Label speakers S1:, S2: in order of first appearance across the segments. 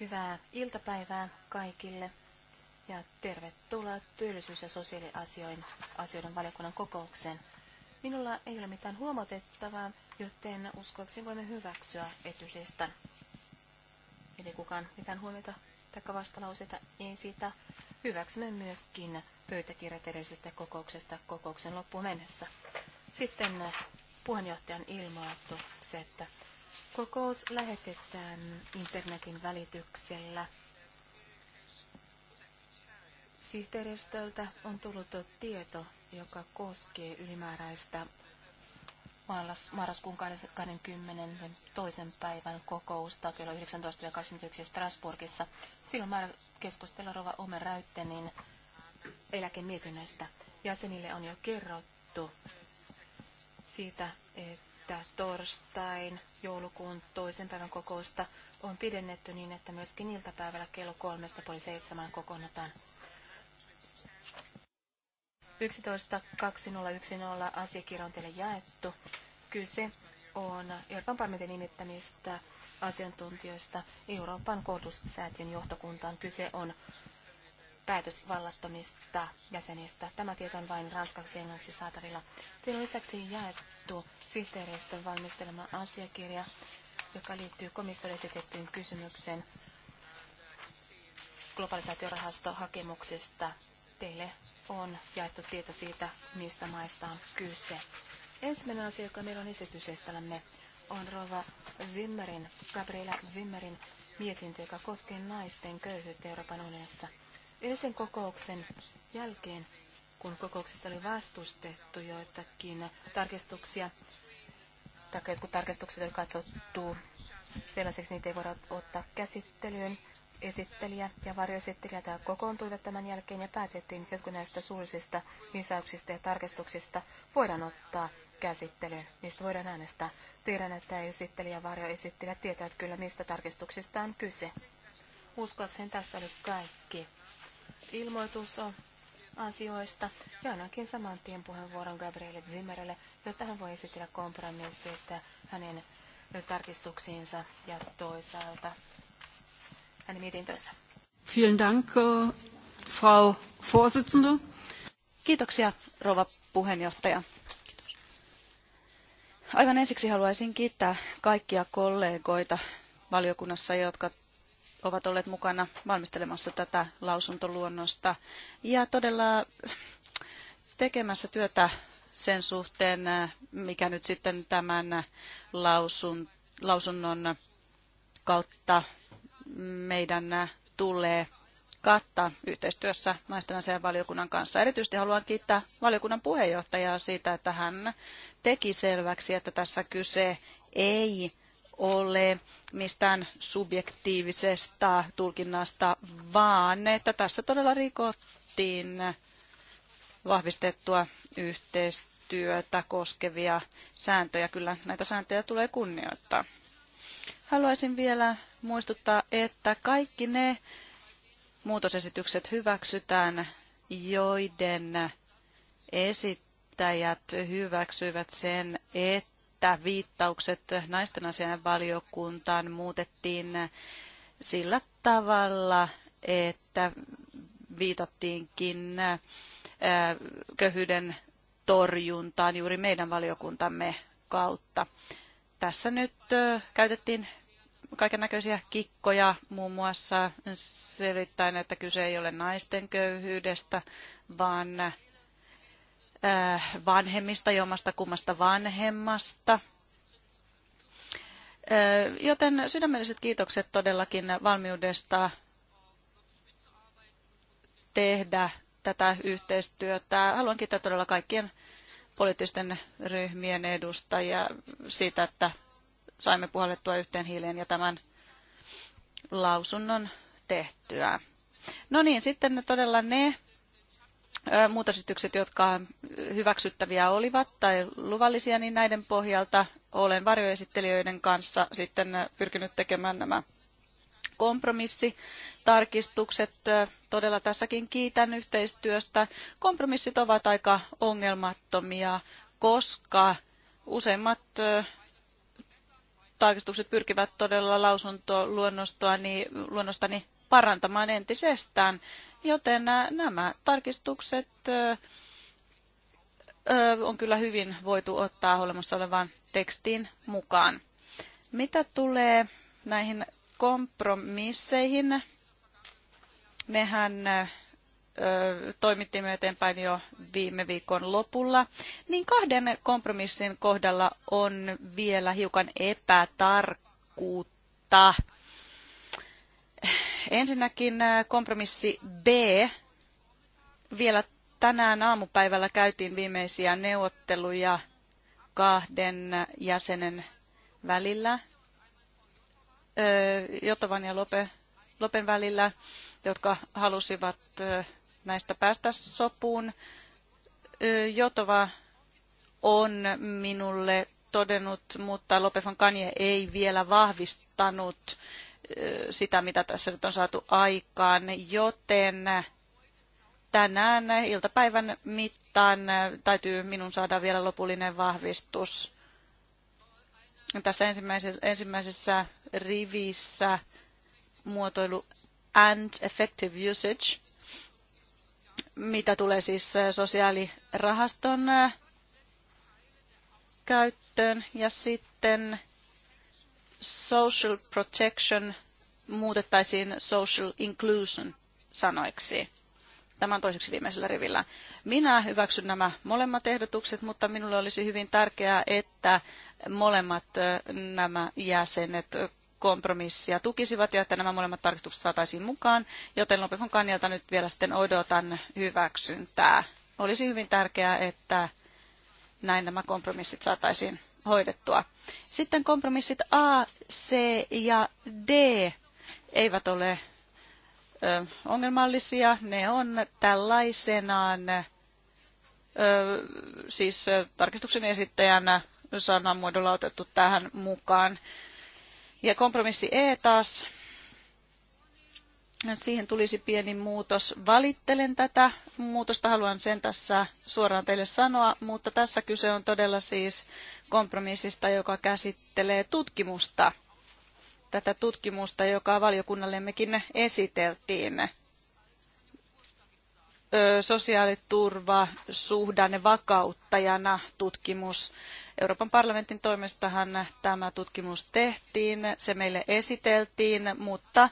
S1: Hyvää iltapäivää kaikille ja tervetuloa työllisyys- ja sosiaaliasioiden asioiden valiokunnan kokoukseen. Minulla ei ole mitään huomautettavaa, joten uskoakseni voimme hyväksyä esityslistan. Eli kukaan mitään huomiota tai vastalauseita ei sitä. Hyväksymme myöskin pöytäkirjat edellisestä kokouksesta kokouksen loppuun mennessä. Sitten puheenjohtajan ilmoitukset. että Kokous lähetetään internetin välityksellä. Sihteeristöltä on tullut tieto, joka koskee ylimääräistä marraskuun toisen päivän kokousta kello 19.21 Strasbourgissa. Silloin määrä keskustella Rova Omen Räyttenin eläkemietinnöstä. Jäsenille on jo kerrottu siitä, että torstain joulukuun toisen päivän kokousta on pidennetty niin, että myöskin iltapäivällä kello kolmesta puoli seitsemän kokoonnutaan. 11.2010 asiakirja on teille jaettu. Kyse on Euroopan parlamentin nimittämistä asiantuntijoista Euroopan koulutussäätiön johtokuntaan. Kyse on päätös vallattomista jäsenistä. Tämä tieto on vain ranskaksi ja englanniksi saatavilla. Teillä lisäksi jaettu sihteeristön valmistelema asiakirja, joka liittyy komissiolle esitettyyn kysymykseen globalisaatiorahastohakemuksesta. Teille on jaettu tieto siitä, mistä maista on kyse. Ensimmäinen asia, joka meillä on esityslistallamme, on Rova Zimmerin, Gabriela Zimmerin mietintö, joka koskee naisten köyhyyttä Euroopan unionissa. Eilisen kokouksen jälkeen, kun kokouksessa oli vastustettu joitakin tarkistuksia, tai jotkut tarkistukset oli katsottu sellaiseksi, niitä ei voida ottaa käsittelyyn, esittelijä ja varjoesittelijä täällä kokoontuivat tämän jälkeen ja päätettiin, että jotkut näistä suullisista lisäyksistä ja tarkistuksista voidaan ottaa käsittelyyn. Niistä voidaan äänestää. Tiedän, että esittelijä ja varjoesittelijä tietävät kyllä, mistä tarkistuksista on kyse. Uskoakseni tässä oli kaikki ilmoitus on asioista ja ainakin saman tien puheenvuoron Gabriele Zimmerille, jotta hän voi esitellä että hänen tarkistuksiinsa ja toisaalta hänen mietintönsä.
S2: Vielen Dank, äh, Frau
S3: Vorsitzende. Kiitoksia, rouva puheenjohtaja. Aivan ensiksi haluaisin kiittää kaikkia kollegoita valiokunnassa, jotka ovat olleet mukana valmistelemassa tätä lausuntoluonnosta ja todella tekemässä työtä sen suhteen, mikä nyt sitten tämän lausun, lausunnon kautta meidän tulee kattaa yhteistyössä naisten valiokunnan kanssa. Erityisesti haluan kiittää valiokunnan puheenjohtajaa siitä, että hän teki selväksi, että tässä kyse ei ole mistään subjektiivisesta tulkinnasta, vaan että tässä todella rikottiin vahvistettua yhteistyötä koskevia sääntöjä. Kyllä näitä sääntöjä tulee kunnioittaa. Haluaisin vielä muistuttaa, että kaikki ne muutosesitykset hyväksytään, joiden esittäjät hyväksyivät sen, että että viittaukset naisten asian valiokuntaan muutettiin sillä tavalla, että viitattiinkin köhyyden torjuntaan juuri meidän valiokuntamme kautta. Tässä nyt käytettiin kaiken näköisiä kikkoja, muun muassa selittäen, että kyse ei ole naisten köyhyydestä, vaan Äh, vanhemmista, jommasta kummasta vanhemmasta. Äh, joten sydämelliset kiitokset todellakin valmiudesta tehdä tätä yhteistyötä. Haluan kiittää todella kaikkien poliittisten ryhmien edustajia siitä, että saimme puhallettua yhteen hiileen ja tämän lausunnon tehtyä. No niin, sitten todella ne muutosesitykset, jotka hyväksyttäviä olivat tai luvallisia, niin näiden pohjalta olen varjoesittelijöiden kanssa sitten pyrkinyt tekemään nämä kompromissitarkistukset. Todella tässäkin kiitän yhteistyöstä. Kompromissit ovat aika ongelmattomia, koska useimmat tarkistukset pyrkivät todella lausuntoluonnostani parantamaan entisestään, joten nämä tarkistukset on kyllä hyvin voitu ottaa olemassa olevaan tekstiin mukaan. Mitä tulee näihin kompromisseihin, nehän toimittimme eteenpäin jo viime viikon lopulla, niin kahden kompromissin kohdalla on vielä hiukan epätarkkuutta. Ensinnäkin äh, kompromissi B. Vielä tänään aamupäivällä käytiin viimeisiä neuvotteluja kahden jäsenen välillä. Jotovan ja Lope, Lopen välillä, jotka halusivat näistä päästä sopuun. Jotova on minulle todennut, mutta Lopefan Kanje ei vielä vahvistanut, sitä, mitä tässä nyt on saatu aikaan, joten tänään iltapäivän mittaan täytyy minun saada vielä lopullinen vahvistus. Tässä ensimmäisessä rivissä muotoilu and effective usage, mitä tulee siis sosiaalirahaston käyttöön ja sitten social protection muutettaisiin social inclusion sanoiksi. Tämän toiseksi viimeisellä rivillä. Minä hyväksyn nämä molemmat ehdotukset, mutta minulle olisi hyvin tärkeää, että molemmat nämä jäsenet kompromissia tukisivat ja että nämä molemmat tarkistukset saataisiin mukaan, joten Lopikon kannalta nyt vielä sitten odotan hyväksyntää. Olisi hyvin tärkeää, että näin nämä kompromissit saataisiin hoidettua. Sitten kompromissit A, C ja D eivät ole ö, ongelmallisia. Ne on tällaisenaan, ö, siis tarkistuksen esittäjänä sanamuodolla otettu tähän mukaan. Ja kompromissi E taas siihen tulisi pieni muutos. Valittelen tätä muutosta, haluan sen tässä suoraan teille sanoa, mutta tässä kyse on todella siis kompromissista, joka käsittelee tutkimusta. Tätä tutkimusta, joka valiokunnallemmekin esiteltiin. Sosiaaliturva, suhdanne vakauttajana tutkimus. Euroopan parlamentin toimestahan tämä tutkimus tehtiin, se meille esiteltiin, mutta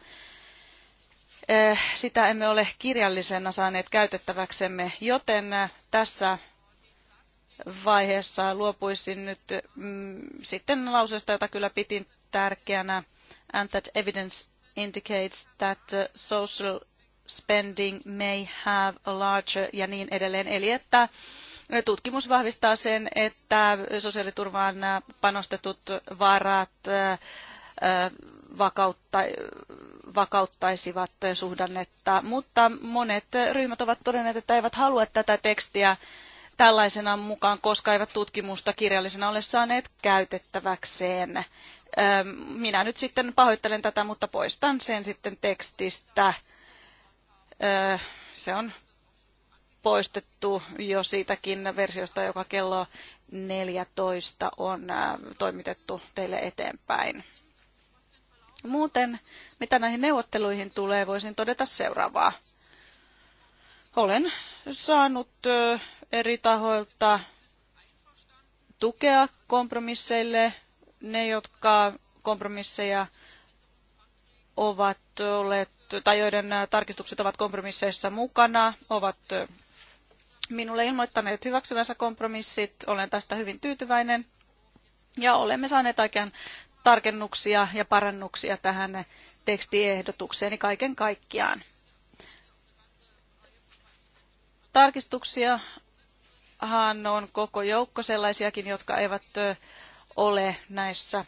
S3: Eh, sitä emme ole kirjallisena saaneet käytettäväksemme, joten eh, tässä vaiheessa luopuisin nyt mm, sitten lauseesta, jota kyllä pitin tärkeänä, and that evidence indicates that eh, social spending may have a larger ja niin edelleen. Eli että tutkimus vahvistaa sen, että sosiaaliturvaan panostetut varat vakautta, vakauttaisivat suhdannetta, mutta monet ryhmät ovat todenneet, että eivät halua tätä tekstiä tällaisena mukaan, koska eivät tutkimusta kirjallisena ole saaneet käytettäväkseen. Minä nyt sitten pahoittelen tätä, mutta poistan sen sitten tekstistä. Se on poistettu jo siitäkin versiosta, joka kello 14 on toimitettu teille eteenpäin. Muuten, mitä näihin neuvotteluihin tulee, voisin todeta seuraavaa. Olen saanut eri tahoilta tukea kompromisseille. Ne, jotka kompromisseja ovat olleet, tai joiden tarkistukset ovat kompromisseissa mukana, ovat minulle ilmoittaneet hyväksyvänsä kompromissit. Olen tästä hyvin tyytyväinen. Ja olemme saaneet aikaan tarkennuksia ja parannuksia tähän niin kaiken kaikkiaan. Tarkistuksiahan on koko joukko sellaisiakin, jotka eivät ole näissä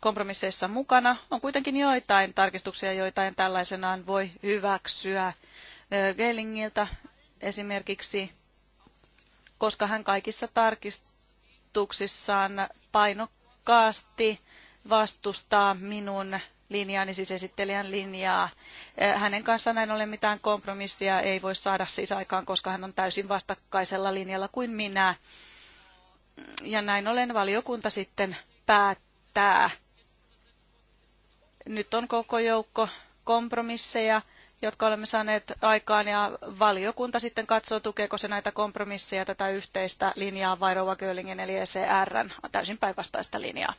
S3: kompromisseissa mukana. On kuitenkin joitain tarkistuksia, joita en tällaisenaan voi hyväksyä. Gellingiltä esimerkiksi, koska hän kaikissa tarkistuksissaan painokkaasti vastustaa minun linjaani, siis esittelijän linjaa. Eh, hänen kanssaan en ole mitään kompromissia, ei voi saada siis aikaan, koska hän on täysin vastakkaisella linjalla kuin minä. Ja näin ollen valiokunta sitten päättää. Nyt on koko joukko kompromisseja jotka olemme saaneet aikaan, ja valiokunta sitten katsoo, tukeeko se näitä kompromisseja, tätä yhteistä linjaa vai Rova Göllingen eli ECRn täysin päinvastaista linjaa.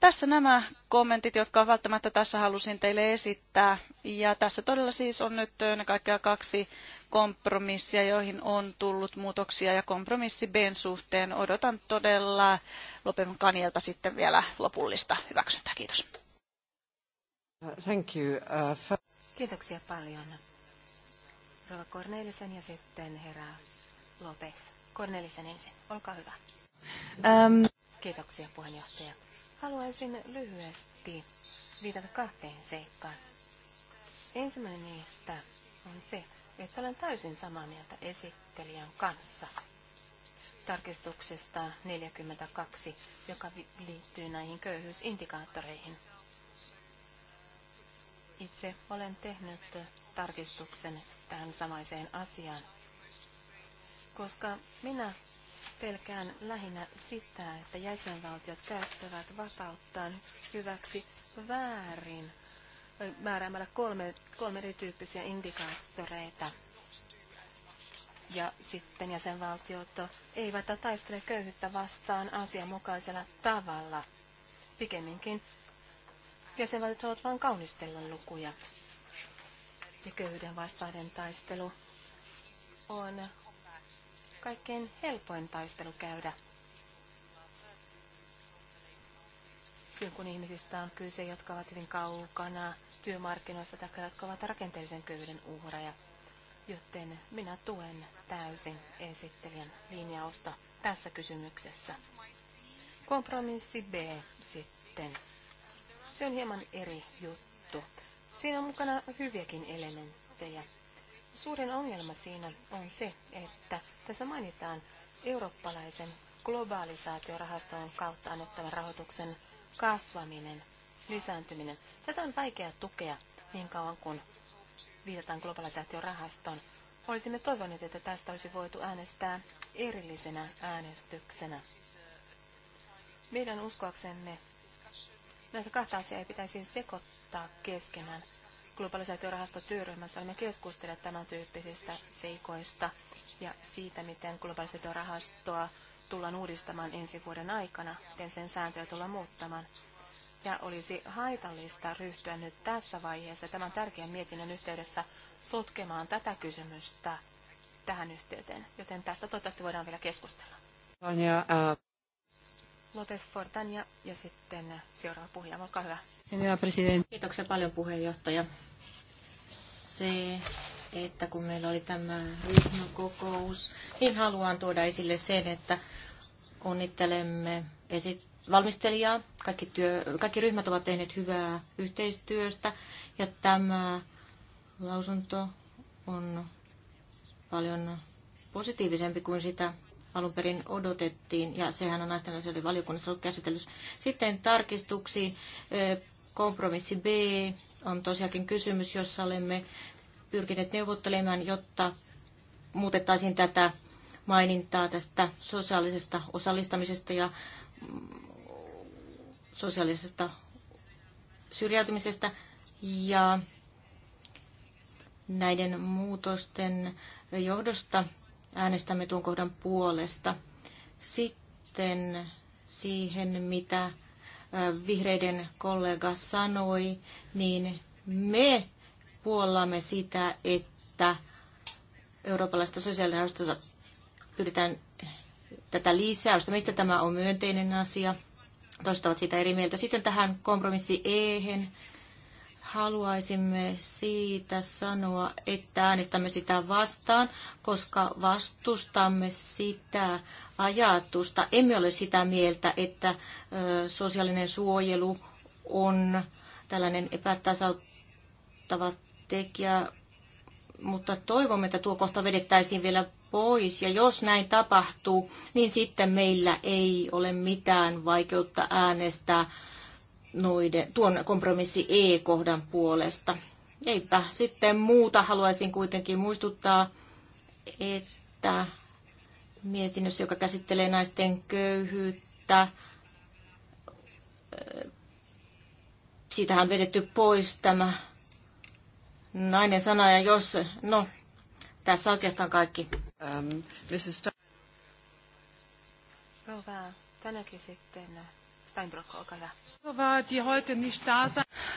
S3: Tässä nämä kommentit, jotka välttämättä tässä halusin teille esittää. Ja tässä todella siis on nyt ne kaikkea kaksi kompromissia, joihin on tullut muutoksia ja kompromissi B suhteen. Odotan todella Lopen Kanielta sitten vielä lopullista hyväksyntää. Kiitos.
S4: Thank you. Uh, Kiitoksia paljon.
S1: Rova Cornelisen ja sitten herra Lopes. Cornelisen ensin, olkaa hyvä. Um. Kiitoksia puheenjohtaja. Haluaisin lyhyesti viitata kahteen seikkaan. Ensimmäinen niistä on se, että olen täysin samaa mieltä esittelijän kanssa tarkistuksesta 42, joka liittyy näihin köyhyysindikaattoreihin. Itse olen tehnyt tarkistuksen tähän samaiseen asiaan, koska minä pelkään lähinnä sitä, että jäsenvaltiot käyttävät vapauttaan hyväksi väärin määräämällä kolme, kolme erityyppisiä indikaattoreita. Ja sitten jäsenvaltiot eivät taistele köyhyyttä vastaan asianmukaisella tavalla. Pikemminkin jäsenvaltiot haluavat vain kaunistella lukuja. Ja köyhyyden vastainen taistelu on kaikkein helpoin taistelu käydä. Silloin kun ihmisistä on kyse, jotka ovat hyvin kaukana työmarkkinoissa tai jotka ovat rakenteellisen köyhyyden uhreja. Joten minä tuen täysin esittelijän linjausta tässä kysymyksessä. Kompromissi B sitten. Se on hieman eri juttu. Siinä on mukana hyviäkin elementtejä. Suurin ongelma siinä on se, että tässä mainitaan eurooppalaisen globaalisaatiorahaston kautta annettavan rahoituksen kasvaminen, lisääntyminen. Tätä on vaikea tukea niin kauan kuin viitataan globalisaatiorahaston. Olisimme toivoneet, että tästä olisi voitu äänestää erillisenä äänestyksenä. Meidän uskoaksemme Näitä no kahta asiaa ei pitäisi sekoittaa keskenään. Globalisaatiorahastotyöryhmässä olemme keskustelleet tämän tyyppisistä seikoista ja siitä, miten globalisaatiorahastoa tullaan uudistamaan ensi vuoden aikana, miten sen sääntöjä tullaan muuttamaan. Ja olisi haitallista ryhtyä nyt tässä vaiheessa tämän tärkeän mietinnön yhteydessä sotkemaan tätä kysymystä tähän yhteyteen, joten tästä toivottavasti voidaan vielä keskustella.
S4: Äh,
S1: Lopes Fortania ja sitten seuraava puhuja. Olkaa hyvä.
S5: Kiitoksia paljon puheenjohtaja. Se, että kun meillä oli tämä ryhmäkokous, niin haluan tuoda esille sen, että onnittelemme esit- valmistelijaa. Kaikki, työ, kaikki ryhmät ovat tehneet hyvää yhteistyöstä ja tämä lausunto on paljon positiivisempi kuin sitä alun perin odotettiin, ja sehän on naisten asioiden valiokunnassa ollut käsitellyt. Sitten tarkistuksiin kompromissi B on tosiaankin kysymys, jossa olemme pyrkineet neuvottelemaan, jotta muutettaisiin tätä mainintaa tästä sosiaalisesta osallistamisesta ja mm, sosiaalisesta syrjäytymisestä ja näiden muutosten johdosta äänestämme tuon kohdan puolesta. Sitten siihen, mitä vihreiden kollega sanoi, niin me puollamme sitä, että eurooppalaista sosiaalista pyritään tätä lisäystä. Meistä tämä on myönteinen asia. Toistavat sitä siitä eri mieltä. Sitten tähän kompromissi ehen haluaisimme siitä sanoa, että äänestämme sitä vastaan, koska vastustamme sitä ajatusta. Emme ole sitä mieltä, että sosiaalinen suojelu on tällainen epätasauttava tekijä, mutta toivomme, että tuo kohta vedettäisiin vielä pois. Ja jos näin tapahtuu, niin sitten meillä ei ole mitään vaikeutta äänestää noiden, tuon kompromissi E-kohdan puolesta. Eipä sitten muuta. Haluaisin kuitenkin muistuttaa, että mietinnössä, joka käsittelee naisten köyhyyttä, siitähän on vedetty pois tämä nainen sana. Ja jos, no, tässä oikeastaan kaikki. Um, Mrs. St-
S1: Rouva, tänäkin sitten Steinbrock, olkaa hyvä.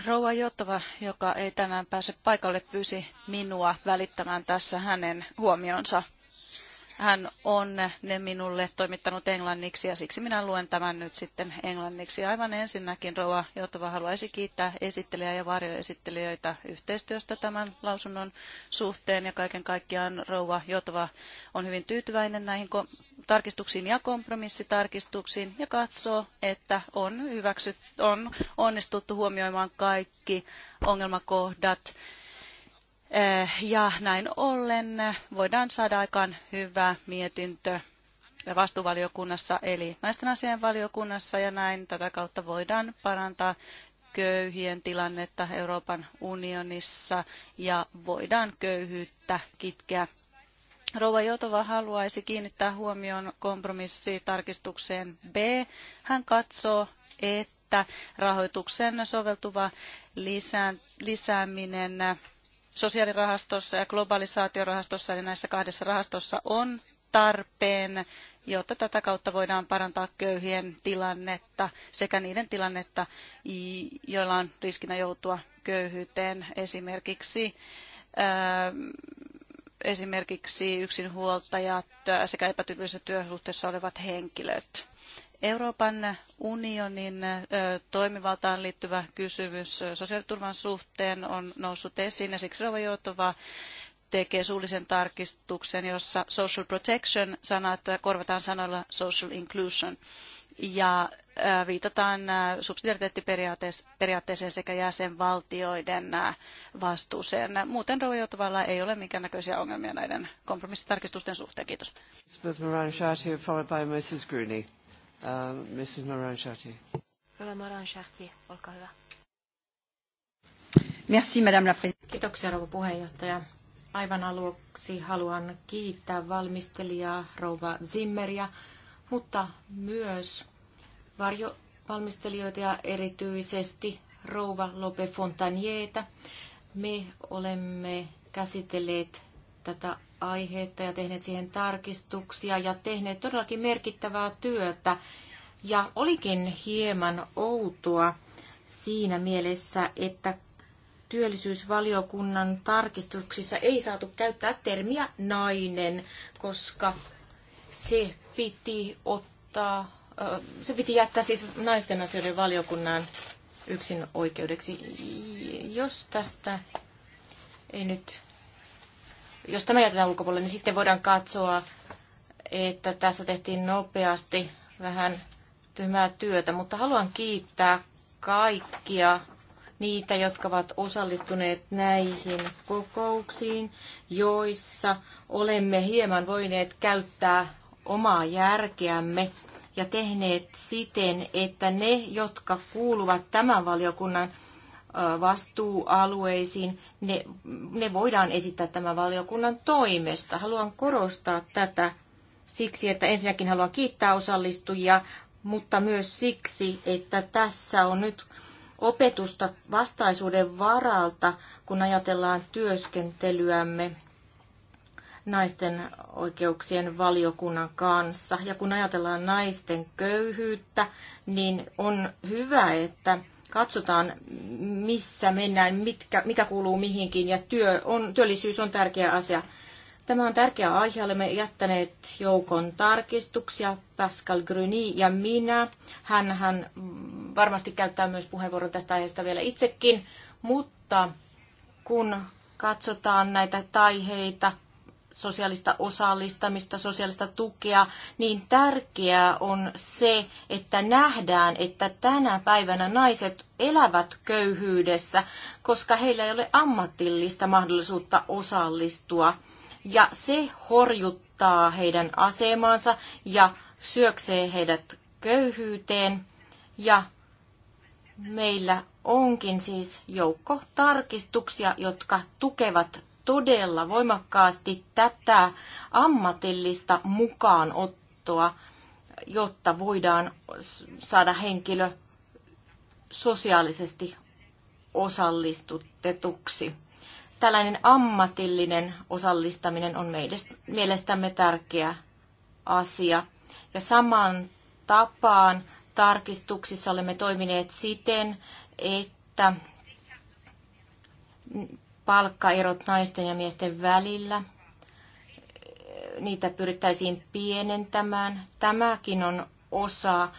S3: Rouva Jotova, joka ei tänään pääse paikalle, pyysi minua välittämään tässä hänen huomionsa hän on ne minulle toimittanut englanniksi ja siksi minä luen tämän nyt sitten englanniksi. Aivan ensinnäkin Roa Jotava haluaisi kiittää esittelijä ja varjoesittelijöitä yhteistyöstä tämän lausunnon suhteen ja kaiken kaikkiaan Roa Jotava on hyvin tyytyväinen näihin tarkistuksiin ja kompromissitarkistuksiin ja katsoo, että on, hyväksyt, on onnistuttu huomioimaan kaikki ongelmakohdat Eh, ja näin ollen voidaan saada aikaan hyvä mietintö vastuuvaliokunnassa eli naisten asian valiokunnassa ja näin tätä kautta voidaan parantaa köyhien tilannetta Euroopan unionissa ja voidaan köyhyyttä kitkeä. Rouva Jotova haluaisi kiinnittää huomioon kompromissitarkistukseen B. Hän katsoo, että rahoituksen soveltuva lisääminen sosiaalirahastossa ja globalisaatiorahastossa, eli näissä kahdessa rahastossa on tarpeen, jotta tätä kautta voidaan parantaa köyhien tilannetta sekä niiden tilannetta, joilla on riskinä joutua köyhyyteen esimerkiksi esimerkiksi yksinhuoltajat sekä epätyypillisessä työsuhteessa olevat henkilöt. Euroopan unionin toimivaltaan liittyvä kysymys sosiaaliturvan suhteen on noussut esiin ja siksi Rova Joutova tekee suullisen tarkistuksen, jossa social protection sanat korvataan sanoilla social inclusion ja viitataan subsidiariteettiperiaatteeseen sekä jäsenvaltioiden vastuuseen. Muuten roviotavalla ei ole minkäännäköisiä ongelmia näiden kompromissitarkistusten suhteen. Kiitos.
S4: Uh, Mrs. Chartier.
S1: Chartier, olkaa hyvä.
S4: Merci, Madame la Présidente.
S5: Kiitoksia, rouva puheenjohtaja. Aivan aluksi haluan kiittää valmistelijaa rouva Zimmeria, mutta myös varjovalmistelijoita ja erityisesti rouva Lope Fontanieta. Me olemme käsitelleet tätä aihetta ja tehneet siihen tarkistuksia ja tehneet todellakin merkittävää työtä. Ja olikin hieman outoa siinä mielessä, että työllisyysvaliokunnan tarkistuksissa ei saatu käyttää termiä nainen, koska se piti ottaa, se piti jättää siis naisten asioiden valiokunnan yksin oikeudeksi. Jos tästä ei nyt jos tämä jätetään ulkopuolelle, niin sitten voidaan katsoa, että tässä tehtiin nopeasti vähän tyhmää työtä, mutta haluan kiittää kaikkia niitä, jotka ovat osallistuneet näihin kokouksiin, joissa olemme hieman voineet käyttää omaa järkeämme ja tehneet siten, että ne, jotka kuuluvat tämän valiokunnan vastuualueisiin, ne, ne voidaan esittää tämän valiokunnan toimesta. Haluan korostaa tätä siksi, että ensinnäkin haluan kiittää osallistujia, mutta myös siksi, että tässä on nyt opetusta vastaisuuden varalta, kun ajatellaan työskentelyämme naisten oikeuksien valiokunnan kanssa. Ja kun ajatellaan naisten köyhyyttä, niin on hyvä, että katsotaan, missä mennään, mitkä, mikä kuuluu mihinkin, ja työ on, työllisyys on tärkeä asia. Tämä on tärkeä aihe. Olemme jättäneet joukon tarkistuksia. Pascal Gruny ja minä. Hän, hän varmasti käyttää myös puheenvuoron tästä aiheesta vielä itsekin. Mutta kun katsotaan näitä taiheita, sosiaalista osallistamista, sosiaalista tukea, niin tärkeää on se, että nähdään, että tänä päivänä naiset elävät köyhyydessä, koska heillä ei ole ammatillista mahdollisuutta osallistua. Ja se horjuttaa heidän asemaansa ja syöksee heidät köyhyyteen. Ja meillä onkin siis joukko tarkistuksia, jotka tukevat todella voimakkaasti tätä ammatillista mukaanottoa, jotta voidaan saada henkilö sosiaalisesti osallistutetuksi. Tällainen ammatillinen osallistaminen on mielestämme tärkeä asia. Ja saman tapaan tarkistuksissa olemme toimineet siten, että palkkaerot naisten ja miesten välillä. Niitä pyrittäisiin pienentämään. Tämäkin on osa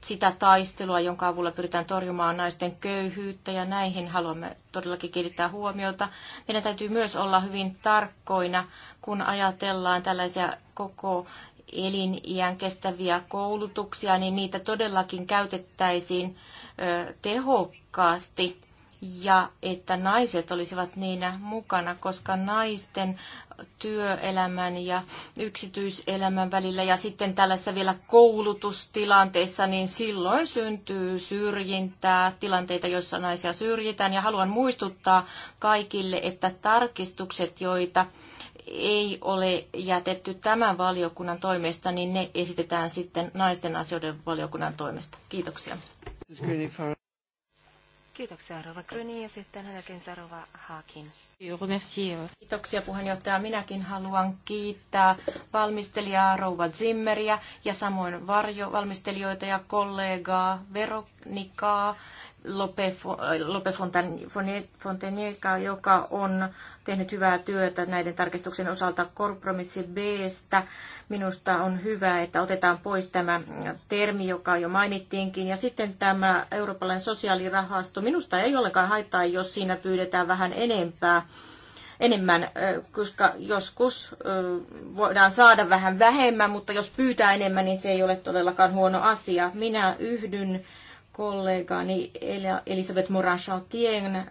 S5: sitä taistelua, jonka avulla pyritään torjumaan naisten köyhyyttä ja näihin haluamme todellakin kiinnittää huomiota. Meidän täytyy myös olla hyvin tarkkoina, kun ajatellaan tällaisia koko eliniän kestäviä koulutuksia, niin niitä todellakin käytettäisiin tehokkaasti ja että naiset olisivat niinä mukana, koska naisten työelämän ja yksityiselämän välillä ja sitten tällaisessa vielä koulutustilanteissa, niin silloin syntyy syrjintää, tilanteita, joissa naisia syrjitään. Ja haluan muistuttaa kaikille, että tarkistukset, joita ei ole jätetty tämän valiokunnan toimesta, niin ne esitetään sitten naisten asioiden valiokunnan toimesta. Kiitoksia.
S1: Kiitoksia Rova Gröni ja sitten hän jälkeensä Rova Haakin.
S5: Kiitoksia puheenjohtaja. Minäkin haluan kiittää valmistelijaa Rouva Zimmeriä ja samoin varjovalmistelijoita ja kollegaa Veronikaa Lope äh, Fontanieka, joka on tehnyt hyvää työtä näiden tarkistuksen osalta kompromissi b Minusta on hyvä, että otetaan pois tämä termi, joka jo mainittiinkin. Ja sitten tämä eurooppalainen sosiaalirahasto. Minusta ei olekaan haittaa, jos siinä pyydetään vähän enempää enemmän, koska joskus voidaan saada vähän vähemmän, mutta jos pyytää enemmän, niin se ei ole todellakaan huono asia. Minä yhdyn kollegaani Elisabeth Moran-Chartien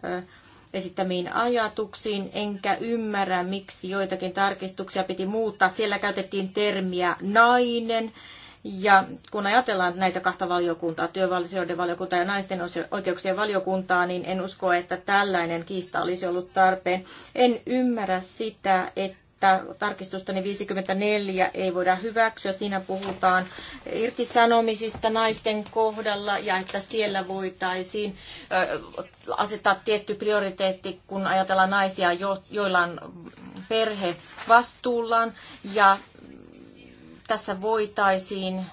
S5: esittämiin ajatuksiin, enkä ymmärrä, miksi joitakin tarkistuksia piti muuttaa. Siellä käytettiin termiä nainen, ja kun ajatellaan näitä kahta valiokuntaa, työvaltioiden valiokuntaa ja naisten oikeuksien valiokuntaa, niin en usko, että tällainen kiista olisi ollut tarpeen. En ymmärrä sitä, että tarkistustani 54 ei voida hyväksyä. Siinä puhutaan irtisanomisista naisten kohdalla ja että siellä voitaisiin asettaa tietty prioriteetti, kun ajatellaan naisia, joilla on perhe vastuullaan. Ja tässä voitaisiin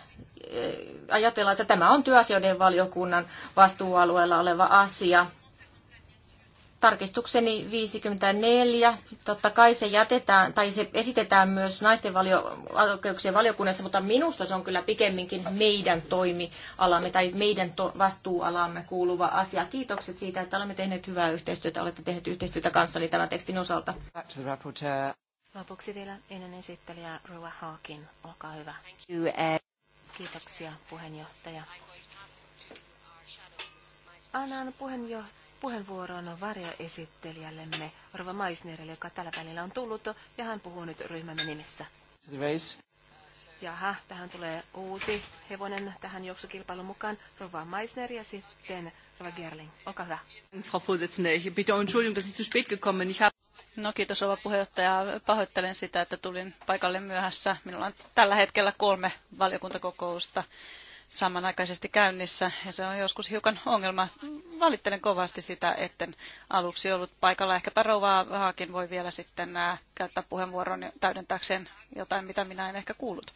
S5: ajatella, että tämä on työasioiden valiokunnan vastuualueella oleva asia tarkistukseni 54, totta kai se jätetään, tai se esitetään myös naisten valio, valiokunnassa, mutta minusta se on kyllä pikemminkin meidän toimialamme tai meidän to, vastuualamme kuuluva asia. Kiitokset siitä, että olemme tehneet hyvää yhteistyötä, olette tehneet yhteistyötä kanssani tämän tekstin osalta.
S1: Lopuksi vielä ennen esittelijä Rua Haakin, olkaa hyvä. Eh. Kiitoksia puheenjohtaja. Annan puheenjohtaja puheenvuoron varjoesittelijällemme Rova Maisnerille, joka tällä välillä on tullut, ja hän puhuu nyt ryhmämme nimissä. Jaha, tähän tulee uusi hevonen tähän juoksukilpailun mukaan. Rova Meisner ja sitten Rova Gerling. Olkaa hyvä.
S3: Frau Vorsitzende, ich bitte um Entschuldigung, dass ich zu spät gekommen bin. No kiitos Rova puheenjohtaja. Pahoittelen sitä, että tulin paikalle myöhässä. Minulla on tällä hetkellä kolme valiokuntakokousta samanaikaisesti käynnissä ja se on joskus hiukan ongelma. Valittelen kovasti sitä, etten aluksi ollut paikalla. Ehkäpä Rouva Haakin voi vielä sitten äh, käyttää puheenvuoron täydentääkseen jotain, mitä minä en ehkä kuullut.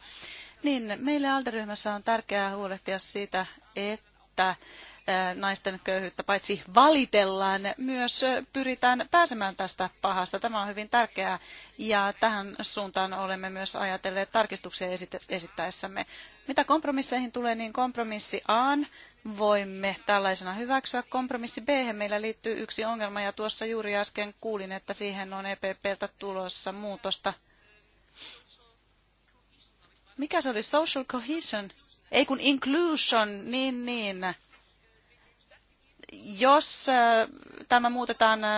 S3: Niin, meille Alderyhmässä on tärkeää huolehtia siitä, että naisten köyhyyttä paitsi valitellaan, myös pyritään pääsemään tästä pahasta. Tämä on hyvin tärkeää ja tähän suuntaan olemme myös ajatelleet tarkistuksia esittäessämme. Mitä kompromisseihin tulee, niin kompromissi A voimme tällaisena hyväksyä. Kompromissi B meillä liittyy yksi ongelma ja tuossa juuri äsken kuulin, että siihen on EPPltä tulossa muutosta. Mikä se oli? Social cohesion? Ei kun inclusion, niin niin jos äh, tämä muutetaan äh,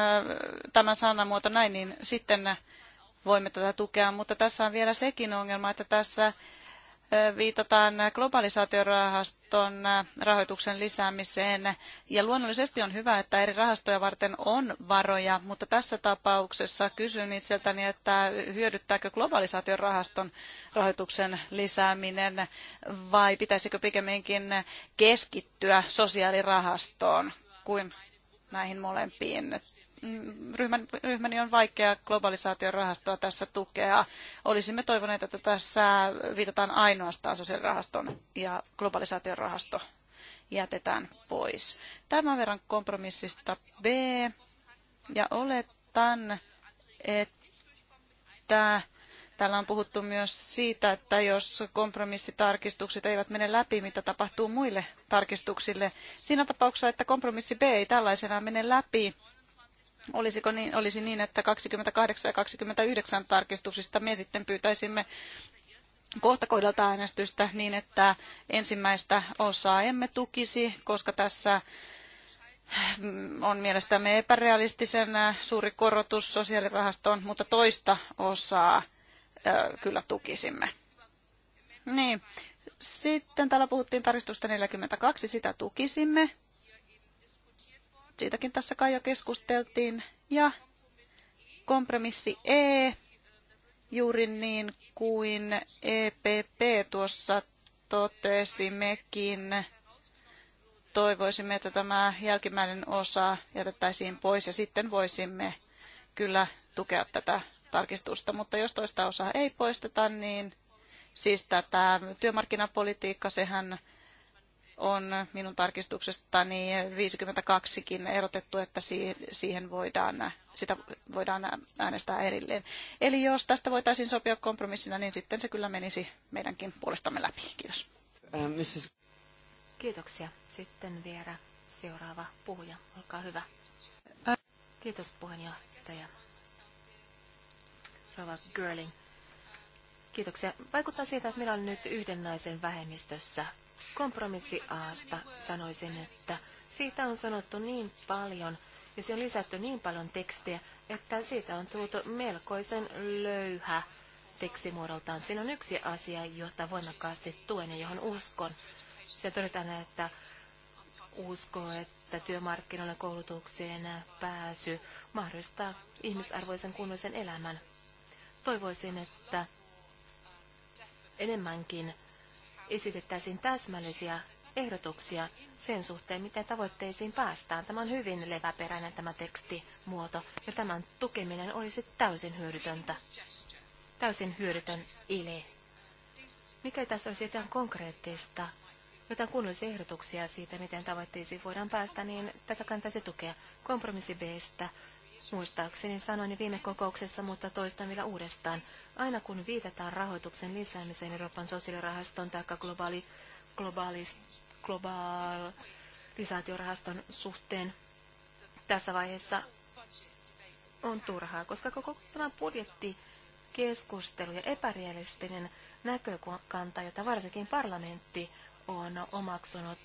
S3: tämä sanamuoto näin, niin sitten voimme tätä tukea, mutta tässä on vielä sekin ongelma, että tässä äh, viitataan globalisaatiorahaston rahoituksen lisäämiseen. Ja luonnollisesti on hyvä, että eri rahastoja varten on varoja, mutta tässä tapauksessa kysyn itseltäni, että hyödyttääkö globalisaatiorahaston rahoituksen lisääminen vai pitäisikö pikemminkin keskittyä sosiaalirahastoon? kuin näihin molempiin. Ryhmän, ryhmäni on vaikea globalisaation rahastoa tässä tukea. Olisimme toivoneet, että tässä viitataan ainoastaan sosiaalirahaston ja globalisaation rahasto jätetään pois. Tämän verran kompromissista B. Ja oletan, että Täällä on puhuttu myös siitä, että jos kompromissitarkistukset eivät mene läpi, mitä tapahtuu muille tarkistuksille. Siinä tapauksessa, että kompromissi B ei tällaisenaan mene läpi, Olisiko niin, olisi niin, että 28 ja 29 tarkistuksista me sitten pyytäisimme kohtakohdalta äänestystä niin, että ensimmäistä osaa emme tukisi, koska tässä mm, on mielestämme epärealistisen äh, suuri korotus sosiaalirahastoon, mutta toista osaa kyllä tukisimme. Niin. Sitten täällä puhuttiin tarkistusta 42, sitä tukisimme. Siitäkin tässä kai jo keskusteltiin. Ja kompromissi E, juuri niin kuin EPP tuossa totesimmekin. Toivoisimme, että tämä jälkimmäinen osa jätettäisiin pois ja sitten voisimme kyllä tukea tätä tarkistusta, mutta jos toista osaa ei poisteta, niin siis tätä työmarkkinapolitiikka, sehän on minun tarkistuksestani 52kin erotettu, että siihen voidaan, sitä voidaan äänestää erilleen. Eli jos tästä voitaisiin sopia kompromissina, niin sitten se kyllä menisi meidänkin
S4: puolestamme läpi. Kiitos. Äh,
S1: Kiitoksia. Sitten vielä seuraava puhuja. Olkaa hyvä. Kiitos puheenjohtaja. Rova Girling. Kiitoksia. Vaikuttaa siitä, että minä olen nyt yhden naisen vähemmistössä. Kompromissi Aasta sanoisin, että siitä on sanottu niin paljon ja se on lisätty niin paljon tekstiä, että siitä on tullut melkoisen löyhä tekstimuodoltaan. Siinä on yksi asia, jota voimakkaasti tuen ja johon uskon. Se todetaan, että usko, että työmarkkinoille koulutukseen pääsy mahdollistaa ihmisarvoisen kunnollisen elämän. Toivoisin, että enemmänkin esitettäisiin täsmällisiä ehdotuksia sen suhteen, miten tavoitteisiin päästään. Tämä on hyvin leväperäinen tämä tekstimuoto, ja tämän tukeminen olisi täysin hyödytöntä. Täysin hyödytön ile. Mikä tässä olisi jotain konkreettista, jotain kunnollisia ehdotuksia siitä, miten tavoitteisiin voidaan päästä, niin tätä kannattaisi tukea kompromissi B, muistaakseni sanoin viime kokouksessa, mutta toistan vielä uudestaan. Aina kun viitataan rahoituksen lisäämiseen Euroopan sosiaalirahaston tai globaali, globaalis, globalisaatiorahaston suhteen tässä vaiheessa on turhaa, koska koko tämä budjetti ja epärealistinen näkökanta, jota varsinkin parlamentti on omaksunut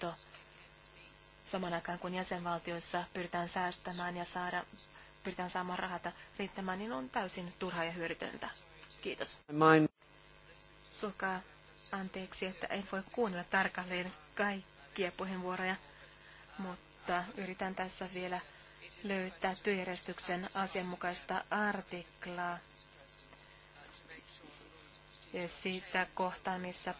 S1: saman aikaan kun jäsenvaltioissa pyritään säästämään ja saada pyritään saamaan rahata riittämään, niin on täysin turhaa ja hyödytöntä. Kiitos. Suokaa anteeksi, että en voi kuunnella tarkalleen kaikkia puheenvuoroja, mutta yritän tässä vielä löytää työjärjestyksen asianmukaista artiklaa ja siitä kohtaa, missä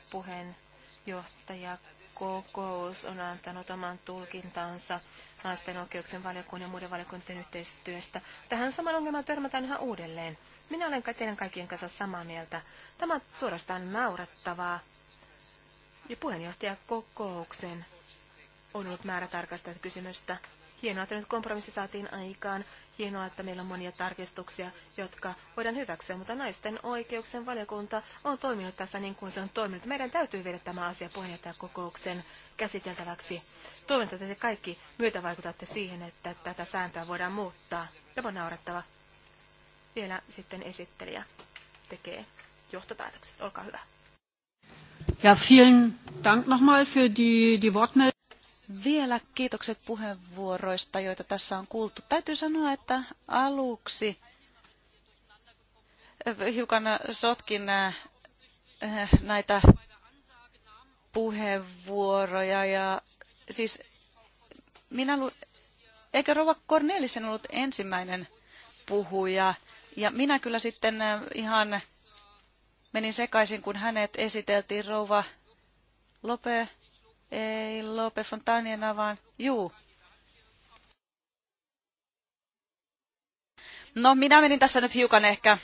S1: kokous on antanut oman tulkintansa lasten oikeuksien valiokunnan ja muiden valiokuntien yhteistyöstä. Tähän saman ongelmaan törmätään ihan uudelleen. Minä olen teidän kaikkien kanssa samaa mieltä. Tämä on suorastaan naurattavaa. Ja puheenjohtajakokouksen on ollut määrä tarkastaa kysymystä. Hienoa, että nyt kompromissi saatiin aikaan Hienoa, että meillä on monia tarkistuksia, jotka voidaan hyväksyä, mutta naisten oikeuksien valiokunta on toiminut tässä niin kuin se on toiminut. Meidän täytyy viedä tämä asia puheenjohtajakokouksen käsiteltäväksi. Toivon, että te kaikki myötävaikutatte siihen, että tätä sääntöä voidaan muuttaa. Tämä on naurettava. Vielä sitten esittelijä tekee johtopäätökset. Olkaa hyvä.
S2: Ja, vielen
S3: Dank nochmal für die, die
S1: vielä kiitokset puheenvuoroista,
S3: joita tässä on kuultu. Täytyy sanoa, että aluksi eh, hiukan sotkin eh, eh, näitä puheenvuoroja. Ja, siis minä lu- Eikö Rova Cornelisen ollut ensimmäinen puhuja? Ja minä kyllä sitten ihan menin sekaisin, kun hänet esiteltiin Rova Lope ei Lope Fontaniena, vaan juu. No, minä menin tässä nyt hiukan ehkä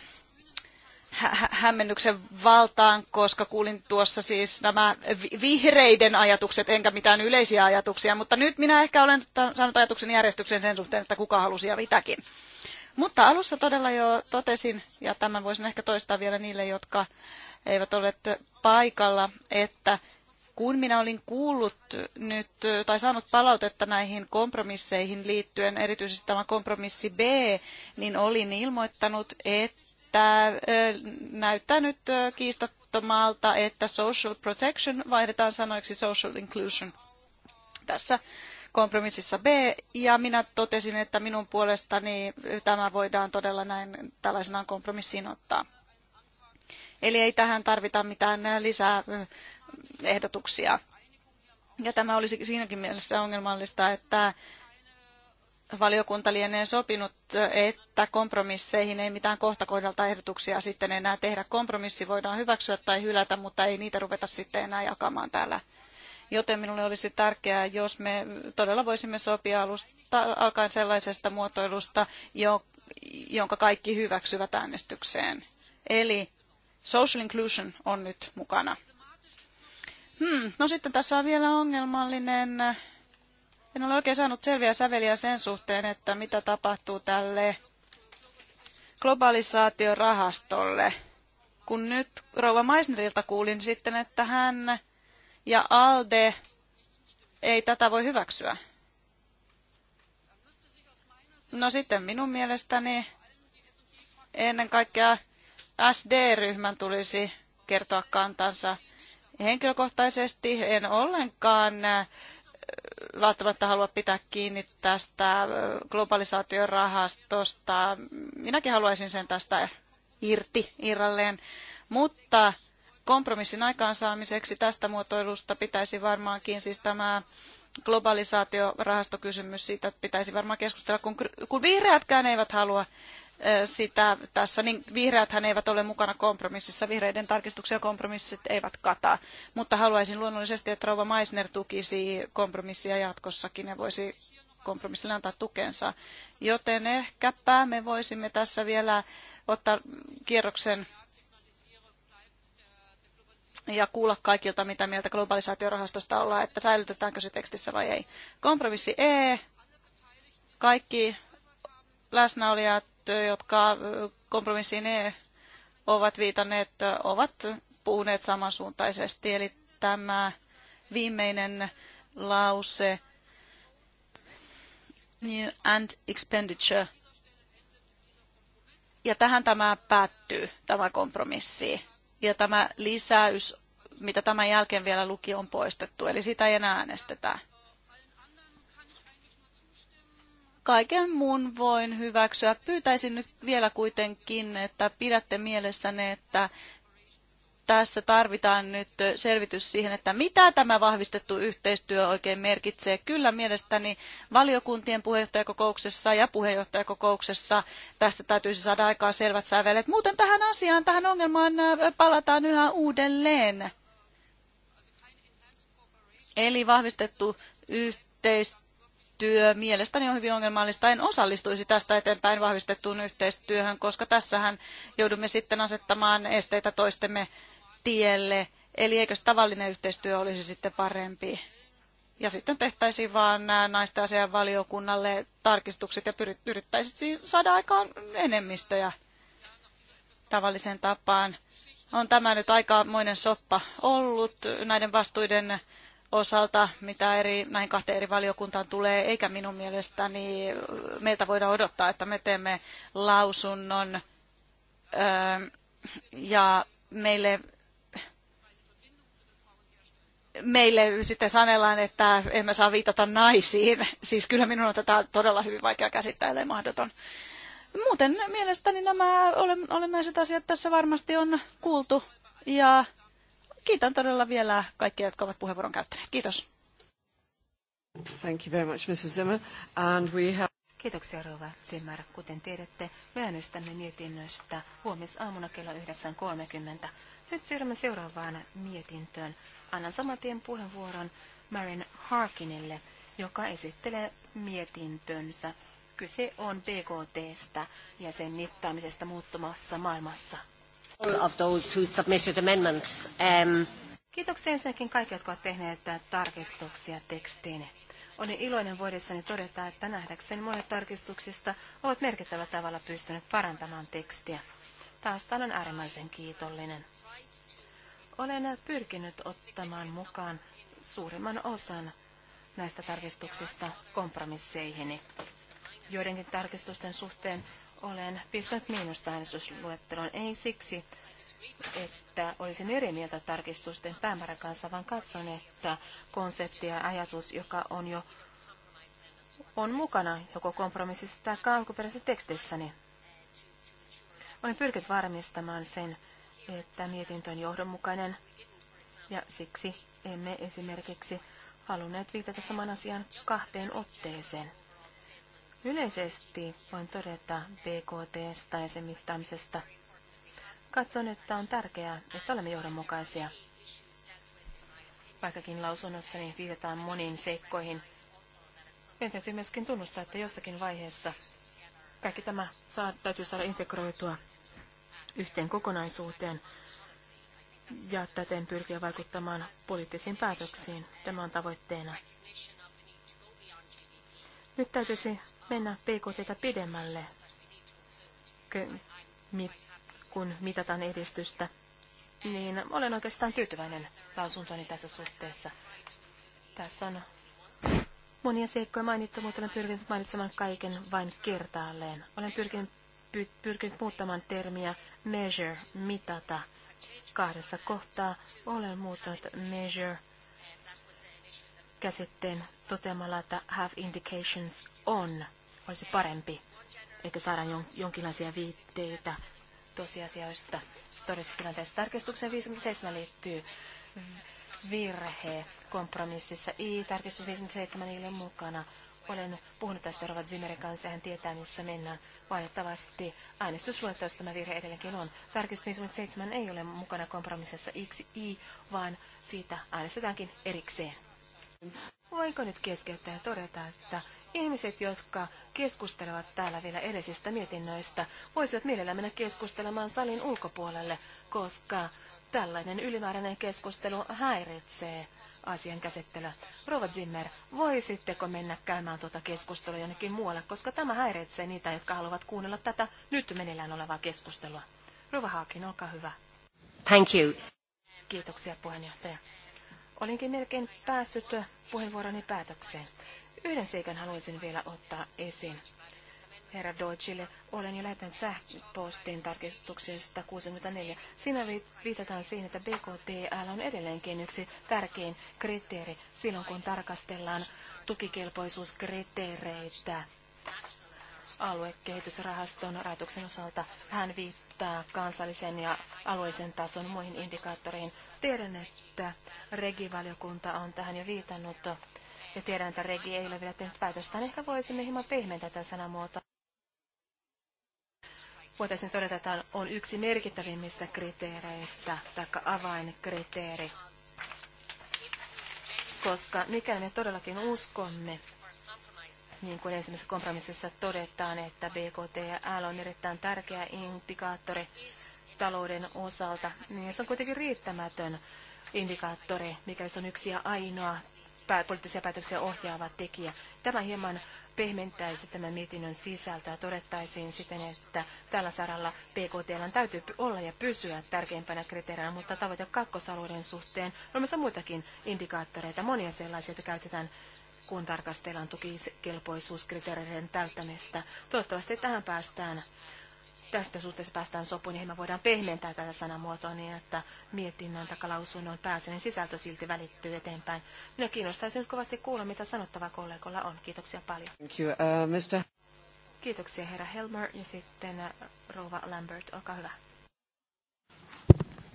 S3: hämmennyksen valtaan, koska kuulin tuossa siis nämä vihreiden ajatukset, enkä mitään yleisiä ajatuksia, mutta nyt minä ehkä olen saanut ajatuksen järjestyksen sen suhteen, että kuka halusi ja mitäkin. Mutta alussa todella jo totesin, ja tämän voisin ehkä toistaa vielä niille, jotka eivät ole paikalla, että kun minä olin kuullut nyt tai saanut palautetta näihin kompromisseihin liittyen, erityisesti tämä kompromissi B, niin olin ilmoittanut, että näyttää nyt kiistattomalta, että social protection vaihdetaan sanoiksi social inclusion tässä kompromississa B, ja minä totesin, että minun puolestani tämä voidaan todella näin tällaisenaan kompromissiin ottaa. Eli ei tähän tarvita mitään lisää ehdotuksia. Ja tämä olisi siinäkin mielessä ongelmallista, että valiokunta lienee sopinut, että kompromisseihin ei mitään kohta kohdalta ehdotuksia sitten enää tehdä. Kompromissi voidaan hyväksyä tai hylätä, mutta ei niitä ruveta sitten enää jakamaan täällä. Joten minulle olisi tärkeää, jos me todella voisimme sopia alusta, alkaen sellaisesta muotoilusta, jonka kaikki hyväksyvät äänestykseen. Eli social inclusion on nyt mukana. Hmm, no sitten tässä on vielä ongelmallinen. En ole oikein saanut selviä säveliä sen suhteen, että mitä tapahtuu tälle globalisaatiorahastolle. Kun nyt Rouva Meisnerilta kuulin sitten, että hän ja ALDE ei tätä voi hyväksyä. No sitten minun mielestäni ennen kaikkea SD-ryhmän tulisi kertoa kantansa Henkilökohtaisesti en ollenkaan äh, välttämättä halua pitää kiinni tästä äh, globalisaatiorahastosta. Minäkin haluaisin sen tästä irti irralleen, mutta kompromissin aikaansaamiseksi tästä muotoilusta pitäisi varmaankin siis tämä globalisaatiorahastokysymys, siitä pitäisi varmaan keskustella, kun, kun vihreätkään eivät halua sitä tässä, niin vihreäthän eivät ole mukana kompromississa, vihreiden tarkistuksia kompromissit eivät kata, mutta haluaisin luonnollisesti, että Rouva Meissner tukisi kompromissia jatkossakin ja voisi kompromissille antaa tukensa. Joten ehkäpä me voisimme tässä vielä ottaa kierroksen ja kuulla kaikilta, mitä mieltä globalisaatiorahastosta ollaan, että säilytetäänkö se tekstissä vai ei. Kompromissi E, kaikki läsnäolijat jotka kompromissiin e, ovat viitanneet, ovat puhuneet samansuuntaisesti. Eli tämä viimeinen lause, new and expenditure, ja tähän tämä päättyy, tämä kompromissi. Ja tämä lisäys, mitä tämän jälkeen vielä luki, on poistettu, eli sitä ei enää äänestetä. kaiken muun voin hyväksyä. Pyytäisin nyt vielä kuitenkin, että pidätte mielessäne, että tässä tarvitaan nyt selvitys siihen, että mitä tämä vahvistettu yhteistyö oikein merkitsee. Kyllä mielestäni valiokuntien puheenjohtajakokouksessa ja puheenjohtajakokouksessa tästä täytyisi saada aikaa selvät sävelet. Muuten tähän asiaan, tähän ongelmaan äh, palataan yhä uudelleen. Eli vahvistettu yhteistyö työ mielestäni on hyvin ongelmallista. En osallistuisi tästä eteenpäin vahvistettuun yhteistyöhön, koska tässähän joudumme sitten asettamaan esteitä toistemme tielle. Eli eikö tavallinen yhteistyö olisi sitten parempi? Ja sitten tehtäisiin vaan nämä naisten asian valiokunnalle tarkistukset ja yrittäisiin saada aikaan enemmistöjä tavalliseen tapaan. On tämä nyt aikamoinen soppa ollut näiden vastuiden osalta, mitä eri, näin kahteen eri valiokuntaan tulee, eikä minun mielestäni meiltä voida odottaa, että me teemme lausunnon ja meille meille sitten sanellaan, että emme saa viitata naisiin. Siis kyllä minun on tätä todella hyvin vaikea käsittää, ellei mahdoton. Muuten mielestäni nämä olennaiset asiat tässä varmasti on kuultu ja kiitän todella vielä kaikkia, jotka
S1: ovat puheenvuoron käyttäneet. Kiitos.
S4: Thank you very much, Mrs. Zimmer. And
S1: we have... Kiitoksia Rova Zimmer. Kuten tiedätte, me äänestämme mietinnöstä huomisaamuna kello 9.30. Nyt siirrymme seuraavaan mietintöön. Annan saman tien puheenvuoron Marin Harkinille, joka esittelee mietintönsä. Kyse on BKTstä ja sen mittaamisesta muuttumassa maailmassa
S2: of those who submitted amendments. Um...
S1: Kiitoksia ensinnäkin kaikki, jotka ovat tehneet tarkistuksia tekstiin. Olen iloinen voidessani todeta, että nähdäkseni monet tarkistuksista ovat merkittävällä tavalla pystyneet parantamaan tekstiä. Taas olen äärimmäisen kiitollinen. Olen pyrkinyt ottamaan mukaan suurimman osan näistä tarkistuksista kompromisseihini. Joidenkin tarkistusten suhteen olen pistänyt miinusta äänestysluetteloon. Ei siksi, että olisin eri mieltä tarkistusten päämäärän kanssa, vaan katson, että konsepti ja ajatus, joka on jo on mukana joko kompromississa tai alkuperäisessä tekstissäni. Olen pyrkinyt varmistamaan sen, että mietintö on johdonmukainen ja siksi emme esimerkiksi halunneet viitata saman asian kahteen otteeseen. Yleisesti voin todeta BKTstä ja sen mittaamisesta. Katson, että on tärkeää, että olemme johdonmukaisia. Vaikkakin lausunnossani viitataan moniin seikkoihin, meidän täytyy myöskin tunnustaa, että jossakin vaiheessa kaikki tämä saa, täytyy saada integroitua yhteen kokonaisuuteen ja täten pyrkiä vaikuttamaan poliittisiin päätöksiin. Tämä on tavoitteena. Nyt täytyisi mennä PKT pidemmälle, kun mitataan edistystä, niin olen oikeastaan tyytyväinen lausuntoni tässä suhteessa. Tässä on monia seikkoja mainittu, mutta olen pyrkinyt mainitsemaan kaiken vain kertaalleen. Olen pyrkinyt, py, pyrkinyt muuttamaan termiä measure, mitata. Kahdessa kohtaa olen muuttanut measure käsitteen toteamalla, että have indications on olisi parempi, eikä saadaan jonkinlaisia viitteitä tosiasioista todellisessa tilanteessa. Tarkistukseen 57 liittyy virhe kompromississa. I, tarkistus 57 niille mukana. Olen puhunut tästä Rovat Zimmerin kanssa ja hän tietää, missä mennään. Valitettavasti äänestysluettelossa tämä virhe edelleenkin on. Tarkistus 57 ei ole mukana kompromississa X, I, vaan siitä äänestetäänkin erikseen. Voinko nyt keskeyttää ja todeta, että ihmiset, jotka keskustelevat täällä vielä edellisistä mietinnöistä, voisivat mielellään mennä keskustelemaan salin ulkopuolelle, koska tällainen ylimääräinen keskustelu häiritsee asian käsittelyä. Rova Zimmer, voisitteko mennä käymään tuota keskustelua jonnekin muualle, koska tämä häiritsee niitä, jotka haluavat kuunnella tätä nyt meneillään olevaa keskustelua. Rova Haakin, olkaa hyvä. Thank you. Kiitoksia puheenjohtaja. Olinkin melkein päässyt puheenvuoroni päätökseen. Yhden seikan haluaisin vielä ottaa esiin. Herra Deutschille olen jo lähettänyt sähköpostin tarkistukseen 164. Siinä viitataan siihen, että BKTL on edelleenkin yksi tärkein kriteeri silloin, kun tarkastellaan tukikelpoisuuskriteereitä aluekehitysrahaston rahoituksen osalta. Hän viittaa kansallisen ja alueisen tason muihin indikaattoreihin. Tiedän, että regivaliokunta on tähän jo viitannut ja tiedän, että regi ei ole vielä tehnyt päätöstä. Ehkä voisimme hieman pehmentää tätä sanamuotoa. Voitaisiin todeta, että on yksi merkittävimmistä kriteereistä, tai avainkriteeri, koska mikäli me todellakin uskomme niin kuin ensimmäisessä kompromississa todetaan, että L on erittäin tärkeä indikaattori talouden osalta, niin se on kuitenkin riittämätön indikaattori, mikä se on yksi ja ainoa poliittisia päätöksiä ohjaava tekijä. Tämä hieman pehmentäisi tämän mietinnön sisältöä. Todettaisiin siten, että tällä saralla on täytyy olla ja pysyä tärkeimpänä kriteerinä, mutta tavoite kakkosalueiden suhteen on myös muitakin indikaattoreita, monia sellaisia, joita käytetään kun tarkastellaan tukikelpoisuuskriteereiden täyttämistä. Toivottavasti tähän päästään, tästä suhteessa päästään sopuun, niin me voidaan pehmentää tätä sanamuotoa niin, että mietinnön takalausunnon pääsenen sisältö silti välittyy eteenpäin. Minä kiinnostaisin nyt kovasti kuulla, mitä sanottava kollegolla on. Kiitoksia paljon.
S4: Thank you, uh, Mr.
S1: Kiitoksia herra Helmer ja sitten uh, rouva Lambert, olkaa hyvä.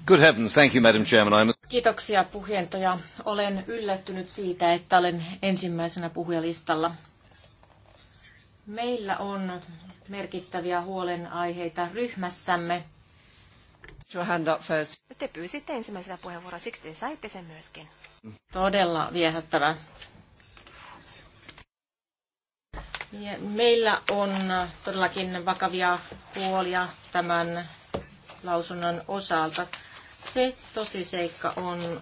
S4: Good heavens, thank you, Madam Chairman. I'm
S5: Kiitoksia puheenjohtaja. Olen yllättynyt siitä, että olen ensimmäisenä puhujalistalla. Meillä on merkittäviä huolenaiheita ryhmässämme. Te pyysitte ensimmäisenä puheenvuoroa, siksi te saitte sen myöskin.
S4: Todella viehättävä.
S5: Meillä on todellakin vakavia huolia tämän lausunnon osalta. Se tosiseikka on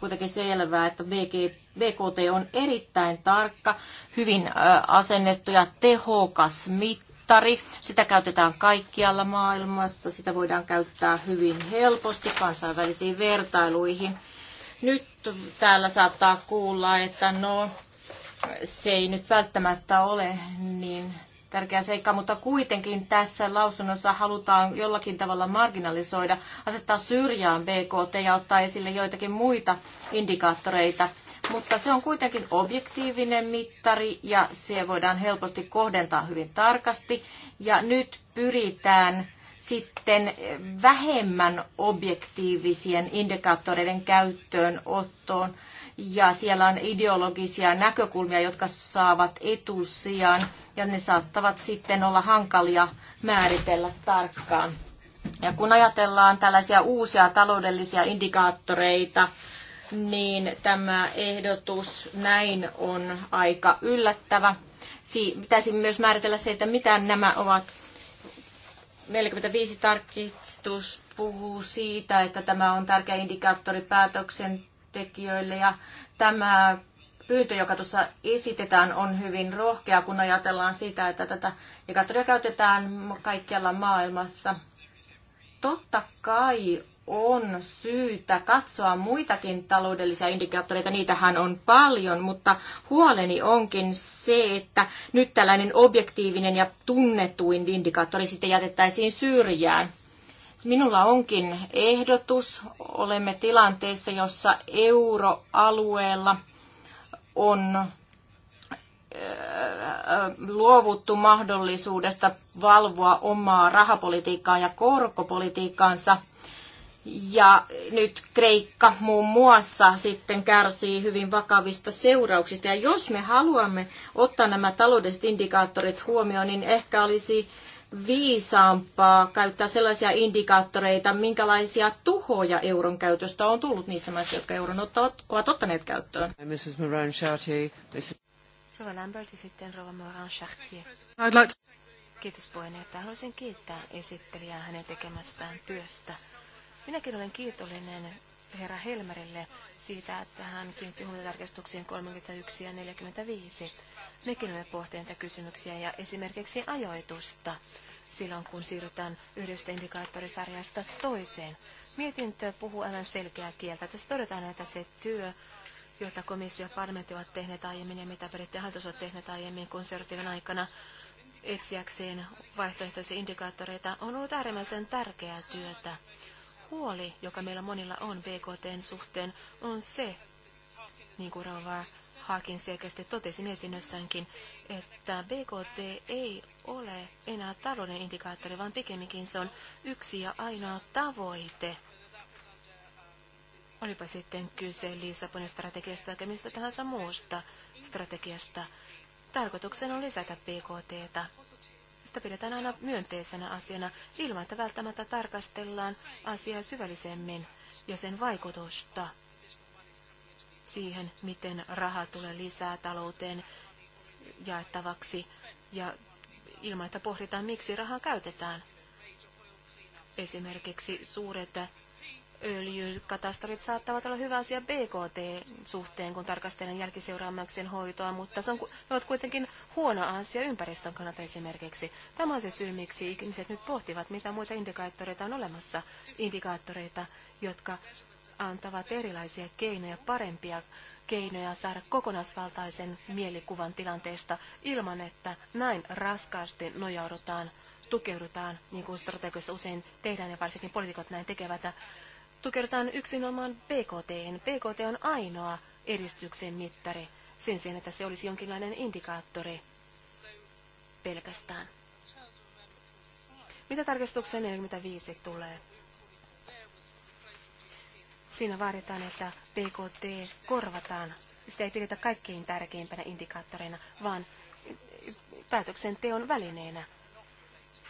S5: kuitenkin selvää, että BKT on erittäin tarkka, hyvin asennettu ja tehokas mittari. Sitä käytetään kaikkialla maailmassa, sitä voidaan käyttää hyvin helposti kansainvälisiin vertailuihin. Nyt täällä saattaa kuulla, että no, se ei nyt välttämättä ole niin tärkeä seikka, mutta kuitenkin tässä lausunnossa halutaan jollakin tavalla marginalisoida, asettaa syrjään BKT ja ottaa esille joitakin muita indikaattoreita. Mutta se on kuitenkin objektiivinen mittari ja se voidaan helposti kohdentaa hyvin tarkasti. Ja nyt pyritään sitten vähemmän objektiivisien indikaattoreiden käyttöönottoon ja siellä on ideologisia näkökulmia, jotka saavat etusijan ja ne saattavat sitten olla hankalia määritellä tarkkaan. Ja kun ajatellaan tällaisia uusia taloudellisia indikaattoreita, niin tämä ehdotus näin on aika yllättävä. Si- pitäisi myös määritellä se, että mitä nämä ovat. 45 tarkistus puhuu siitä, että tämä on tärkeä indikaattori päätöksen työntekijöille ja tämä pyyntö, joka tuossa esitetään, on hyvin rohkea, kun ajatellaan sitä, että tätä negatoria käytetään kaikkialla maailmassa. Totta kai on syytä katsoa muitakin taloudellisia indikaattoreita, niitähän on paljon, mutta huoleni onkin se, että nyt tällainen objektiivinen ja tunnetuin indikaattori sitten jätettäisiin syrjään. Minulla onkin ehdotus. Olemme tilanteessa, jossa euroalueella on luovuttu mahdollisuudesta valvoa omaa rahapolitiikkaa ja korkopolitiikkaansa. Ja nyt Kreikka muun muassa sitten kärsii hyvin vakavista seurauksista. Ja jos me haluamme ottaa nämä taloudelliset indikaattorit huomioon, niin ehkä olisi viisaampaa käyttää sellaisia indikaattoreita, minkälaisia tuhoja euron käytöstä on tullut niissä maissa, jotka euron ottavat, ovat ottaneet
S4: käyttöön. Mrs. Moran Chartier. Mrs.
S1: Lambert ja sitten Rova Moran Chartier. like to... Kiitos puheenjohtaja. Haluaisin kiittää esittelijää hänen tekemästään työstä. Minäkin olen kiitollinen herra Helmerille siitä, että hän kiinnitti huomiota tarkastuksiin 31 ja 45. Mekin olemme pohtineet näitä kysymyksiä ja esimerkiksi ajoitusta silloin, kun siirrytään yhdestä indikaattorisarjasta toiseen. Mietintö puhuu aivan selkeää kieltä. Tässä todetaan, että se työ, jota komissio ja parlamentti ovat tehneet aiemmin ja mitä periaatteessa hallitus ovat tehneet aiemmin konservatiivin aikana etsiäkseen vaihtoehtoisia indikaattoreita, on ollut äärimmäisen tärkeää työtä. Huoli, joka meillä monilla on BKTn suhteen, on se, niin kuin Rova Haakin selkeästi totesi mietinnössäänkin, että BKT ei ole enää talouden indikaattori, vaan pikemminkin se on yksi ja ainoa tavoite. Olipa sitten kyse Lissabonin strategiasta tai mistä tahansa muusta strategiasta. Tarkoituksena on lisätä BKTtä. Sitä pidetään aina myönteisenä asiana, ilman että välttämättä tarkastellaan asiaa syvällisemmin ja sen vaikutusta siihen, miten raha tulee lisää talouteen jaettavaksi ja ilman, että pohditaan, miksi rahaa käytetään. Esimerkiksi suuret öljykatastrofit saattavat olla hyvä asia BKT-suhteen, kun tarkastelen jälkiseuraamuksen hoitoa, mutta se on, ne ovat kuitenkin huono asia ympäristön kannalta esimerkiksi. Tämä on se syy, miksi ihmiset nyt pohtivat, mitä muita indikaattoreita on olemassa, indikaattoreita, jotka antavat erilaisia keinoja, parempia keinoja saada kokonaisvaltaisen mielikuvan tilanteesta ilman, että näin raskaasti nojaudutaan, tukeudutaan, niin kuin strategiassa usein tehdään ja varsinkin poliitikot näin tekevät. Tukeudutaan yksinomaan BKT. -hen. BKT on ainoa edistyksen mittari sen sijaan, että se olisi jonkinlainen indikaattori pelkästään. Mitä tarkistukseen 45 tulee? Siinä vaaditaan, että BKT korvataan. Sitä ei pidetä kaikkein tärkeimpänä indikaattorina, vaan päätöksenteon välineenä.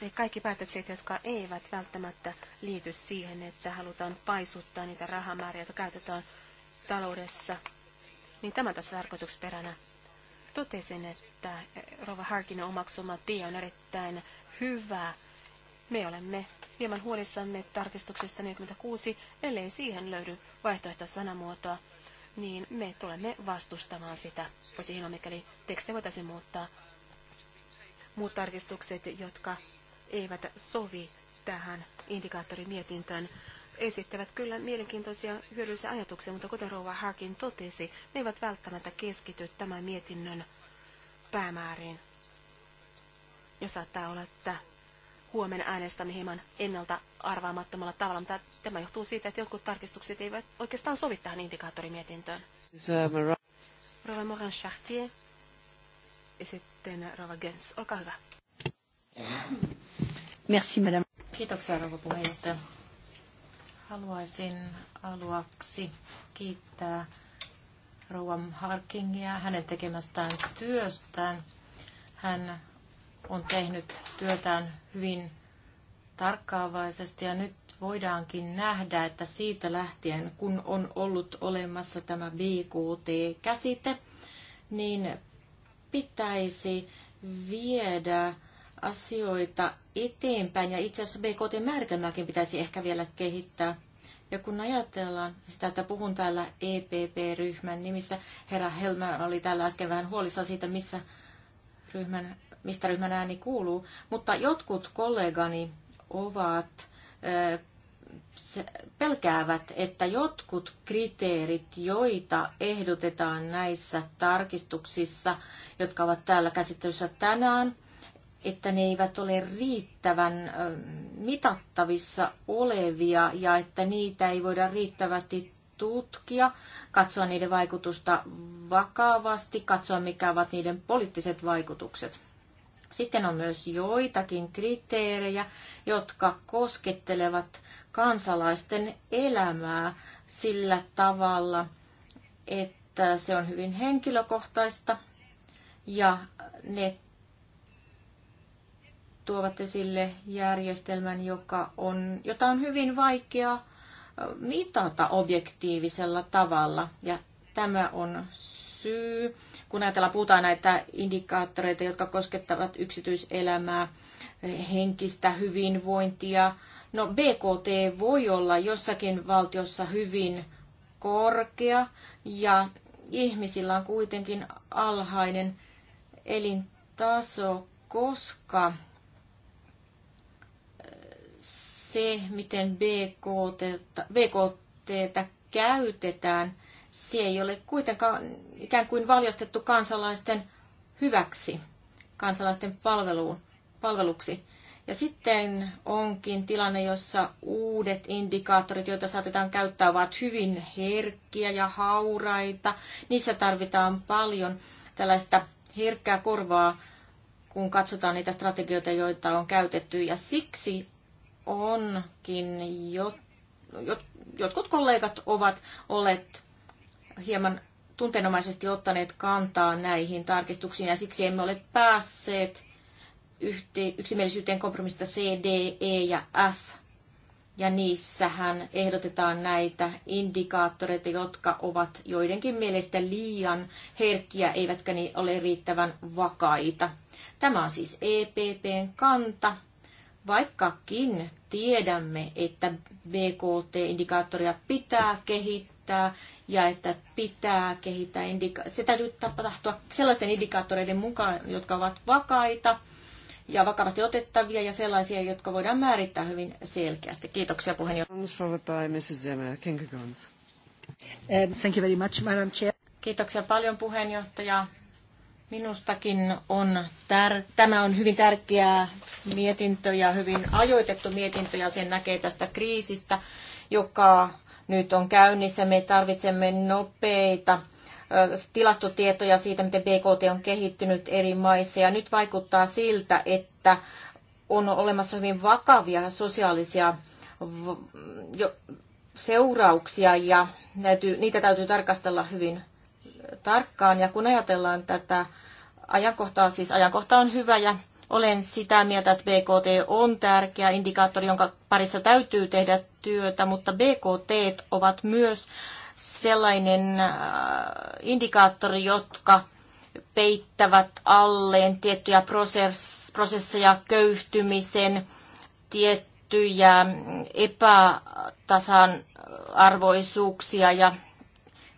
S1: Ne kaikki päätökset, jotka eivät välttämättä liity siihen, että halutaan paisuttaa niitä rahamääriä, joita käytetään taloudessa, niin tämä tässä tarkoitusperänä. Totesin, että eh, Rova Harkin omaksuma tie on erittäin hyvä. Me olemme hieman huolissamme tarkistuksesta 46, ellei siihen löydy vaihtoehto sanamuotoa, niin me tulemme vastustamaan sitä. Voisi hienoa, mikäli tekstejä voitaisiin muuttaa. Muut tarkistukset, jotka eivät sovi tähän indikaattorimietintöön, esittävät kyllä mielenkiintoisia hyödyllisiä ajatuksia, mutta kuten Rouva Harkin totesi, ne eivät välttämättä keskity tämän mietinnön päämääriin. Ja saattaa olla, että huomenna äänestämme hieman ennalta arvaamattomalla tavalla, mutta tämä johtuu siitä, että jotkut tarkistukset eivät oikeastaan sovi tähän indikaattorimietintöön. Rova Moran Chartier ja sitten Rova Gens, olkaa
S5: hyvä. Merci, madame. Kiitoksia, rouva puheenjohtaja. Haluaisin aluaksi kiittää rouva Harkingia hänen tekemästään työstään. Hän on tehnyt työtään hyvin tarkkaavaisesti ja nyt voidaankin nähdä, että siitä lähtien, kun on ollut olemassa tämä BQT-käsite, niin pitäisi viedä asioita eteenpäin ja itse asiassa BKT-määritelmääkin pitäisi ehkä vielä kehittää. Ja kun ajatellaan sitä, että puhun täällä EPP-ryhmän nimissä, herra Helmer oli täällä äsken vähän huolissaan siitä, missä ryhmän mistä ryhmän ääni kuuluu, mutta jotkut kollegani ovat pelkäävät, että jotkut kriteerit, joita ehdotetaan näissä tarkistuksissa, jotka ovat täällä käsittelyssä tänään, että ne eivät ole riittävän mitattavissa olevia ja että niitä ei voida riittävästi tutkia, katsoa niiden vaikutusta vakavasti, katsoa mikä ovat niiden poliittiset vaikutukset. Sitten on myös joitakin kriteerejä, jotka koskettelevat kansalaisten elämää sillä tavalla, että se on hyvin henkilökohtaista ja ne tuovat esille järjestelmän, joka on, jota on hyvin vaikea mitata objektiivisella tavalla. Ja tämä on syy kun ajatellaan, puhutaan näitä indikaattoreita, jotka koskettavat yksityiselämää, henkistä hyvinvointia. No BKT voi olla jossakin valtiossa hyvin korkea ja ihmisillä on kuitenkin alhainen elintaso, koska eh, se, miten BKT, BKT käytetään – se ei ole kuitenkaan ikään kuin valjastettu kansalaisten hyväksi, kansalaisten palveluun, palveluksi. Ja sitten onkin tilanne, jossa uudet indikaattorit, joita saatetaan käyttää, ovat hyvin herkkiä ja hauraita. Niissä tarvitaan paljon tällaista herkkää korvaa, kun katsotaan niitä strategioita, joita on käytetty. Ja siksi onkin jo, jot, jotkut kollegat ovat olleet hieman tunteenomaisesti ottaneet kantaa näihin tarkistuksiin ja siksi emme ole päässeet yksimielisyyteen kompromista C, D, E ja F. Ja niissähän ehdotetaan näitä indikaattoreita, jotka ovat joidenkin mielestä liian herkkiä, eivätkä ne ole riittävän vakaita. Tämä on siis EPPn kanta, vaikkakin tiedämme, että BKT-indikaattoria pitää kehittää ja että pitää kehittää indika- se täytyy tapahtua sellaisten indikaattoreiden mukaan, jotka ovat vakaita ja vakavasti otettavia ja sellaisia, jotka voidaan määrittää hyvin selkeästi. Kiitoksia
S4: puheenjohtaja. Um,
S2: thank you very much, Madam Chair.
S5: Kiitoksia paljon puheenjohtaja. Minustakin on tär- tämä on hyvin tärkeä mietintö ja hyvin ajoitettu mietintö ja sen näkee tästä kriisistä, joka nyt on käynnissä. Me tarvitsemme nopeita tilastotietoja siitä, miten BKT on kehittynyt eri maissa. Ja nyt vaikuttaa siltä, että on olemassa hyvin vakavia sosiaalisia seurauksia ja niitä täytyy tarkastella hyvin tarkkaan. Ja kun ajatellaan tätä ajankohtaa, siis ajankohta on hyvä ja olen sitä mieltä, että BKT on tärkeä indikaattori, jonka parissa täytyy tehdä työtä, mutta BKT ovat myös sellainen äh, indikaattori, jotka peittävät alleen tiettyjä prosesseja, köyhtymisen, tiettyjä epätasan arvoisuuksia ja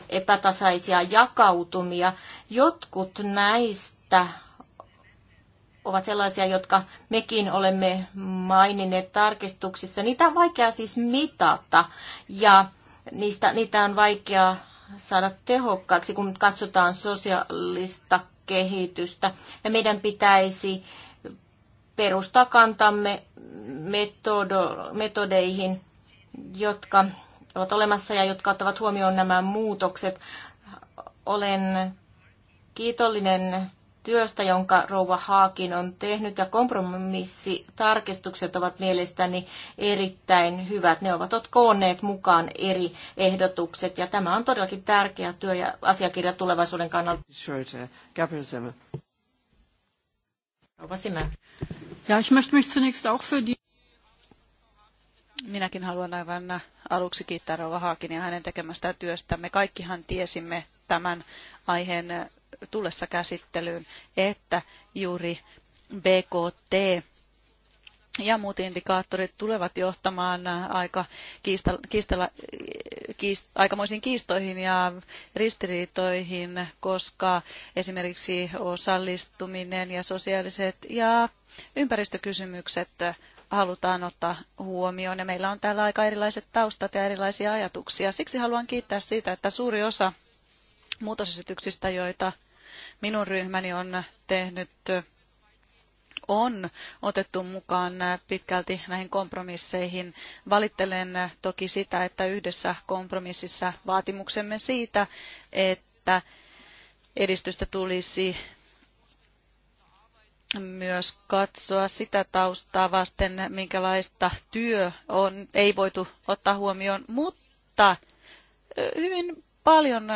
S5: epätasaisia jakautumia. Jotkut näistä ovat sellaisia, jotka mekin olemme maininneet tarkistuksissa. Niitä on vaikea siis mitata ja niistä, niitä on vaikea saada tehokkaaksi, kun katsotaan sosiaalista kehitystä. Ja meidän pitäisi perustaa kantamme metodo, metodeihin, jotka ovat olemassa ja jotka ottavat huomioon nämä muutokset. Olen kiitollinen työstä, jonka Rouva Haakin on tehnyt, ja kompromissitarkistukset ovat mielestäni erittäin hyvät. Ne ovat koonneet mukaan eri ehdotukset, ja tämä on todellakin tärkeä työ ja asiakirja
S4: tulevaisuuden kannalta. Rouva Ja, ich möchte mich zunächst auch für die
S3: Minäkin haluan aivan aluksi kiittää Rouva Haakin ja hänen tekemästä työstä. Me kaikkihan tiesimme tämän aiheen tullessa käsittelyyn, että juuri BKT ja muut indikaattorit tulevat johtamaan aika kiista, kiistala, kiist, aikamoisiin kiistoihin ja ristiriitoihin, koska esimerkiksi osallistuminen ja sosiaaliset ja ympäristökysymykset halutaan ottaa huomioon. Ja meillä on täällä aika erilaiset taustat ja erilaisia ajatuksia. Siksi haluan kiittää siitä, että suuri osa muutosesityksistä, joita minun ryhmäni on tehnyt, on otettu mukaan pitkälti näihin kompromisseihin. Valittelen toki sitä, että yhdessä kompromississa vaatimuksemme siitä, että edistystä tulisi myös katsoa sitä taustaa vasten, minkälaista työ on, ei voitu ottaa huomioon, mutta hyvin paljon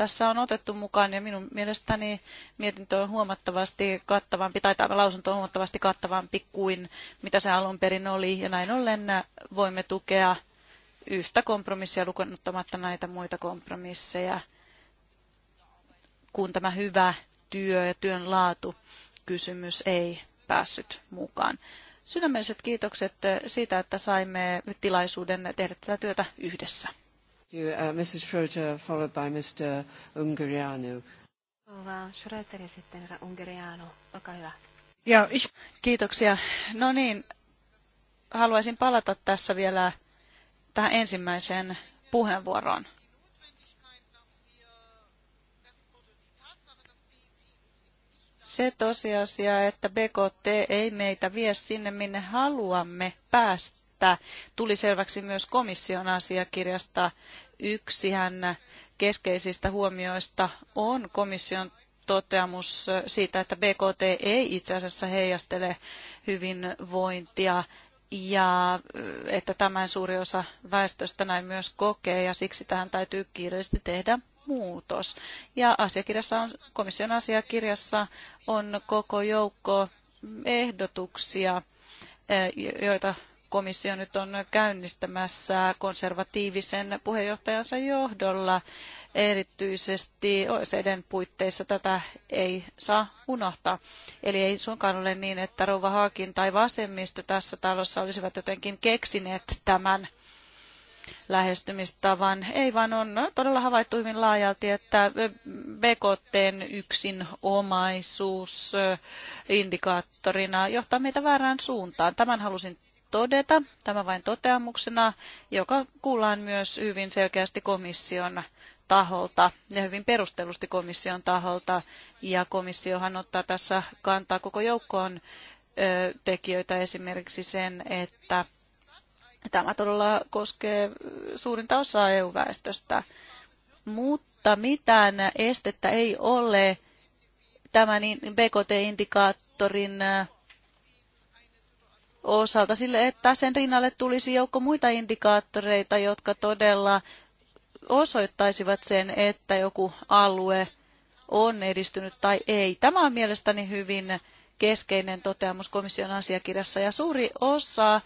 S3: tässä on otettu mukaan ja minun mielestäni mietintö on huomattavasti kattavampi tai tämä lausunto on huomattavasti kattavampi kuin mitä se alun perin oli ja näin ollen voimme tukea yhtä kompromissia lukunottamatta näitä muita kompromisseja, kun tämä hyvä työ ja työn laatu kysymys ei päässyt mukaan. Sydämelliset kiitokset siitä, että saimme tilaisuuden tehdä tätä työtä yhdessä.
S4: You, uh, Mrs. Schroeder, followed by Mr. Ungeriano.
S1: Schröter ja sitten herra Ungeriano. Olkaa hyvä.
S4: Ja,
S3: Kiitoksia. No niin, haluaisin palata tässä vielä tähän ensimmäiseen puheenvuoroon. Se tosiasia, että BKT ei meitä vie sinne, minne haluamme päästä että tuli selväksi myös komission asiakirjasta. Yksihän keskeisistä huomioista on komission toteamus siitä, että BKT ei itse asiassa heijastele hyvinvointia ja että tämän suuri osa väestöstä näin myös kokee ja siksi tähän täytyy kiireellisesti tehdä muutos. Ja asiakirjassa on, komission asiakirjassa on koko joukko ehdotuksia, joita komissio nyt on käynnistämässä konservatiivisen puheenjohtajansa johdolla. Erityisesti OECDn puitteissa tätä ei saa unohtaa. Eli ei suinkaan ole niin, että Rouva Haakin tai vasemmista tässä talossa olisivat jotenkin keksineet tämän lähestymistavan. Ei vaan on todella havaittu hyvin laajalti, että yksin yksinomaisuus indikaattorina johtaa meitä väärään suuntaan. Tämän halusin todeta, tämä vain toteamuksena, joka kuullaan myös hyvin selkeästi komission taholta ja hyvin perustellusti komission taholta. Ja komissiohan ottaa tässä kantaa koko joukkoon ö, tekijöitä esimerkiksi sen, että tämä todella koskee suurinta osaa EU-väestöstä. Mutta mitään estettä ei ole tämän BKT-indikaattorin osalta sille, että sen rinnalle tulisi joukko muita indikaattoreita, jotka todella osoittaisivat sen, että joku alue on edistynyt tai ei. Tämä on mielestäni hyvin keskeinen toteamus komission asiakirjassa ja suuri osa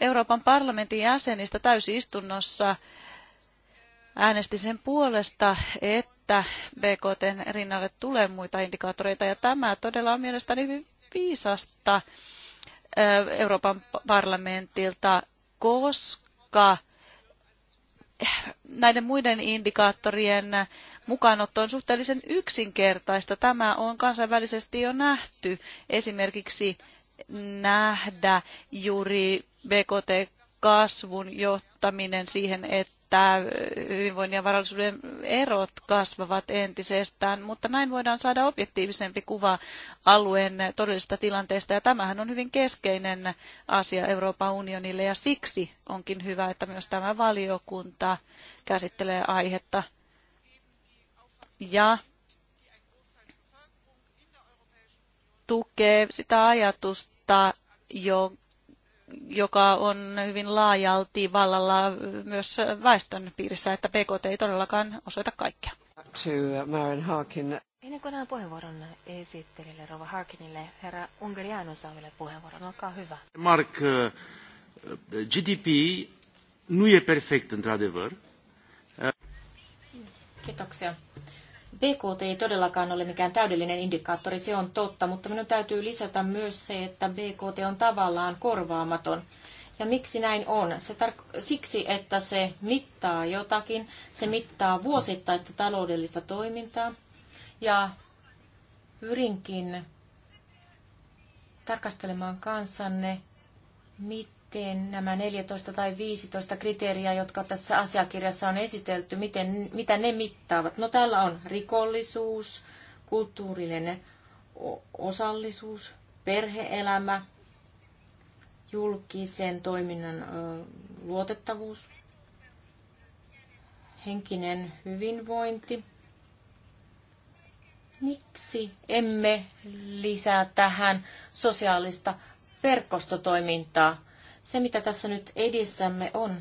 S3: Euroopan parlamentin jäsenistä täysistunnossa äänesti sen puolesta, että bkt rinnalle tulee muita indikaattoreita ja tämä todella on mielestäni hyvin viisasta Euroopan parlamentilta, koska näiden muiden indikaattorien mukaanotto on suhteellisen yksinkertaista. Tämä on kansainvälisesti jo nähty. Esimerkiksi nähdä juuri BKT kasvun johtaminen siihen, että että eh, hyvinvoinnin ja varallisuuden erot kasvavat entisestään, mutta näin voidaan saada objektiivisempi kuva alueen todellisesta tilanteesta ja tämähän on hyvin keskeinen asia Euroopan unionille ja siksi onkin hyvä, että myös tämä valiokunta käsittelee aihetta ja tukee sitä ajatusta, jonka joka on hyvin laajalti vallalla myös väestön piirissä, että BKT ei todellakaan osoita kaikkea.
S4: Uh,
S1: Ennen kuin annan puheenvuoron esittelijälle Rova Harkinille, herra Ungariano saa vielä puheenvuoron. Olkaa hyvä.
S2: Mark, uh, uh, GDP nu e perfect, într-adevăr.
S5: Kiitoksia. BKT ei todellakaan ole mikään täydellinen indikaattori, se on totta, mutta minun täytyy lisätä myös se, että BKT on tavallaan korvaamaton. Ja miksi näin on? Se tar- siksi, että se mittaa jotakin, se mittaa vuosittaista taloudellista toimintaa. Ja pyrinkin tarkastelemaan kansanne, mit- miten nämä 14 tai 15 kriteeriä, jotka tässä asiakirjassa on esitelty, miten, mitä ne mittaavat? No täällä on rikollisuus, kulttuurillinen osallisuus, perheelämä, julkisen toiminnan luotettavuus, henkinen hyvinvointi. Miksi emme lisää tähän sosiaalista verkostotoimintaa? Se, mitä tässä nyt edissämme on.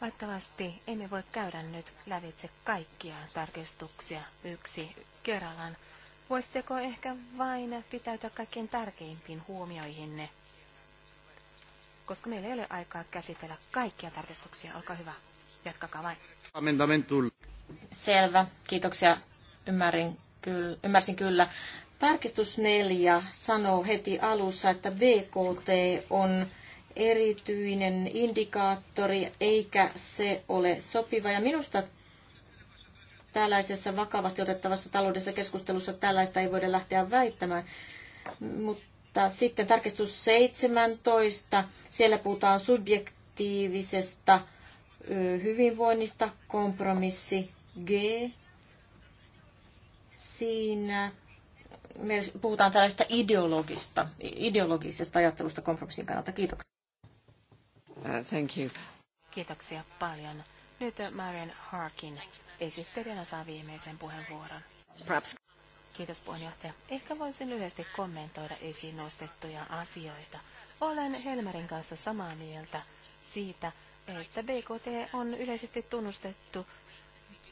S1: Vaikkavasti emme voi käydä nyt lävitse kaikkia tarkistuksia yksi kerrallaan. Voisitteko ehkä vain pitäytyä kaikkein tärkeimpiin huomioihinne? Koska meillä ei ole aikaa käsitellä
S5: kaikkia tarkistuksia, olkaa hyvä. Jatkakaa vain. Selvä, kiitoksia. Ymmärrin kyllä, ymmärsin kyllä. Tarkistus neljä sanoo heti alussa, että VKT on erityinen indikaattori, eikä se ole sopiva. Ja minusta tällaisessa vakavasti otettavassa taloudessa keskustelussa tällaista ei voida lähteä väittämään. Mutta sitten tarkistus 17, siellä puhutaan subjektiivisesta hyvinvoinnista, kompromissi G. Siinä me puhutaan tällaista ideologista, ideologisesta ajattelusta kompromissin kannalta. Kiitoksia.
S4: Uh, thank you.
S1: Kiitoksia paljon. Nyt Marian Harkin esittelijänä saa viimeisen puheenvuoron. Perhaps. Kiitos puheenjohtaja. Ehkä voisin lyhyesti kommentoida esiin nostettuja asioita. Olen Helmerin kanssa samaa mieltä siitä, että BKT on yleisesti tunnustettu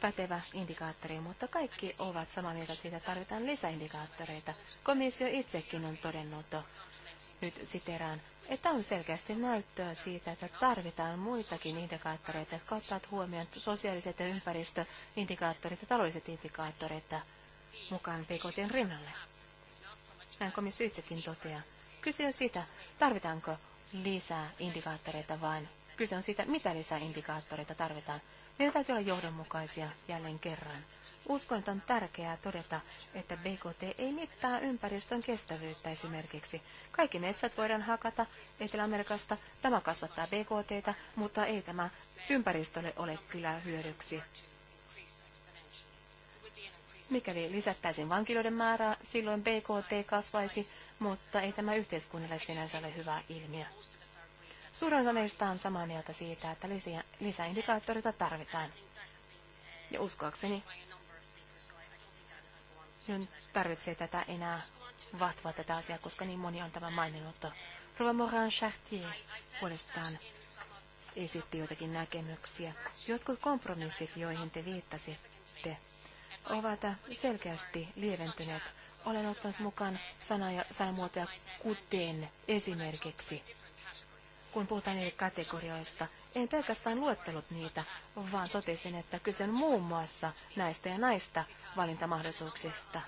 S1: pätevä indikaattori, mutta kaikki ovat samaa mieltä siitä, että tarvitaan lisäindikaattoreita. Komissio itsekin on todennut, nyt siteraan, että on selkeästi näyttöä siitä, että tarvitaan muitakin indikaattoreita, jotka ottavat huomioon sosiaaliset ja ympäristöindikaattorit ja taloudelliset indikaattorit mukaan PKTn rinnalle. Näin komissio itsekin toteaa. Kyse on siitä, tarvitaanko lisää indikaattoreita vaan. Kyse on siitä, mitä lisää indikaattoreita tarvitaan. Meidän täytyy olla johdonmukaisia jälleen kerran. Uskon, että on tärkeää todeta, että BKT ei mittaa ympäristön kestävyyttä esimerkiksi. Kaikki metsät voidaan hakata Etelä-Amerikasta. Tämä kasvattaa BKTtä, mutta ei tämä ympäristölle ole kyllä hyödyksi. Mikäli lisättäisiin vankiloiden määrää, silloin BKT kasvaisi, mutta ei tämä yhteiskunnalle sinänsä ole hyvä ilmiö. Suurin osa meistä on samaa mieltä siitä, että lisää, lisäindikaattoreita tarvitaan. Ja uskoakseni minun tarvitsee tätä enää vatvoa tätä asiaa, koska niin moni on tämän maininnut. Rova Moran Chartier puolestaan esitti jotakin näkemyksiä. Jotkut kompromissit, joihin te viittasitte, ovat selkeästi lieventyneet. Olen ottanut mukaan sana ja sanamuotoja kuten esimerkiksi kun puhutaan eri kategorioista. En pelkästään luettelut niitä, vaan totesin, että kyse on muun muassa näistä ja näistä valintamahdollisuuksista.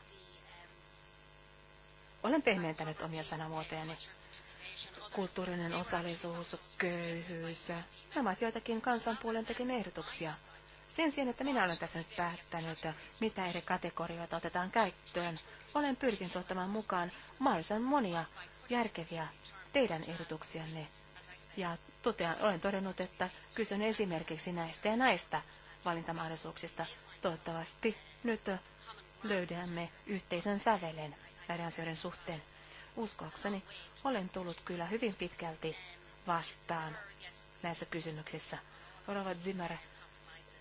S1: Olen pehmentänyt omia sanamuotojani. Kulttuurinen osallisuus, köyhyys, nämä ovat joitakin kansanpuolen tekemiä ehdotuksia. Sen sijaan, että minä olen tässä nyt päättänyt, mitä eri kategorioita otetaan käyttöön, olen pyrkinyt ottamaan mukaan mahdollisimman monia järkeviä teidän ehdotuksianne ja totean, olen todennut, että kysyn esimerkiksi näistä ja näistä valintamahdollisuuksista. Toivottavasti nyt löydämme yhteisen sävelen näiden asioiden suhteen. Uskoakseni olen tullut kyllä hyvin pitkälti vastaan näissä kysymyksissä. Rova Zimmer,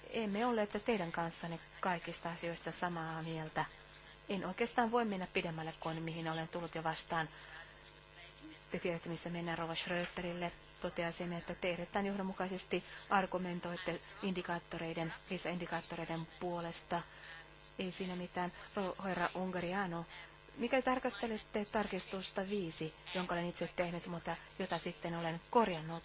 S1: emme ole että teidän kanssanne kaikista asioista samaa mieltä. En oikeastaan voi mennä pidemmälle kuin mihin olen tullut jo vastaan. Te tiedätte, missä mennään Rova Schröterille toteaisin, että te erittäin johdonmukaisesti argumentoitte indikaattoreiden, lisäindikaattoreiden puolesta. Ei siinä mitään. Herra Ungariano, mikä tarkastelette tarkistusta viisi, jonka olen itse tehnyt, mutta jota sitten olen korjannut?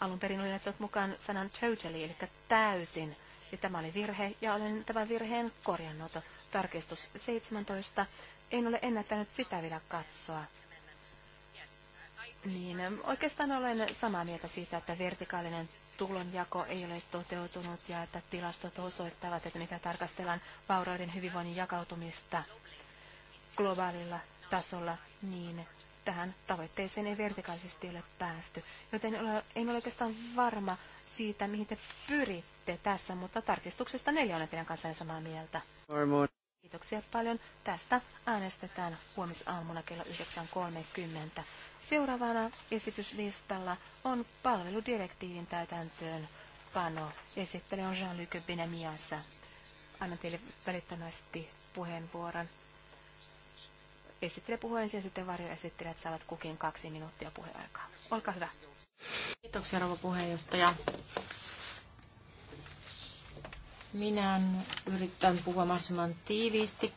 S1: Alun perin olin ottanut mukaan sanan totally, eli täysin. Ja tämä oli virhe, ja olen tämän virheen korjannut. Tarkistus 17. En ole ennättänyt sitä vielä katsoa niin, oikeastaan olen samaa mieltä siitä, että vertikaalinen tulonjako ei ole toteutunut ja että tilastot osoittavat, että mitä tarkastellaan vaurauden hyvinvoinnin jakautumista globaalilla tasolla, niin tähän tavoitteeseen ei vertikaalisesti ole päästy. Joten en ole oikeastaan varma siitä, mihin te pyritte tässä, mutta tarkistuksesta neljä on teidän kanssa samaa mieltä. Kiitoksia paljon. Tästä äänestetään huomisaamuna kello 9.30. Seuraavana esityslistalla on palveludirektiivin täytäntöön pano. Esittely on Jean-Luc Benamiassa. Annan teille välittömästi puheenvuoron. Esittele puhuu ja sitten varjoesittelijät saavat kukin kaksi minuuttia puheaikaa. Olkaa hyvä. Kiitoksia
S5: rouva puheenjohtaja. Minä yritän puhua mahdollisimman tiiviisti,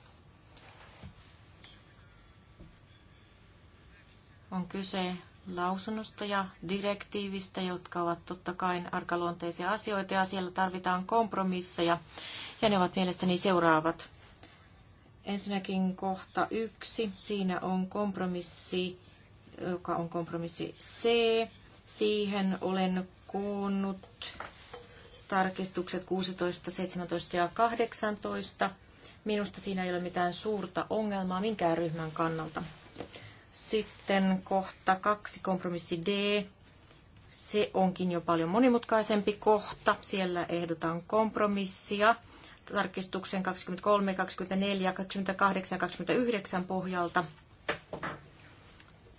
S5: On kyse lausunnosta ja direktiivistä, jotka ovat totta kai arkaluonteisia asioita ja siellä tarvitaan kompromisseja ja ne ovat mielestäni seuraavat. Ensinnäkin kohta yksi, siinä on kompromissi, joka on kompromissi C. Siihen olen koonnut tarkistukset 16, 17 ja 18. Minusta siinä ei ole mitään suurta ongelmaa minkään ryhmän kannalta. Sitten kohta kaksi, kompromissi D. Se onkin jo paljon monimutkaisempi kohta. Siellä ehdotan kompromissia tarkistuksen 23, 24, 28 ja 29 pohjalta.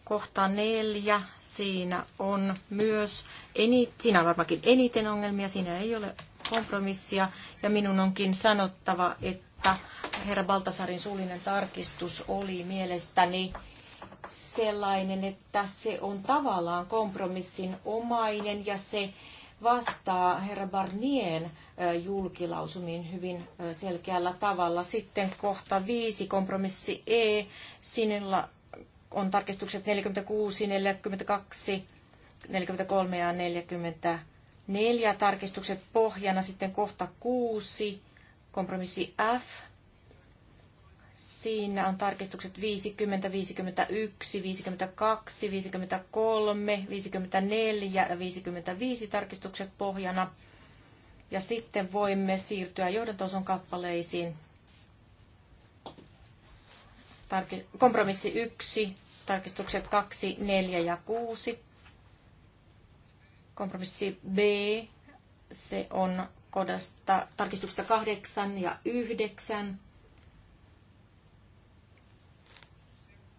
S5: Kohta neljä, siinä on myös, eni, siinä on varmaankin eniten ongelmia, siinä ei ole kompromissia. Ja minun onkin sanottava, että herra Baltasarin suullinen tarkistus oli mielestäni sellainen, että se on tavallaan kompromissin omainen ja se vastaa herra Barnien julkilausumiin hyvin selkeällä tavalla. Sitten kohta viisi, kompromissi E, sinillä on tarkistukset 46, 42, 43 ja 44 tarkistukset pohjana. Sitten kohta kuusi, kompromissi F, Siinä on tarkistukset 50, 51, 52, 53, 54 ja 55 tarkistukset pohjana. Ja sitten voimme siirtyä johdantoson kappaleisiin. kompromissi 1, tarkistukset 2, 4 ja 6. Kompromissi B, se on kodasta, tarkistuksesta 8 ja 9.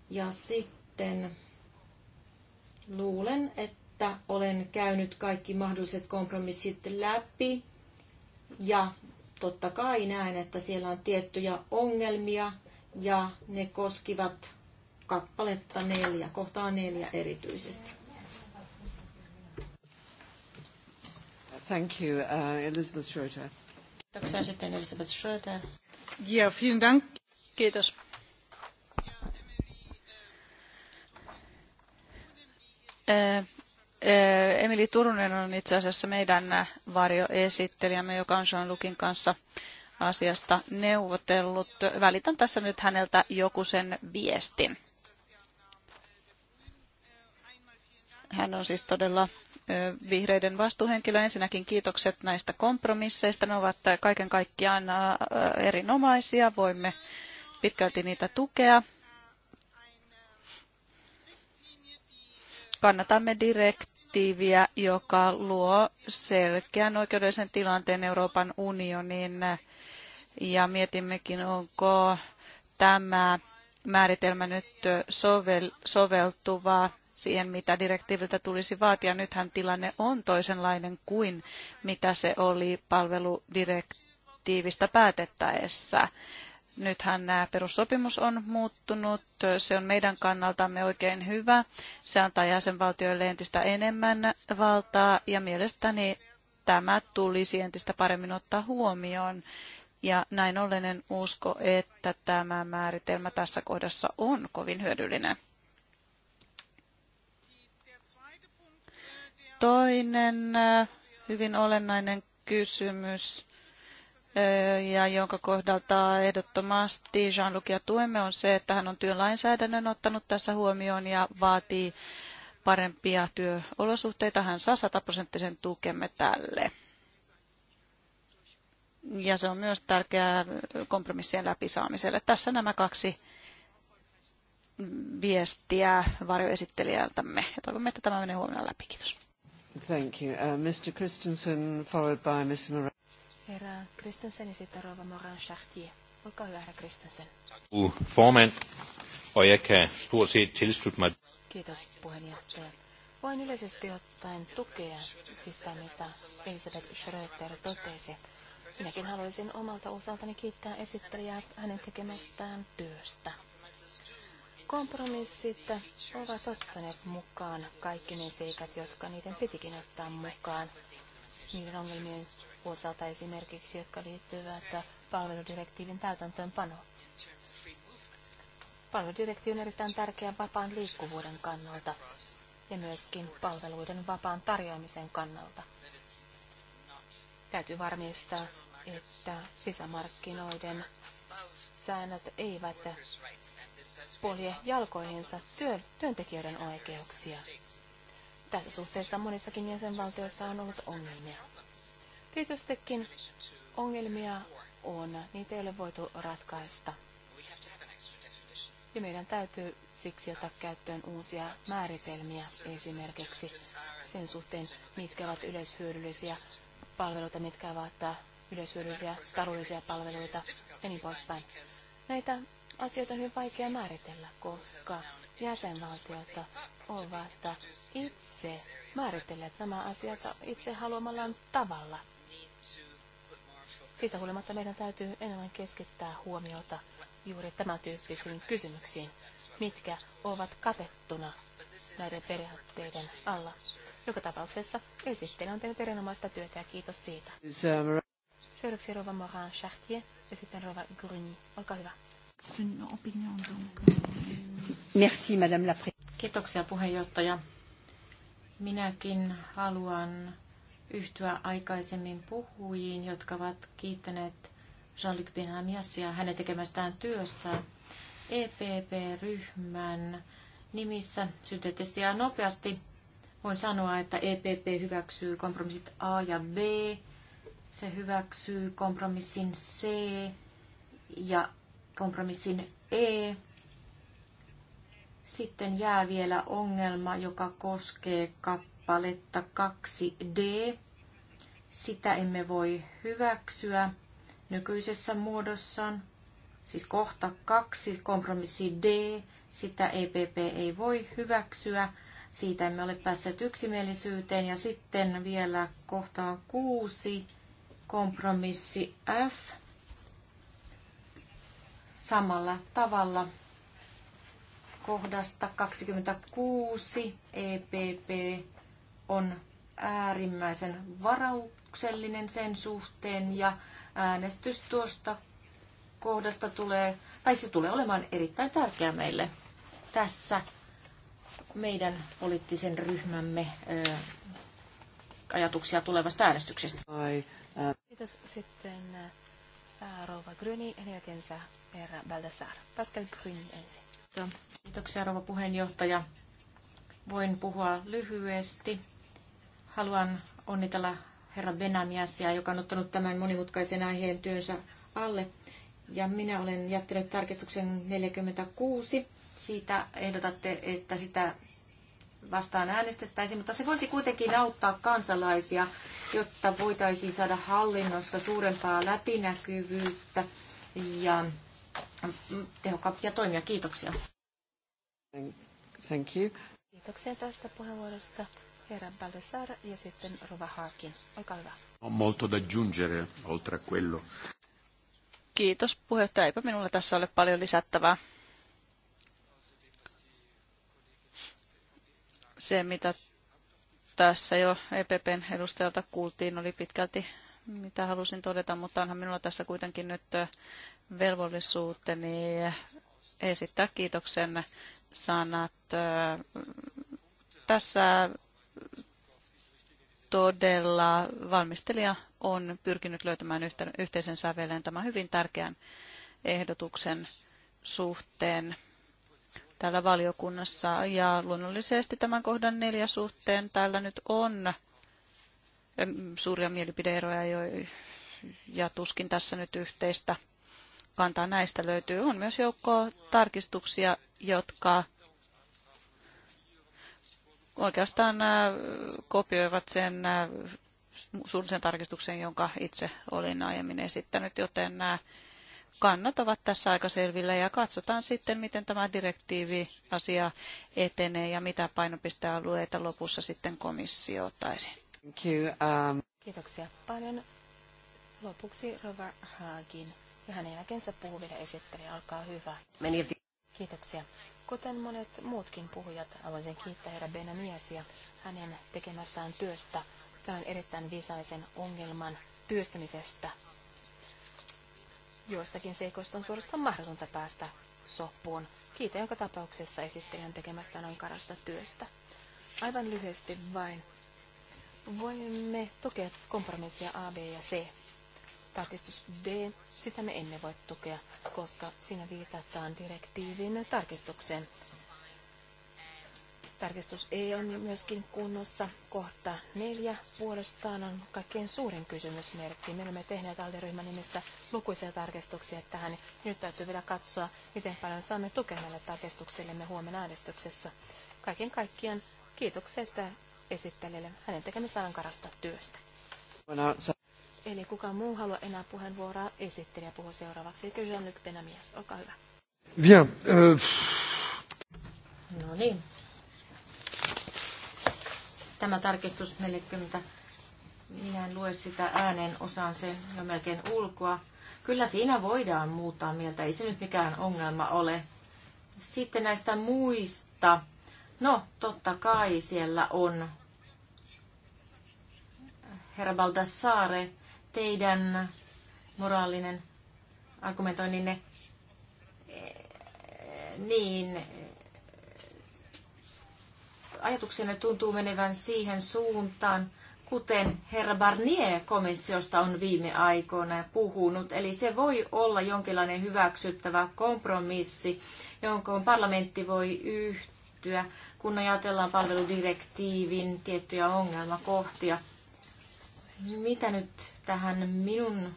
S5: Ja sitten luulen, että olen käynyt kaikki mahdolliset kompromissit läpi. Ja totta kai näen, että siellä on tiettyjä ongelmia ja ne koskivat kappaletta neljä, kohtaa neljä erityisesti.
S4: Thank you, uh, Elizabeth Schröter.
S5: Kiitoksia sitten Elizabeth Schröter. Ja, vielen Dank. Kiitos
S3: Emili Turunen on itse asiassa meidän varjoesittelijämme, joka on Sean Lukin kanssa asiasta neuvotellut. Välitän tässä nyt häneltä joku sen viestin. Hän on siis todella vihreiden vastuuhenkilö. Ensinnäkin kiitokset näistä kompromisseista. Ne ovat kaiken kaikkiaan erinomaisia. Voimme pitkälti niitä tukea. kannatamme direktiiviä, joka luo selkeän oikeudellisen tilanteen Euroopan unionin ja mietimmekin, onko tämä määritelmä nyt sovel, soveltuva siihen, mitä direktiiviltä tulisi vaatia. Nythän tilanne on toisenlainen kuin mitä se oli palveludirektiivistä päätettäessä. Nythän nämä perussopimus on muuttunut. Se on meidän kannaltamme oikein hyvä. Se antaa jäsenvaltioille entistä enemmän valtaa ja mielestäni tämä tulisi entistä paremmin ottaa huomioon. Ja näin ollen en usko, että tämä määritelmä tässä kohdassa on kovin hyödyllinen. Toinen äh, hyvin olennainen kysymys ja jonka kohdalta ehdottomasti Jean-Lucia tuemme on se, että hän on työlainsäädännön ottanut tässä huomioon ja vaatii parempia työolosuhteita. Hän saa sataprosenttisen tukemme tälle. Ja se on myös tärkeää kompromissien läpisaamiselle. Tässä nämä kaksi viestiä varjoesittelijältämme. Ja toivomme, että tämä menee huomenna läpi. Kiitos.
S4: Thank you. Uh, Mr. Christensen, followed by Ms. Moran
S1: herra Kristensen sitten Moran Chartier. Olkaa hyvä, herra Kristensen.
S4: Formen, og jeg kan stort set tilslutte
S1: Kiitos, puheenjohtaja. Voin yleisesti ottaen tukea sitä, mitä Elisabeth Schröter totesi. Minäkin haluaisin omalta osaltani kiittää esittelijää hänen tekemästään työstä. Kompromissit ovat ottaneet mukaan kaikki ne seikat, jotka niiden pitikin ottaa mukaan niiden ongelmien osalta esimerkiksi, jotka liittyvät palveludirektiivin täytäntöönpanoon. Palveludirektiivi on erittäin tärkeä vapaan liikkuvuuden kannalta ja myöskin palveluiden vapaan tarjoamisen kannalta. Täytyy varmistaa, että sisämarkkinoiden säännöt eivät polje jalkoihinsa työntekijöiden oikeuksia. Tässä suhteessa monissakin jäsenvaltioissa on ollut ongelmia. Tietystikin ongelmia on, niitä ei ole voitu ratkaista. Ja meidän täytyy siksi ottaa käyttöön uusia määritelmiä esimerkiksi sen suhteen, mitkä ovat yleishyödyllisiä palveluita, mitkä ovat yleishyödyllisiä taloudellisia palveluita ja niin poispäin. Näitä asioita on hyvin vaikea määritellä, koska jäsenvaltiot ovat itse määritelleet nämä asiat itse haluamallaan tavalla. Siitä siis- huolimatta meidän täytyy enemmän keskittää huomiota juuri tämän tyyppisiin kysymyksiin, mitkä ovat katettuna näiden periaatteiden alla. Joka tapauksessa esittely on tehnyt erinomaista työtä ja kiitos siitä. Seuraavaksi Rova Morin Chartier ja sitten Rova Gruny. Olkaa hyvä.
S4: Merci,
S5: Madame la Kiitoksia puheenjohtaja. Minäkin haluan yhtyä aikaisemmin puhujiin, jotka ovat kiittäneet Jean-Luc Benhamiasia hänen tekemästään työstä EPP-ryhmän nimissä synteettisesti ja nopeasti. Voin sanoa, että EPP hyväksyy kompromissit A ja B. Se hyväksyy kompromissin C ja kompromissin E. Sitten jää vielä ongelma, joka koskee kappaletta kappaletta 2D. Sitä emme voi hyväksyä nykyisessä muodossaan. Siis kohta 2, kompromissi D, sitä EPP ei voi hyväksyä. Siitä emme ole päässeet yksimielisyyteen. Ja sitten vielä kohtaan 6, kompromissi F. Samalla tavalla kohdasta 26 EPP on äärimmäisen varauksellinen sen suhteen ja äänestys tuosta kohdasta tulee, tai se tulee olemaan erittäin tärkeä meille tässä meidän poliittisen ryhmämme ö, ajatuksia tulevasta äänestyksestä.
S1: Kiitos sitten ää, Rouva
S5: Gryni ja jälkeensä herra Baldassar. Pascal Gryni ensin. Kiitoksia rouva puheenjohtaja. Voin puhua lyhyesti Haluan onnitella herra Benamiasia, joka on ottanut tämän monimutkaisen aiheen työnsä alle. Ja minä olen jättänyt tarkistuksen 46. Siitä ehdotatte, että sitä vastaan äänestettäisiin, mutta se voisi kuitenkin auttaa kansalaisia, jotta voitaisiin saada hallinnossa suurempaa läpinäkyvyyttä ja tehokkaampia toimia. Kiitoksia.
S4: Thank you.
S1: Kiitoksia tästä puheenvuorosta herra Baldassar ja sitten Rova Haakin. Olkaa hyvä.
S2: On molto da aggiungere, oltre a quello.
S3: Kiitos puheenjohtaja. Eipä minulla tässä ole paljon lisättävää. Se, mitä tässä jo EPPn edustajalta kuultiin, oli pitkälti mitä halusin todeta, mutta onhan minulla tässä kuitenkin nyt velvollisuuteni esittää kiitoksen sanat. Tässä todella valmistelija on pyrkinyt löytämään yhteisen sävelen tämän hyvin tärkeän ehdotuksen suhteen täällä valiokunnassa. Ja luonnollisesti tämän kohdan neljä suhteen täällä nyt on suuria mielipideeroja jo, ja tuskin tässä nyt yhteistä kantaa näistä löytyy. On myös joukko tarkistuksia, jotka oikeastaan äh, kopioivat sen äh, suullisen tarkistuksen, jonka itse olin aiemmin esittänyt, joten nämä äh, kannat ovat tässä aika selvillä ja katsotaan sitten, miten tämä direktiivi asia etenee ja mitä painopistealueita lopussa sitten komissio ottaisi.
S4: Thank you. Um... Kiitoksia
S1: paljon. Lopuksi Rova Haagin ja hänen jälkeensä puhuville esittelijä, olkaa hyvä. Kiitoksia. Kuten monet muutkin puhujat, haluaisin kiittää herra Benamiasia hänen tekemästään työstä tämän erittäin visaisen ongelman työstämisestä. Joistakin seikoista on suorastaan mahdotonta päästä sopuun. Kiitän joka tapauksessa esittelijän tekemästään ankarasta työstä. Aivan lyhyesti vain. Voimme tukea kompromissia A, B ja C. Tarkistus D, sitä me emme voi tukea, koska siinä viitataan direktiivin tarkistukseen. Tarkistus E on myöskin kunnossa. Kohta neljä puolestaan on kaikkein suurin kysymysmerkki. Me olemme tehneet alderyhmän nimissä lukuisia tarkistuksia tähän. Nyt täytyy vielä katsoa, miten paljon saamme tukea näille tarkistuksillemme huomenna äänestyksessä. Kaiken kaikkiaan kiitokset esittelijälle hänen tekemistään karasta työstä. Eli kuka muu halua enää puheenvuoroa esittelijä puhua seuraavaksi. Eikö Jean-Luc Penamies, olkaa hyvä.
S2: Bien. Euh... No
S5: niin. Tämä tarkistus 40. Minä en lue sitä ääneen, osaan sen jo melkein ulkoa. Kyllä siinä voidaan muuttaa mieltä, ei se nyt mikään ongelma ole. Sitten näistä muista. No, totta kai siellä on herra Baldassare teidän moraalinen argumentoinninne, niin ajatuksenne tuntuu menevän siihen suuntaan, kuten herra Barnier komissiosta on viime aikoina puhunut. Eli se voi olla jonkinlainen hyväksyttävä kompromissi, jonka parlamentti voi yhtyä, kun ajatellaan palveludirektiivin tiettyjä ongelmakohtia mitä nyt tähän minun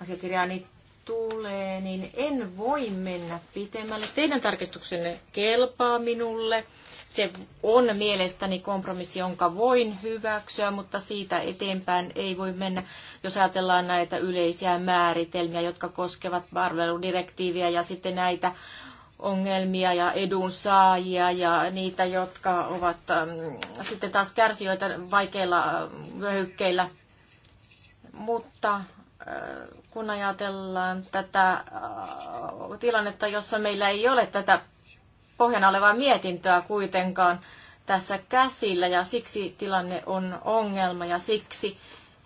S5: asiakirjaani tulee, niin en voi mennä pitemmälle. Teidän tarkistuksenne kelpaa minulle. Se on mielestäni kompromissi, jonka voin hyväksyä, mutta siitä eteenpäin ei voi mennä, jos ajatellaan näitä yleisiä määritelmiä, jotka koskevat palveludirektiiviä ja sitten näitä ongelmia ja edunsaajia ja niitä, jotka ovat ähm, sitten taas kärsijöitä vaikeilla vyöhykkeillä mutta äh, kun ajatellaan tätä äh, tilannetta, jossa meillä ei ole tätä pohjana olevaa mietintöä kuitenkaan tässä käsillä ja siksi tilanne on ongelma ja siksi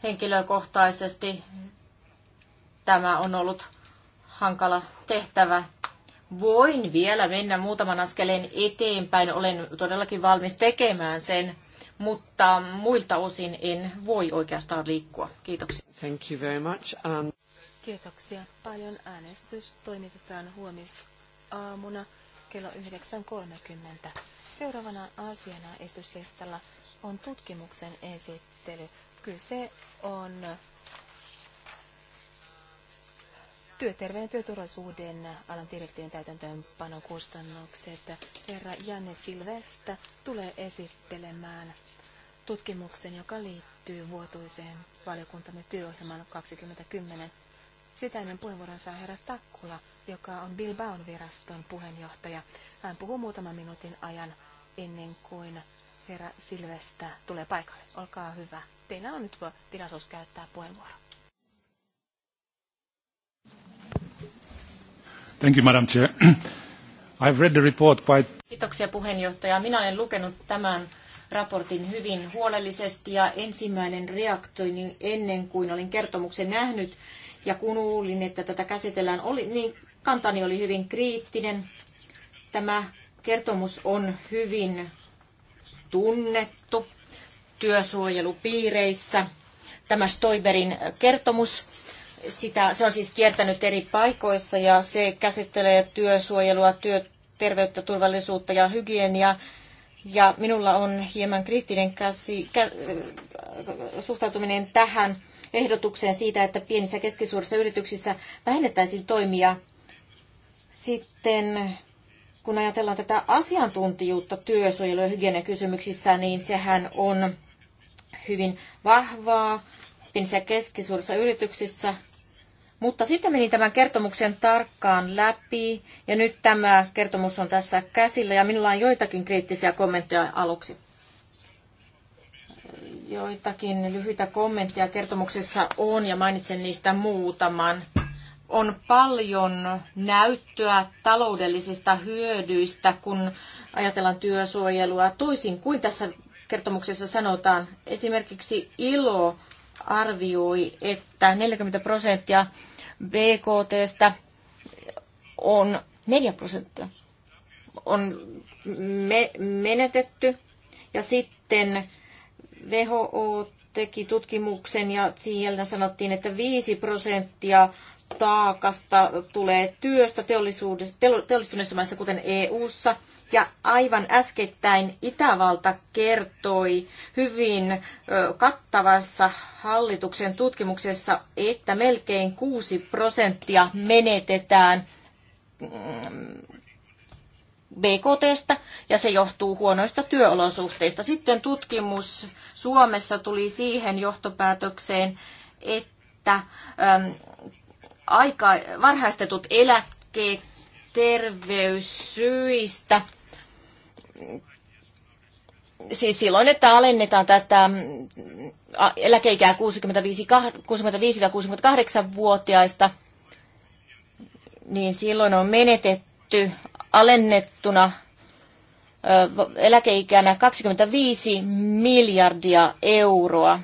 S5: henkilökohtaisesti tämä on ollut hankala tehtävä. Voin vielä mennä muutaman askeleen eteenpäin. Olen todellakin valmis tekemään sen, mutta muilta osin en
S4: voi oikeastaan liikkua. Kiitoksia. Thank you very much. Um...
S1: Kiitoksia paljon. Äänestys toimitetaan huomisaamuna kello 9.30. Seuraavana asiana esityslistalla on tutkimuksen esittely. Kyse on työterveyden työturvallisuuden alan direktiivin täytäntöönpanon kustannukset. Herra Janne Silvestä tulee esittelemään tutkimuksen, joka liittyy vuotuiseen valiokuntamme työohjelman 2010. Sitä ennen puheenvuoron saa herra Takkula, joka on Bilbaon viraston puheenjohtaja. Hän puhuu muutaman minuutin ajan ennen kuin herra Silvestä tulee paikalle. Olkaa hyvä. Teillä on nyt tilaisuus käyttää puheenvuoro.
S2: Thank you, Madam Chair. I've read the report quite...
S5: Kiitoksia puheenjohtaja. Minä olen lukenut tämän raportin hyvin huolellisesti ja ensimmäinen reaktio niin ennen kuin olin kertomuksen nähnyt ja kun luulin, että tätä käsitellään, oli, niin kantani oli hyvin kriittinen. Tämä kertomus on hyvin tunnettu työsuojelupiireissä. Tämä Stoiberin kertomus sitä, se on siis kiertänyt eri paikoissa ja se käsittelee työsuojelua, työterveyttä, turvallisuutta ja hygieniaa. Ja minulla on hieman kriittinen käsi, kä, äh, suhtautuminen tähän ehdotukseen siitä, että pienissä ja keskisuurissa yrityksissä vähennettäisiin toimia sitten kun ajatellaan tätä asiantuntijuutta työsuojelu- ja hygieniakysymyksissä, niin sehän on hyvin vahvaa pienissä ja keskisuurissa yrityksissä. Mutta sitten menin tämän kertomuksen tarkkaan läpi ja nyt tämä kertomus on tässä käsillä ja minulla on joitakin kriittisiä kommentteja aluksi. Joitakin lyhyitä kommentteja kertomuksessa on ja mainitsen niistä muutaman. On paljon näyttöä taloudellisista hyödyistä, kun ajatellaan työsuojelua, toisin kuin tässä kertomuksessa sanotaan. Esimerkiksi ilo arvioi, että 40 prosenttia BKTstä on 4 prosenttia on me- menetetty. Ja sitten WHO teki tutkimuksen ja siellä sanottiin, että 5 prosenttia taakasta tulee työstä teollisuudessa, teollistuneissa maissa, kuten EU:ssa ja aivan äskettäin Itävalta kertoi hyvin kattavassa hallituksen tutkimuksessa, että melkein 6 prosenttia menetetään mm, bkt ja se johtuu huonoista työolosuhteista. Sitten tutkimus Suomessa tuli siihen johtopäätökseen, että äm, aika, varhaistetut eläkkeet terveyssyistä siis silloin, että alennetaan tätä mm, eläkeikää 65-68-vuotiaista, niin silloin on menetetty alennettuna eläkeikänä 25 miljardia euroa.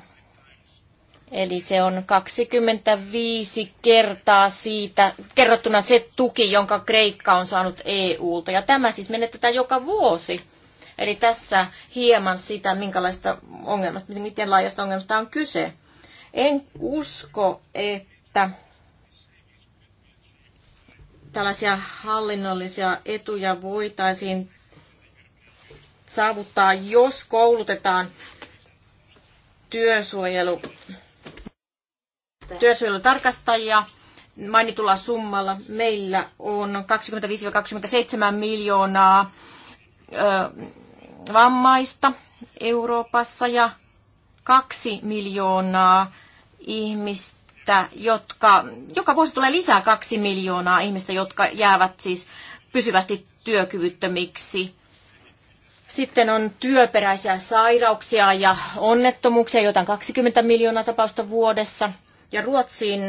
S5: Eli se on 25 kertaa siitä, kerrottuna se tuki, jonka Kreikka on saanut EU-ta. Ja tämä siis menetetään joka vuosi. Eli tässä hieman sitä, minkälaista ongelmasta, miten laajasta ongelmasta on kyse. En usko, että tällaisia hallinnollisia etuja voitaisiin saavuttaa, jos koulutetaan työsuojelu työsuojelutarkastajia mainitulla summalla. Meillä on 25-27 miljoonaa vammaista Euroopassa ja kaksi miljoonaa ihmistä, jotka, joka vuosi tulee lisää kaksi miljoonaa ihmistä, jotka jäävät siis pysyvästi työkyvyttömiksi. Sitten on työperäisiä sairauksia ja onnettomuuksia, joita on 20 miljoonaa tapausta vuodessa. Ja Ruotsin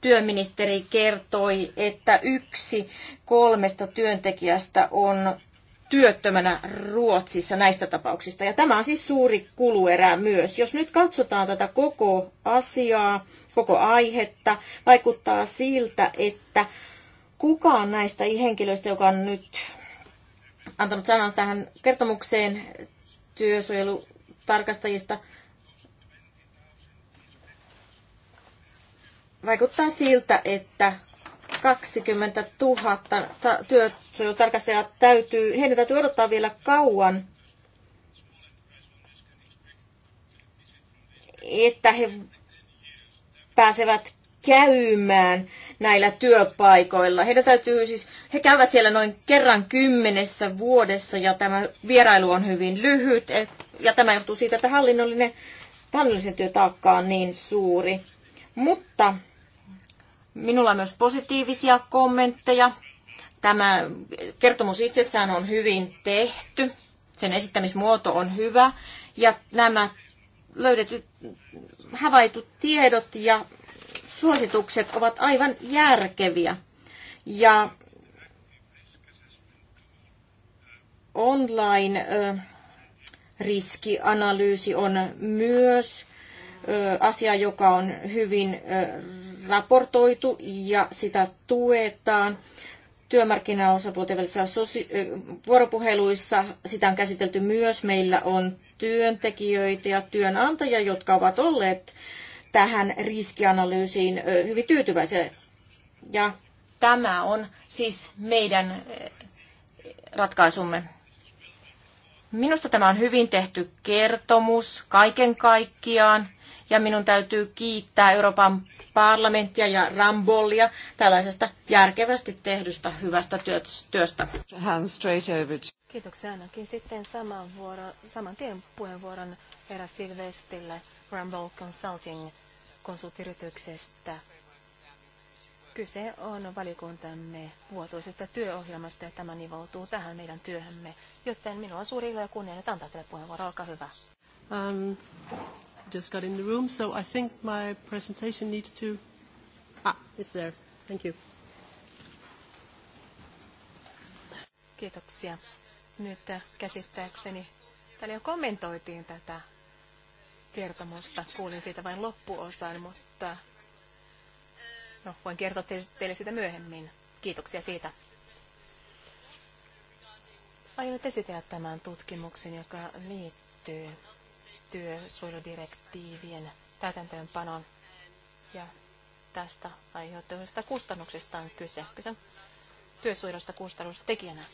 S5: työministeri kertoi, että yksi kolmesta työntekijästä on työttömänä Ruotsissa näistä tapauksista. Ja tämä on siis suuri kuluerä myös. Jos nyt katsotaan tätä koko asiaa, koko aihetta, vaikuttaa siltä, että kukaan näistä henkilöistä, joka on nyt antanut sanan tähän kertomukseen työsuojelutarkastajista, vaikuttaa siltä, että 20 000 työsuojelutarkastajaa täytyy, heidän täytyy odottaa vielä kauan, että he pääsevät käymään näillä työpaikoilla. Heidän täytyy siis, he käyvät siellä noin kerran kymmenessä vuodessa ja tämä vierailu on hyvin lyhyt e- ja tämä johtuu siitä, että hallinnollinen, hallinnollisen työtaakka on niin suuri. Mutta Minulla on myös positiivisia kommentteja. Tämä kertomus itsessään on hyvin tehty, sen esittämismuoto on hyvä ja nämä löydetyt havaitut tiedot ja suositukset ovat aivan järkeviä. Ja online riskianalyysi on myös asia, joka on hyvin raportoitu ja sitä tuetaan. Työmarkkinaosapuolten välisissä vuoropuheluissa sitä on käsitelty myös. Meillä on työntekijöitä ja työnantajia, jotka ovat olleet tähän riskianalyysiin hyvin tyytyväisiä. Ja tämä on siis meidän ratkaisumme. Minusta tämä on hyvin tehty kertomus kaiken kaikkiaan ja minun täytyy kiittää Euroopan parlamenttia ja Rambollia tällaisesta järkevästi tehdystä hyvästä työstä.
S1: Kiitoksia ainakin sitten saman, vuoro, saman tien puheenvuoron Era Silvestille Rambol Consulting konsulttiyrityksestä. Kyse on valikuntamme vuotuisesta työohjelmasta ja tämä nivoutuu tähän meidän työhömme, joten minulla on suuri ilo ja kunnia että antaa teille puheenvuoro. Olkaa hyvä.
S2: Um, just got in the room, so I think my presentation needs to... Ah, it's there. Thank you. Kiitoksia.
S1: Nyt käsittääkseni täällä jo kommentoitiin tätä kertomusta. Kuulin siitä vain loppuosan, mutta no, voin kertoa teille sitä myöhemmin. Kiitoksia siitä. Aion esitellä tämän tutkimuksen, joka liittyy työsuojeludirektiivien täytäntöönpanon ja tästä aiheutuvista kustannuksista on kyse. Kyse työsuojelusta kustannustekijänä.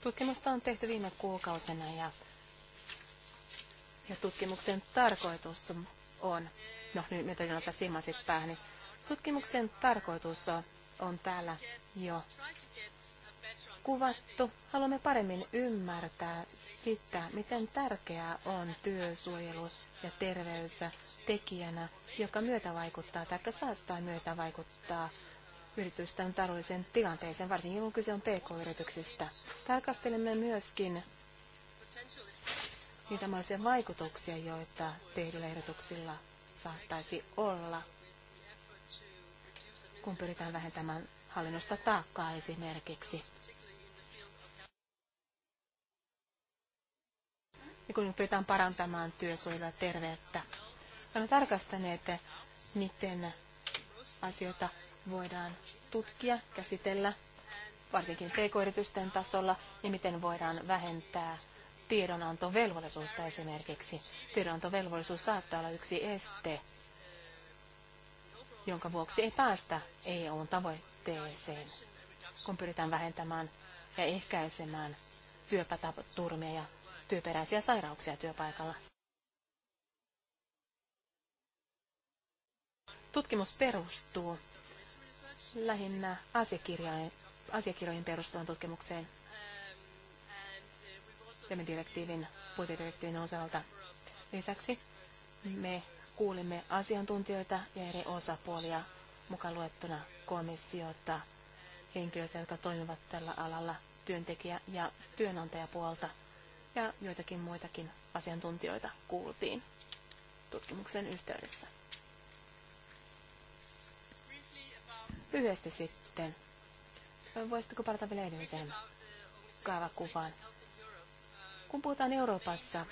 S1: Tutkimusta on tehty viime kuukausina ja, ja tutkimuksen tarkoitus on, no nyt niin, mitä täytyy ottaa silmäsit päähän, niin tutkimuksen tarkoitus on, on täällä jo kuvattu, haluamme paremmin ymmärtää sitä, miten tärkeää on työsuojelu ja terveys tekijänä, joka myötä vaikuttaa tai saattaa myötä vaikuttaa yritysten taloudelliseen tilanteeseen, varsinkin kun kyse on pk-yrityksistä. Tarkastelemme myöskin niitä mahdollisia vaikutuksia, joita tehdyillä ehdotuksilla saattaisi olla, kun pyritään vähentämään hallinnosta taakkaa esimerkiksi. kun pyritään parantamaan työsuojelua terveyttä. Olemme tarkastaneet, miten asioita voidaan tutkia, käsitellä, varsinkin pk tasolla, ja miten voidaan vähentää tiedonantovelvollisuutta esimerkiksi. Tiedonantovelvollisuus saattaa olla yksi este, jonka vuoksi ei päästä eu tavoitteeseen, kun pyritään vähentämään ja ehkäisemään työpätaturmia ja työperäisiä sairauksia työpaikalla. Tutkimus perustuu lähinnä asiakirjojen asiakirjojen perustuvan tutkimukseen tämän direktiivin, puitedirektiivin osalta. Lisäksi me kuulimme asiantuntijoita ja eri osapuolia mukaan luettuna komissiota, henkilöitä, jotka toimivat tällä alalla, työntekijä- ja työnantajapuolta – ja joitakin muitakin asiantuntijoita kuultiin tutkimuksen yhteydessä. Lyhyesti sitten. Voisitko palata vielä edelliseen kaavakuvaan? Kun puhutaan Euroopassa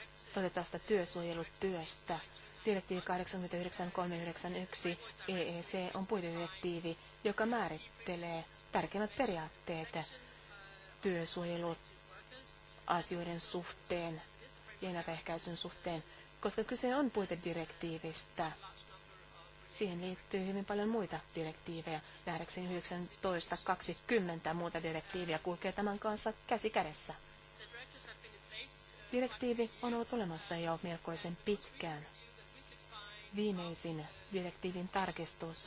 S1: sitä työsuojelutyöstä, direktiivi 89391 EEC on puitedirektiivi, joka määrittelee tärkeimmät periaatteet työsuojelutyöstä asioiden suhteen ja ennaltaehkäisyn suhteen, koska kyse on puitedirektiivistä. Siihen liittyy hyvin paljon muita direktiivejä. Nähdäkseni 1920 muuta direktiiviä kulkee tämän kanssa käsi kädessä. Direktiivi on ollut olemassa jo melkoisen pitkään. Viimeisin direktiivin tarkistus,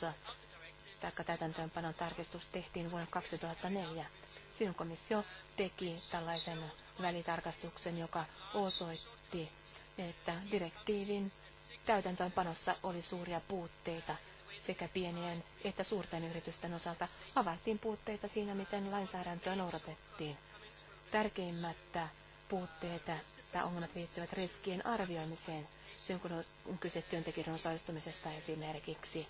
S1: taikka täytäntöönpanon tarkistus tehtiin vuonna 2004. Silloin komissio teki tällaisen välitarkastuksen, joka osoitti, että direktiivin täytäntöönpanossa oli suuria puutteita sekä pienien että suurten yritysten osalta havaittiin puutteita siinä, miten lainsäädäntöä noudatettiin. Tärkeimmät puutteet tai ongelmat liittyvät riskien arvioimiseen, silloin kun on kyse työntekijöiden osallistumisesta esimerkiksi.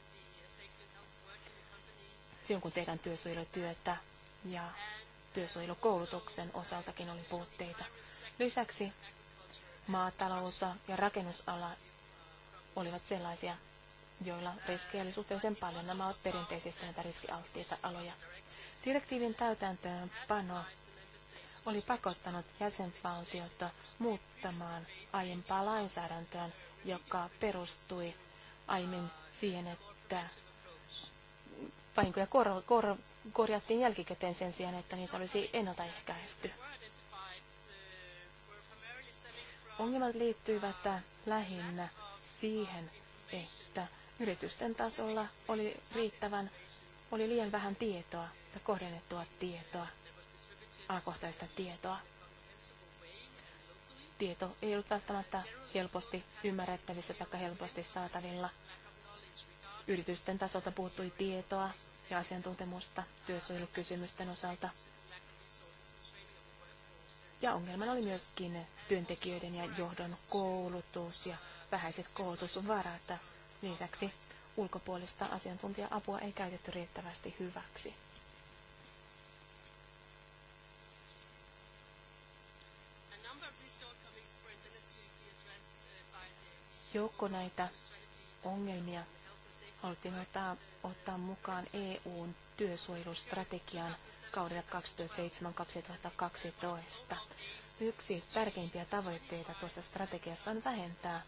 S1: Silloin kun tehdään työsuojelutyötä ja työsuojelukoulutuksen osaltakin oli puutteita. Lisäksi maatalous ja rakennusala olivat sellaisia, joilla riskejä oli suhteellisen paljon. Nämä ovat perinteisesti näitä riskialttiita aloja. Direktiivin täytäntöönpano oli pakottanut jäsenvaltiota muuttamaan aiempaa lainsäädäntöä, joka perustui aiemmin siihen, että vahinkoja kor- kor- korjattiin jälkikäteen sen sijaan, että niitä olisi ennaltaehkäisty. Ongelmat liittyivät lähinnä siihen, että yritysten tasolla oli riittävän, oli liian vähän tietoa ja kohdennettua tietoa, alakohtaista tietoa. Tieto ei ollut välttämättä helposti ymmärrettävissä tai helposti saatavilla Yritysten tasolta puuttui tietoa ja asiantuntemusta työsuojelukysymysten osalta. Ja ongelmana oli myöskin työntekijöiden ja johdon koulutus ja vähäiset koulutusvarat. Lisäksi ulkopuolista asiantuntija-apua ei käytetty riittävästi hyväksi. Joukko näitä ongelmia haluttiin ottaa, ottaa mukaan EUn työsuojelustrategian kaudella 2007-2012. Yksi tärkeimpiä tavoitteita tuossa strategiassa on vähentää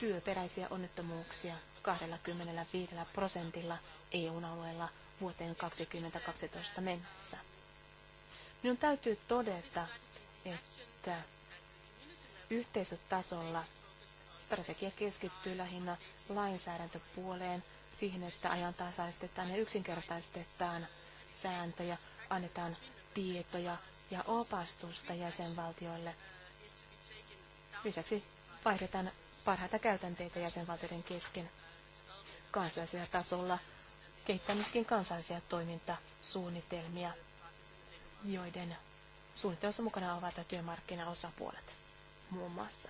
S1: työperäisiä onnettomuuksia 25 prosentilla EUn alueella vuoteen 2012 mennessä. Minun täytyy todeta, että yhteisötasolla strategia keskittyy lähinnä lainsäädäntöpuoleen, siihen, että ajan tasaistetaan ja yksinkertaistetaan sääntöjä, annetaan tietoja ja opastusta jäsenvaltioille. Lisäksi vaihdetaan parhaita käytänteitä jäsenvaltioiden kesken kansallisella tasolla, kehittää myöskin kansallisia toimintasuunnitelmia, joiden suunnittelussa mukana ovat työmarkkinaosapuolet muun muassa.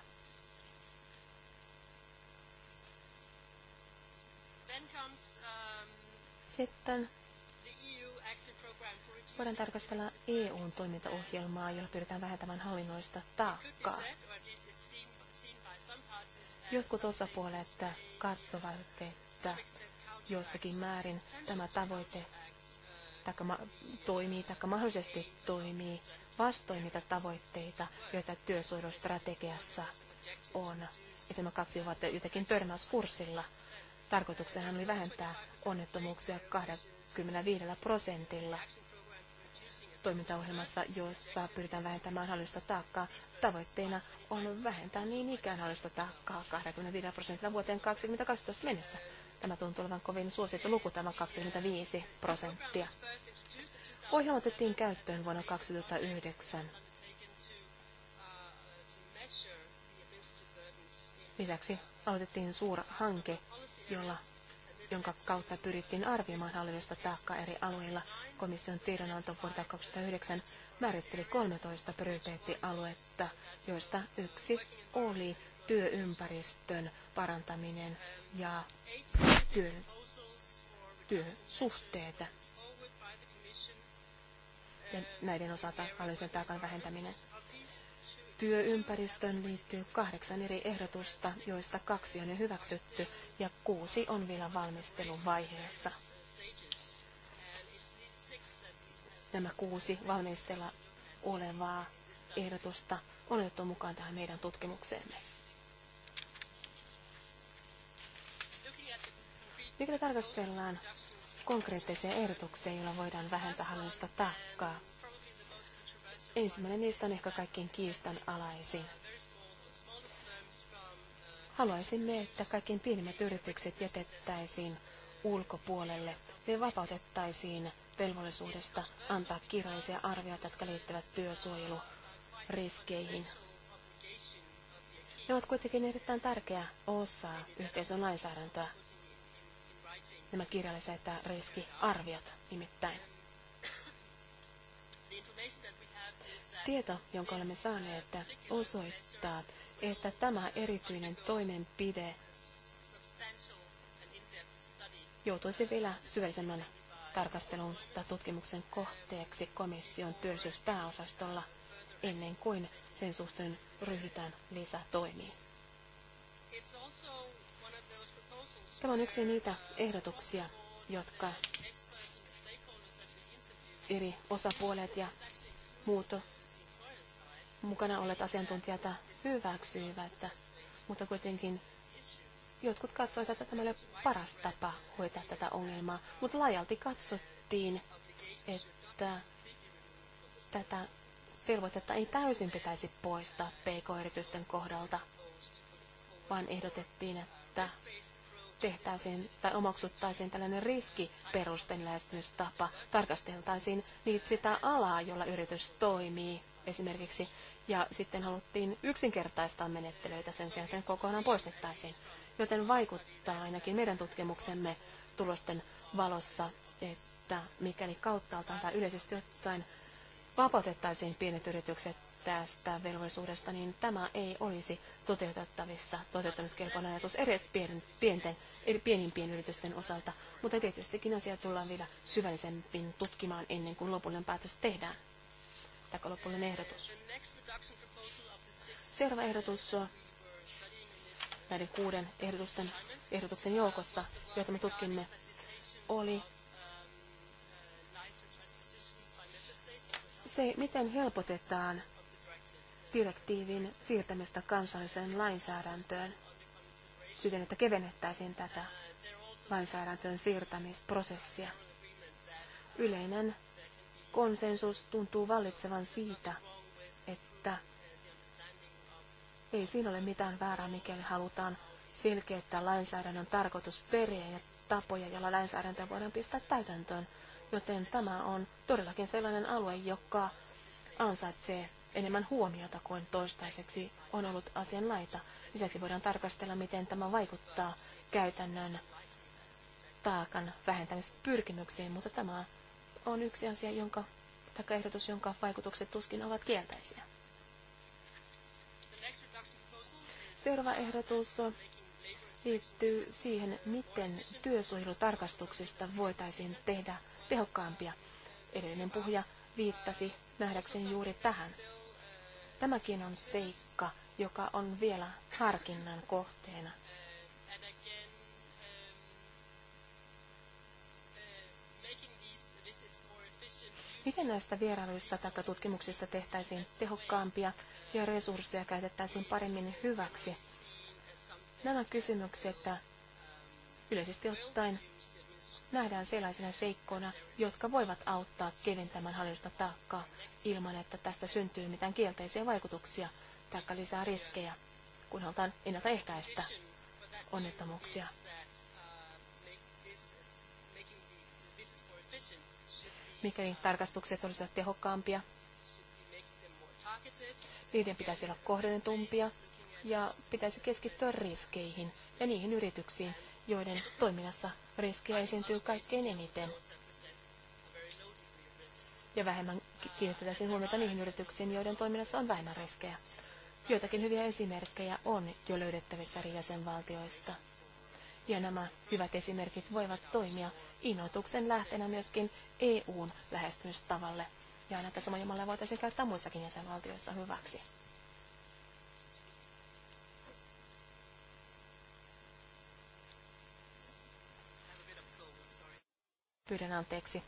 S1: Um, Sitten
S2: e voidaan
S1: tarkastella EUn e toimintaohjelmaa, jolla pyritään vähentämään hallinnoista taakkaa. Jotkut osapuolet katsovat, että jossakin määrin uh, tämä tavoite taikka ma- toimii tai mahdollisesti toimii vastoin niitä tavoitteita, joita työsuojelustrategiassa on. Ja nämä kaksi ovat jotenkin törmäyskurssilla. Tarkoituksenahan oli vähentää onnettomuuksia 25 prosentilla toimintaohjelmassa, jossa pyritään vähentämään hallista taakkaa. Tavoitteena on vähentää niin ikään hallista taakkaa 25 prosentilla vuoteen 2012 mennessä. Tämä tuntuu olevan kovin suosittu luku, tämä 25 prosenttia. Ohjelma otettiin käyttöön vuonna 2009. Lisäksi aloitettiin suur hanke, jolla, jonka kautta pyrittiin arvioimaan hallinnosta taakkaa eri alueilla. Komission tiedonanto vuonna 2009 määritteli 13 prioriteettialuetta, joista yksi oli työympäristön parantaminen ja työ, työsuhteet ja näiden osalta hallinnollisen taakan vähentäminen. Työympäristöön liittyy kahdeksan eri ehdotusta, joista kaksi on jo hyväksytty ja kuusi on vielä valmistelun vaiheessa. Nämä kuusi valmistella olevaa ehdotusta on otettu mukaan tähän meidän tutkimukseemme. Mikäli tarkastellaan konkreettisia ehdotuksia, joilla voidaan vähentää halusta taakkaa, Ensimmäinen niistä on ehkä kaikkein kiistanalaisin. Haluaisimme, että kaikkein pienimmät yritykset jätettäisiin ulkopuolelle. Me vapautettaisiin velvollisuudesta antaa kirjallisia arvioita, jotka liittyvät työsuojeluriskeihin. Ne ovat kuitenkin erittäin tärkeä osa yhteisön lainsäädäntöä, nämä kirjalliset riskiarviot nimittäin. Tieto, jonka olemme saaneet, osoittaa, että tämä erityinen toimenpide joutuisi vielä syvällisemmän tarkastelun tai tutkimuksen kohteeksi komission työllisyyspääosastolla ennen kuin sen suhteen ryhdytään lisätoimiin. Tämä on yksi niitä ehdotuksia, jotka eri osapuolet ja muut mukana olleet asiantuntijat hyväksyivät, mutta kuitenkin jotkut katsoivat, että tämä oli paras tapa hoitaa tätä ongelmaa, mutta laajalti katsottiin, että tätä velvoitetta ei täysin pitäisi poistaa pk-yritysten kohdalta, vaan ehdotettiin, että tehtäisiin tai omaksuttaisiin tällainen riskiperusten lähestymistapa, tarkasteltaisiin niitä sitä alaa, jolla yritys toimii, esimerkiksi ja sitten haluttiin yksinkertaistaa menettelyitä sen sijaan, että kokonaan poistettaisiin. Joten vaikuttaa ainakin meidän tutkimuksemme tulosten valossa, että mikäli kauttaaltaan tai yleisesti ottaen vapautettaisiin pienet yritykset tästä velvollisuudesta, niin tämä ei olisi toteutettavissa toteuttamiskelpoinen ajatus edes pienten, pienten, pienimpien yritysten osalta, mutta tietystikin asia tullaan vielä syvällisemmin tutkimaan ennen kuin lopullinen päätös tehdään tai lopullinen ehdotus. Seuraava ehdotus äh, näiden kuuden ehdotusten, ehdotuksen joukossa, joita me tutkimme, oli se, miten helpotetaan direktiivin siirtämistä kansalliseen lainsäädäntöön siten, että kevennettäisiin tätä lainsäädäntöön siirtämisprosessia. Yleinen konsensus tuntuu vallitsevan siitä, että ei siinä ole mitään väärää, mikäli halutaan selkeyttää lainsäädännön perejä ja tapoja, joilla lainsäädäntöä voidaan pistää täytäntöön. Joten tämä on todellakin sellainen alue, joka ansaitsee enemmän huomiota kuin toistaiseksi on ollut asian laita. Lisäksi voidaan tarkastella, miten tämä vaikuttaa käytännön taakan vähentämispyrkimyksiin, mutta tämä on yksi asia, jonka, tai ehdotus, jonka vaikutukset tuskin ovat kielteisiä. Seuraava ehdotus liittyy siihen, miten työsuojelutarkastuksista voitaisiin tehdä tehokkaampia. Edellinen puhuja viittasi nähdäkseni juuri tähän. Tämäkin on seikka, joka on vielä harkinnan kohteena. Miten näistä vierailuista tai tutkimuksista tehtäisiin tehokkaampia ja resursseja käytettäisiin paremmin hyväksi? Nämä kysymykset yleisesti ottaen nähdään sellaisina seikkoina, jotka voivat auttaa keventämään hallinnosta taakkaa ilman, että tästä syntyy mitään kielteisiä vaikutuksia tai lisää riskejä, kun halutaan ennaltaehkäistä onnettomuuksia. mikäli tarkastukset olisivat tehokkaampia. Niiden pitäisi olla kohdennetumpia ja pitäisi keskittyä riskeihin ja niihin yrityksiin, joiden toiminnassa riskiä, esiintyy kaikkein eniten. Ja vähemmän kiinnitetään huomiota niihin yrityksiin, joiden toiminnassa on vähemmän riskejä. Joitakin hyviä esimerkkejä on jo löydettävissä eri jäsenvaltioista. Ja nämä hyvät esimerkit voivat toimia innoituksen lähteenä myöskin EUn lähestymistavalle. Ja näitä samoja malleja voitaisiin käyttää muissakin jäsenvaltioissa hyväksi. Pyydän anteeksi.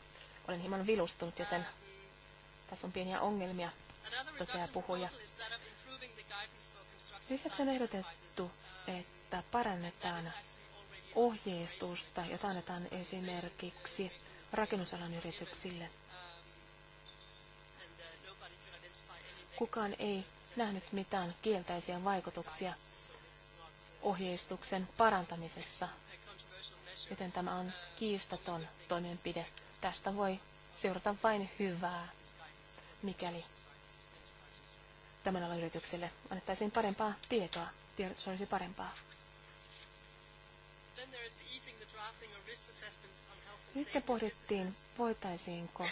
S1: Olen hieman vilustunut, joten tässä on pieniä ongelmia, toteaa puhuja. Lisäksi on ehdotettu, että parannetaan ohjeistusta, jota annetaan esimerkiksi rakennusalan yrityksille. Kukaan ei nähnyt mitään kielteisiä vaikutuksia ohjeistuksen parantamisessa, joten tämä on kiistaton toimenpide. Tästä voi seurata vain hyvää, mikäli tämän alan yritykselle annettaisiin parempaa tietoa. Se olisi parempaa. Sitten pohdittiin, voitaisiinko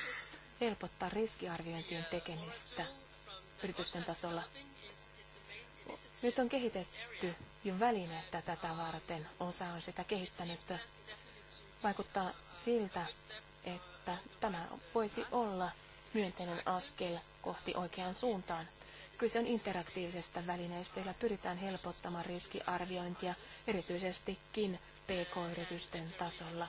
S1: helpottaa riskiarviointien tekemistä yritysten tasolla. Nyt on kehitetty jo välinettä tätä varten. Osa on sitä kehittänyt. Vaikuttaa siltä, että tämä voisi olla myönteinen askel kohti oikeaan suuntaan. Kyse on interaktiivisesta välineestä, jolla pyritään helpottamaan riskiarviointia erityisestikin PK-yritysten tasolla.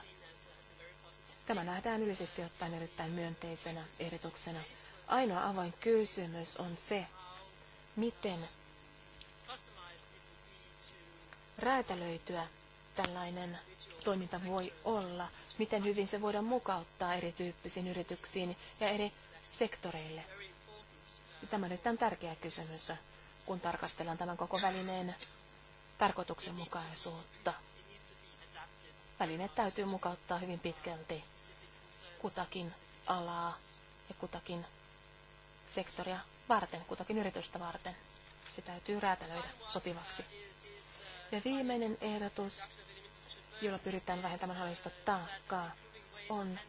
S1: Tämä nähdään yleisesti ottaen erittäin myönteisenä ehdotuksena. Ainoa avoin kysymys on se, miten räätälöityä tällainen toiminta voi olla, miten hyvin se voidaan mukauttaa erityyppisiin yrityksiin ja eri sektoreille. Tämä on erittäin tärkeä kysymys, kun tarkastellaan tämän koko välineen tarkoituksenmukaisuutta. Välineet täytyy mukauttaa hyvin pitkälti kutakin alaa ja kutakin sektoria varten, kutakin yritystä varten. Se täytyy räätälöidä sopivaksi. Ja viimeinen ehdotus, jolla pyritään vähentämään hallinnosta taakkaa, on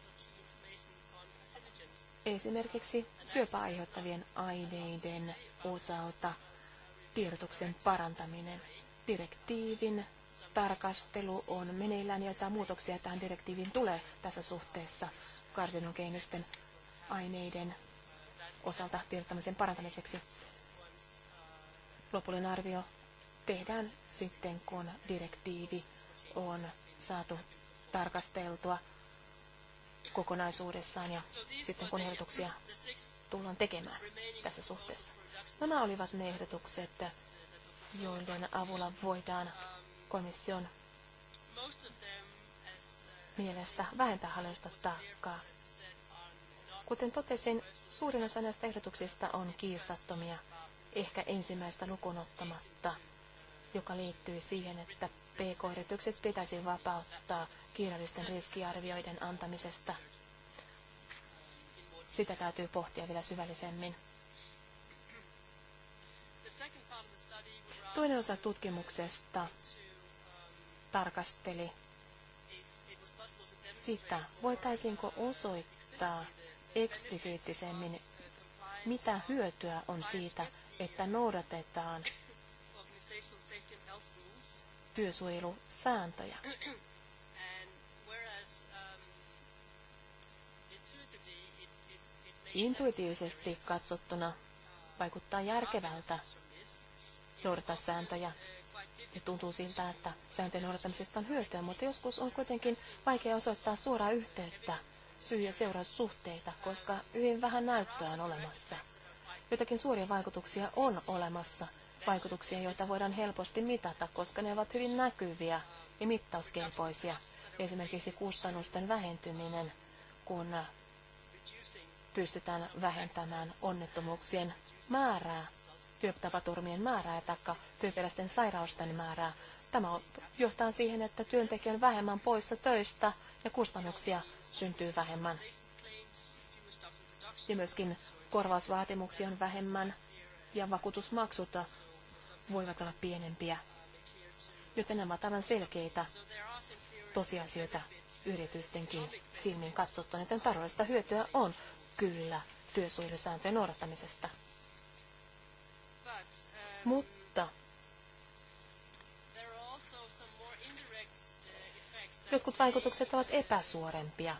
S1: esimerkiksi syöpää aiheuttavien aineiden osalta tiedotuksen parantaminen. Direktiivin tarkastelu on meneillään ja jotain muutoksia tähän direktiiviin tulee tässä suhteessa karsinogeenisten aineiden osalta tiedottamisen parantamiseksi. Lopullinen arvio tehdään sitten, kun direktiivi on saatu tarkasteltua kokonaisuudessaan ja sitten kun ehdotuksia tullaan tekemään tässä suhteessa. Nämä olivat ne ehdotukset, joiden avulla voidaan komission mielestä vähentää hallinnosta taakkaa. Kuten totesin, suurin osa näistä ehdotuksista on kiistattomia, ehkä ensimmäistä lukunottamatta, joka liittyy siihen, että PK-yritykset pitäisi vapauttaa kiireellisten riskiarvioiden antamisesta. Sitä täytyy pohtia vielä syvällisemmin. Toinen osa tutkimuksesta tarkasteli sitä, voitaisiinko osoittaa eksplisiittisemmin, mitä hyötyä on siitä, että noudatetaan työsuojelusääntöjä. Intuitiivisesti katsottuna vaikuttaa järkevältä noudattaa sääntöjä, ja tuntuu siltä, että sääntöjen noudattamisesta on hyötyä, mutta joskus on kuitenkin vaikea osoittaa suoraa yhteyttä syy- ja seuraussuhteita, koska hyvin vähän näyttöä on olemassa. Jotakin suuria vaikutuksia on olemassa, vaikutuksia, joita voidaan helposti mitata, koska ne ovat hyvin näkyviä ja mittauskelpoisia. Esimerkiksi kustannusten vähentyminen, kun pystytään vähentämään onnettomuuksien määrää työtapaturmien määrää tai työperäisten sairausten määrää. Tämä johtaa siihen, että työntekijä on vähemmän poissa töistä ja kustannuksia syntyy vähemmän. Ja myöskin korvausvaatimuksia on vähemmän ja vakuutusmaksut voivat olla pienempiä. Joten nämä ovat selkeitä tosiasioita yritystenkin silmin katsottuna, joten tarvallista hyötyä on kyllä työsuojelusääntöjen noudattamisesta.
S2: Mutta
S1: jotkut vaikutukset ovat epäsuorempia.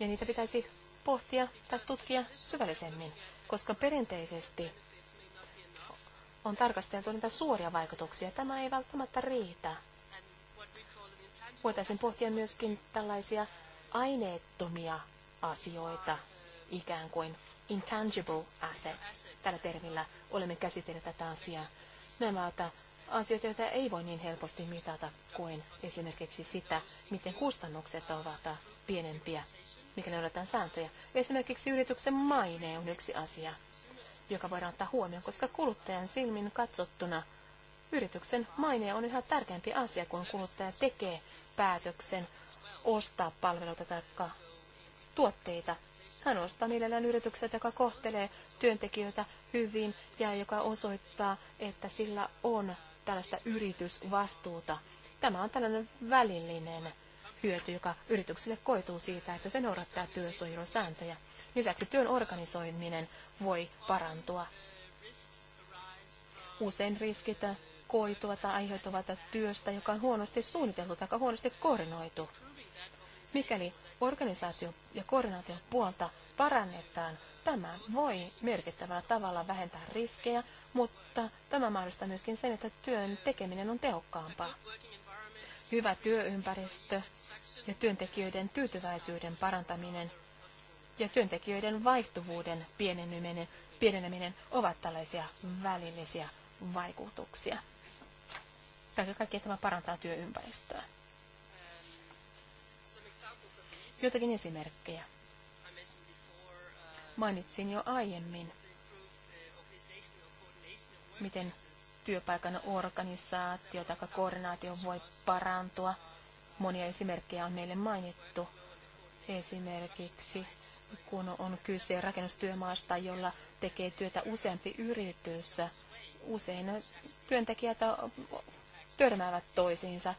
S1: Ja niitä pitäisi pohtia tai tutkia syvällisemmin, koska perinteisesti on tarkasteltu niitä suoria vaikutuksia. Tämä ei välttämättä riitä. Voitaisiin pohtia myöskin tällaisia aineettomia asioita ikään kuin intangible assets. Tällä termillä olemme käsitelleet tätä asiaa. Nämä ovat asioita, joita ei voi niin helposti mitata kuin esimerkiksi sitä, miten kustannukset ovat pienempiä, mikäli noudatetaan sääntöjä. Esimerkiksi yrityksen maine on yksi asia, joka voidaan ottaa huomioon, koska kuluttajan silmin katsottuna yrityksen maine on yhä tärkeämpi asia, kun kuluttaja tekee päätöksen ostaa palveluita tai tuotteita hän ostaa mielellään yritykset, joka kohtelee työntekijöitä hyvin ja joka osoittaa, että sillä on tällaista yritysvastuuta. Tämä on tällainen välillinen hyöty, joka yritykselle koituu siitä, että se noudattaa työsuojelun sääntöjä. Lisäksi työn organisoiminen voi parantua. Usein riskit koituvat tai aiheutuvat työstä, joka on huonosti suunniteltu tai huonosti koordinoitu. Mikäli organisaatio- ja koordinaation puolta parannetaan, tämä voi merkittävällä tavalla vähentää riskejä, mutta tämä mahdollistaa myöskin sen, että työn tekeminen on tehokkaampaa. Hyvä työympäristö ja työntekijöiden tyytyväisyyden parantaminen ja työntekijöiden vaihtuvuuden pieneneminen, pieneneminen ovat tällaisia välillisiä vaikutuksia. Kaiken kaikkiaan tämä parantaa työympäristöä. Jotakin esimerkkejä. Mainitsin jo aiemmin, miten työpaikan organisaatio tai koordinaatio voi parantua. Monia esimerkkejä on meille mainittu. Esimerkiksi kun on kyse rakennustyömaasta, jolla tekee työtä useampi yritys, usein työntekijät törmäävät toisiinsa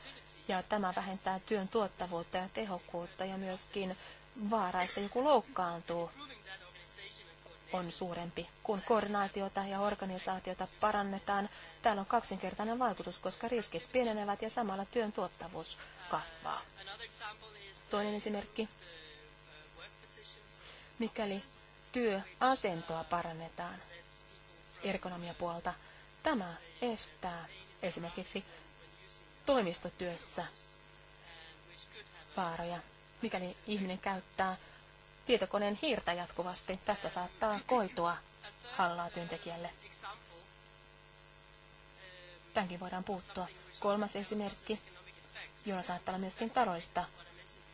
S1: ja tämä vähentää työn tuottavuutta ja tehokkuutta ja myöskin vaara, että joku loukkaantuu on suurempi. Kun koordinaatiota ja organisaatiota parannetaan, täällä on kaksinkertainen vaikutus, koska riskit pienenevät ja samalla työn tuottavuus kasvaa. Toinen esimerkki. Mikäli työasentoa parannetaan ergonomia puolta, tämä estää esimerkiksi toimistotyössä vaaroja, mikäli ihminen käyttää tietokoneen hiirtä jatkuvasti. Tästä saattaa koitua hallaa työntekijälle. Tämänkin voidaan puuttua. Kolmas esimerkki, jolla saattaa olla myöskin taloista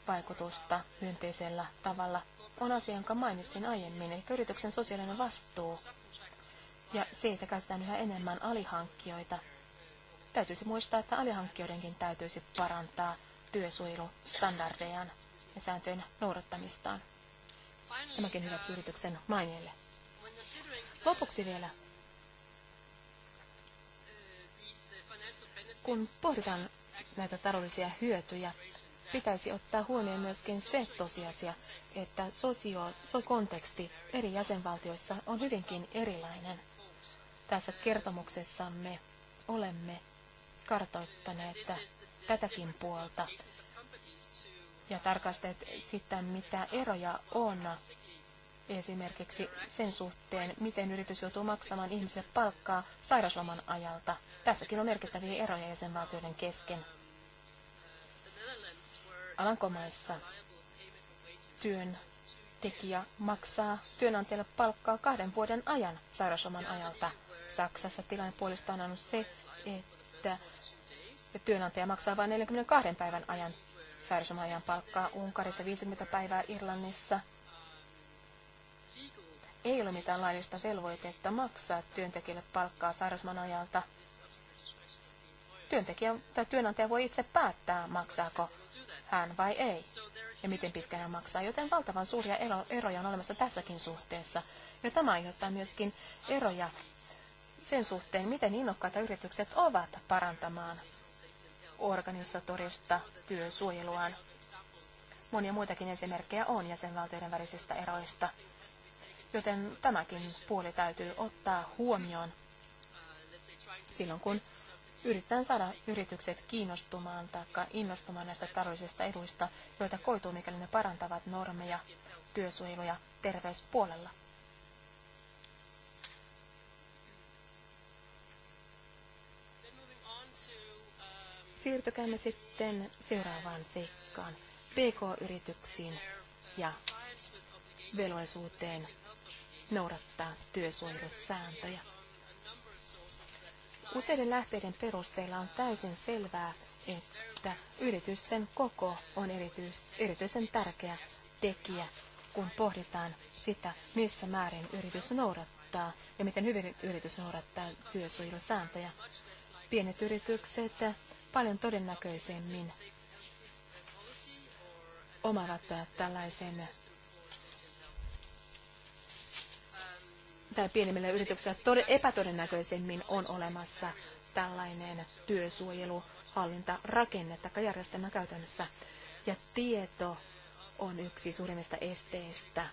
S1: vaikutusta myönteisellä tavalla, on asia, jonka mainitsin aiemmin, eli yrityksen sosiaalinen vastuu. Ja siitä käytetään yhä enemmän alihankkijoita Täytyisi muistaa, että alihankkijoidenkin täytyisi parantaa työsuojelustandardejaan ja sääntöjen noudattamistaan. Tämäkin hyväksi yrityksen maineelle. Lopuksi vielä. Kun pohditaan näitä taloudellisia hyötyjä, pitäisi ottaa huomioon myöskin se tosiasia, että sosio, konteksti eri jäsenvaltioissa on hyvinkin erilainen. Tässä kertomuksessamme olemme kartoittaneet tätäkin puolta ja tarkasteet sitä, mitä eroja on esimerkiksi sen suhteen, miten yritys joutuu maksamaan ihmisille palkkaa sairausloman ajalta. Tässäkin on merkittäviä eroja jäsenvaltioiden kesken. Alankomaissa työntekijä maksaa työnantajalle palkkaa kahden vuoden ajan sairausloman ajalta. Saksassa tilanne puolestaan on se, että että työnantaja maksaa vain 42 päivän ajan sairausomaajan palkkaa, Unkarissa 50 päivää, Irlannissa ei ole mitään laillista velvoitetta maksaa työntekijälle palkkaa sairausman ajalta. Työntekijä tai työnantaja voi itse päättää, maksaako hän vai ei, ja miten pitkään hän maksaa, joten valtavan suuria eroja on olemassa tässäkin suhteessa. Ja tämä aiheuttaa myöskin eroja sen suhteen, miten innokkaita yritykset ovat parantamaan organisatorista työsuojeluaan. Monia muitakin esimerkkejä on jäsenvaltioiden välisistä eroista, joten tämäkin puoli täytyy ottaa huomioon silloin, kun yritetään saada yritykset kiinnostumaan tai innostumaan näistä taloudellisista eduista, joita koituu, mikäli ne parantavat normeja, työsuojelu- ja terveyspuolella. Siirtykäämme sitten seuraavaan seikkaan, PK-yrityksiin ja velvollisuuteen noudattaa työsuojelussääntöjä. Useiden lähteiden perusteella on täysin selvää, että yritysten koko on erityisen tärkeä tekijä, kun pohditaan sitä, missä määrin yritys noudattaa ja miten hyvin yritys noudattaa työsuojelusääntöjä. Pienet yritykset paljon todennäköisemmin omavat tällaisen tai pienemmillä yrityksillä epätodennäköisemmin on olemassa tällainen työsuojeluhallintarakenne tai järjestelmä käytännössä. Ja tieto on yksi suurimmista esteistä.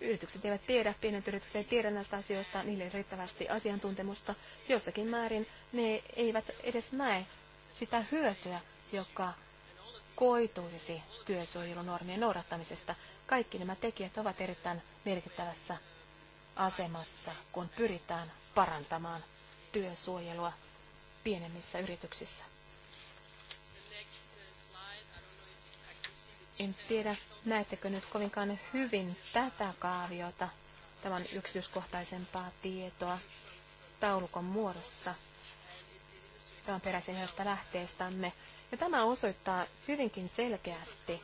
S1: Yritykset eivät tiedä, pienet yritykset eivät tiedä näistä asioista, niille ei riittävästi asiantuntemusta. Jossakin määrin ne eivät edes näe sitä hyötyä, joka koituisi työsuojelunormien noudattamisesta. Kaikki nämä tekijät ovat erittäin merkittävässä asemassa, kun pyritään parantamaan työsuojelua pienemmissä yrityksissä. En tiedä, näettekö nyt kovinkaan hyvin tätä kaaviota. Tämä on yksityiskohtaisempaa tietoa taulukon muodossa. Tämä on peräisin yhdestä lähteestämme. Ja tämä osoittaa hyvinkin selkeästi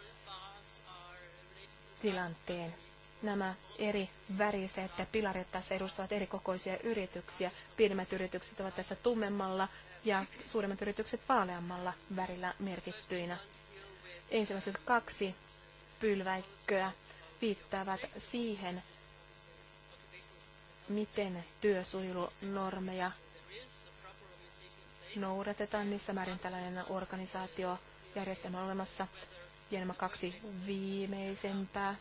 S1: tilanteen. Nämä eri väriset ja pilarit tässä edustavat eri kokoisia yrityksiä. Pienemmät yritykset ovat tässä tummemmalla ja suuremmat yritykset vaaleammalla värillä merkittyinä. Ensimmäiset kaksi pylväikköä viittaavat siihen, miten työsuojelunormeja noudatetaan, missä määrin tällainen organisaatio järjestelmä on olemassa. Ja nämä kaksi viimeisempää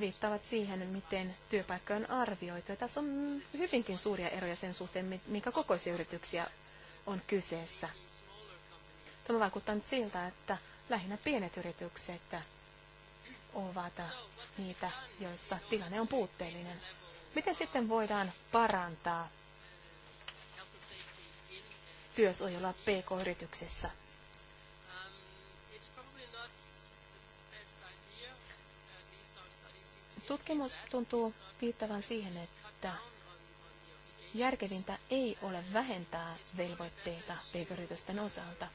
S1: viittaavat siihen, miten työpaikka on arvioitu. Ja tässä on hyvinkin suuria eroja sen suhteen, minkä kokoisia yrityksiä on kyseessä. Tämä vaikuttaa nyt siltä, että lähinnä pienet yritykset ovat niitä, joissa tilanne on puutteellinen. Miten sitten voidaan parantaa työsuojelua PK-yrityksissä. Tutkimus tuntuu viittavan siihen, että järkevintä ei ole vähentää velvoitteita pk-yritysten osalta.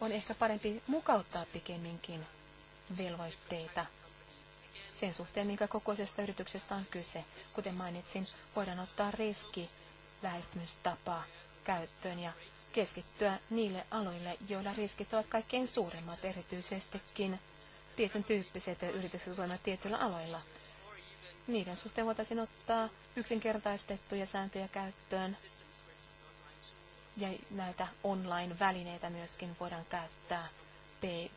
S1: On ehkä parempi mukauttaa pikemminkin velvoitteita sen suhteen, minkä kokoisesta yrityksestä on kyse. Kuten mainitsin, voidaan ottaa riski lähestymistapa käyttöön ja keskittyä niille aloille, joilla riskit ovat kaikkein suuremmat, erityisestikin tietyn tyyppiset yritykset toimivat tietyillä aloilla. Niiden suhteen voitaisiin ottaa yksinkertaistettuja sääntöjä käyttöön ja näitä online-välineitä myöskin voidaan käyttää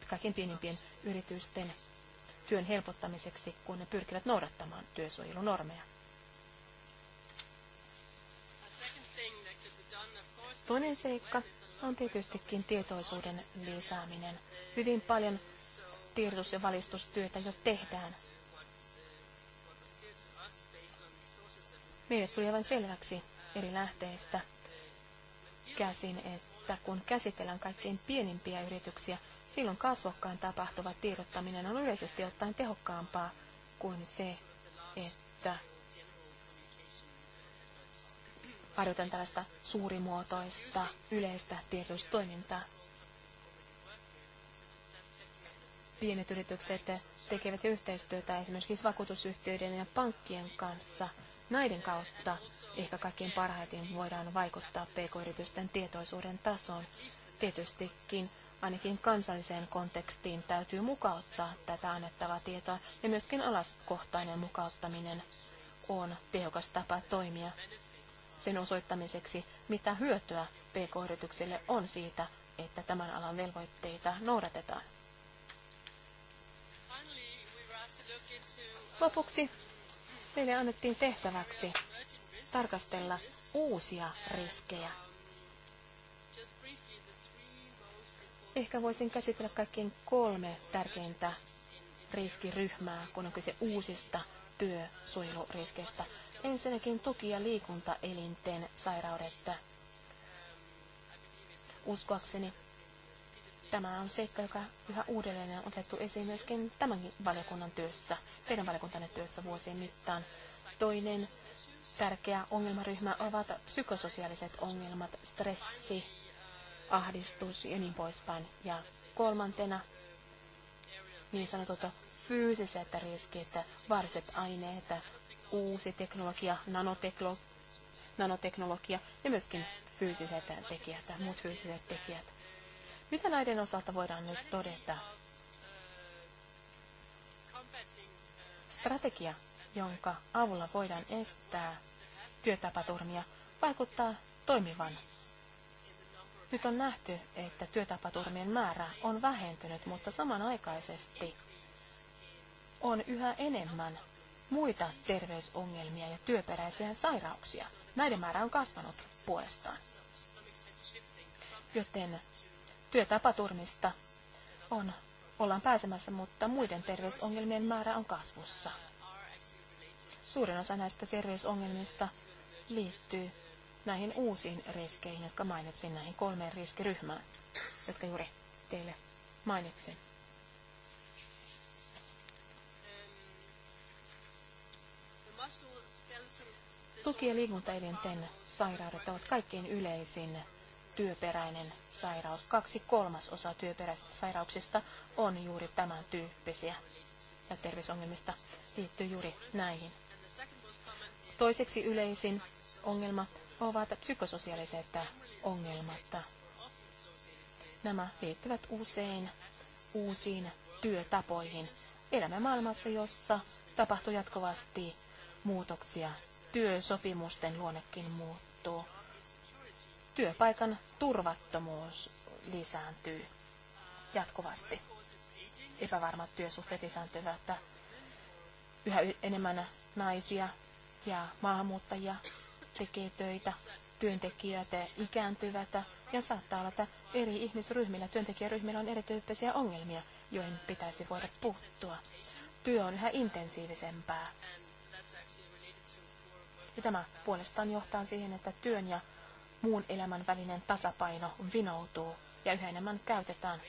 S1: kaikkien pienimpien yritysten työn helpottamiseksi, kun ne pyrkivät noudattamaan työsuojelunormeja. Toinen seikka on tietystikin tietoisuuden lisääminen. Hyvin paljon tiedotus- ja valistustyötä jo tehdään. Meille tuli aivan selväksi eri lähteistä käsin, että kun käsitellään kaikkein pienimpiä yrityksiä, silloin kasvokkaan tapahtuva tiedottaminen on yleisesti ottaen tehokkaampaa kuin se, että
S2: harjoitan tällaista
S1: suurimuotoista yleistä tietoistoimintaa. Pienet yritykset tekevät yhteistyötä esimerkiksi vakuutusyhtiöiden ja pankkien kanssa. Näiden kautta ehkä kaikkein parhaiten voidaan vaikuttaa pk-yritysten tietoisuuden tasoon. Tietystikin ainakin kansalliseen kontekstiin täytyy mukauttaa tätä annettavaa tietoa ja myöskin alaskohtainen mukauttaminen on tehokas tapa toimia sen osoittamiseksi, mitä hyötyä PK-yrityksille on siitä, että tämän alan velvoitteita noudatetaan. Lopuksi meille annettiin tehtäväksi tarkastella uusia riskejä. Ehkä voisin käsitellä kaikkien kolme tärkeintä riskiryhmää, kun on kyse uusista työsuojeluriskeistä. Ensinnäkin tuki- ja liikuntaelinten sairaudet. Uskoakseni tämä on seikka, joka yhä uudelleen on otettu esiin myöskin tämän valiokunnan työssä, teidän valiokuntanne työssä vuosien mittaan. Toinen tärkeä ongelmaryhmä ovat psykososiaaliset ongelmat, stressi, ahdistus ja niin poispäin. Ja kolmantena niin sanotut fyysiset riskit, vaaralliset aineet, uusi teknologia, nanoteklo, nanoteknologia ja myöskin fyysiset tekijät, muut fyysiset tekijät. Mitä näiden osalta voidaan nyt todeta? Strategia, jonka avulla voidaan estää työtapaturmia, vaikuttaa toimivan nyt on nähty, että työtapaturmien määrä on vähentynyt, mutta samanaikaisesti on yhä enemmän muita terveysongelmia ja työperäisiä sairauksia. Näiden määrä on kasvanut puolestaan. Joten työtapaturmista on, ollaan pääsemässä, mutta muiden terveysongelmien määrä on kasvussa. Suurin osa näistä terveysongelmista liittyy näihin uusiin riskeihin, jotka mainitsin, näihin kolmeen riskiryhmään, jotka juuri teille mainitsin. Tuki- ja liikuntaelinten sairaudet ovat kaikkein yleisin työperäinen sairaus. Kaksi kolmasosa työperäisistä sairauksista on juuri tämän tyyppisiä ja terveysongelmista liittyy juuri näihin. Toiseksi yleisin ongelma ovat psykososiaaliset ongelmat. Nämä liittyvät usein uusiin työtapoihin. Elämme maailmassa, jossa tapahtuu jatkuvasti muutoksia. Työsopimusten luonnekin muuttuu. Työpaikan turvattomuus lisääntyy jatkuvasti. Epävarmat työsuhteet lisääntyvät. Yhä enemmän naisia ja maahanmuuttajia tekee töitä, työntekijät ikääntyvät ja saattaa olla, että eri ihmisryhmillä, työntekijäryhmillä on erityyppisiä ongelmia, joihin pitäisi voida puuttua. Työ on yhä intensiivisempää. Ja tämä puolestaan johtaa siihen, että työn ja muun elämän välinen tasapaino vinoutuu ja yhä enemmän käytetään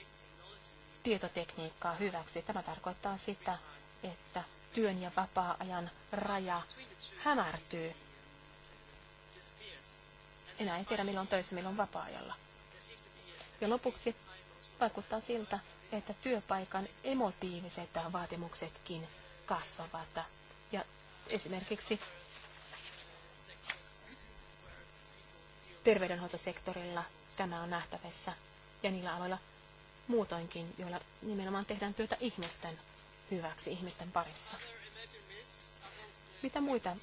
S1: tietotekniikkaa hyväksi. Tämä tarkoittaa sitä, että työn ja vapaa-ajan raja hämärtyy enää ei tiedä milloin töissä, milloin vapaa-ajalla. Ja lopuksi vaikuttaa siltä, että työpaikan emotiiviset vaatimuksetkin kasvavat. Ja esimerkiksi terveydenhoitosektorilla tämä on nähtävissä ja niillä aloilla muutoinkin, joilla nimenomaan tehdään työtä ihmisten hyväksi, ihmisten parissa. Mitä muita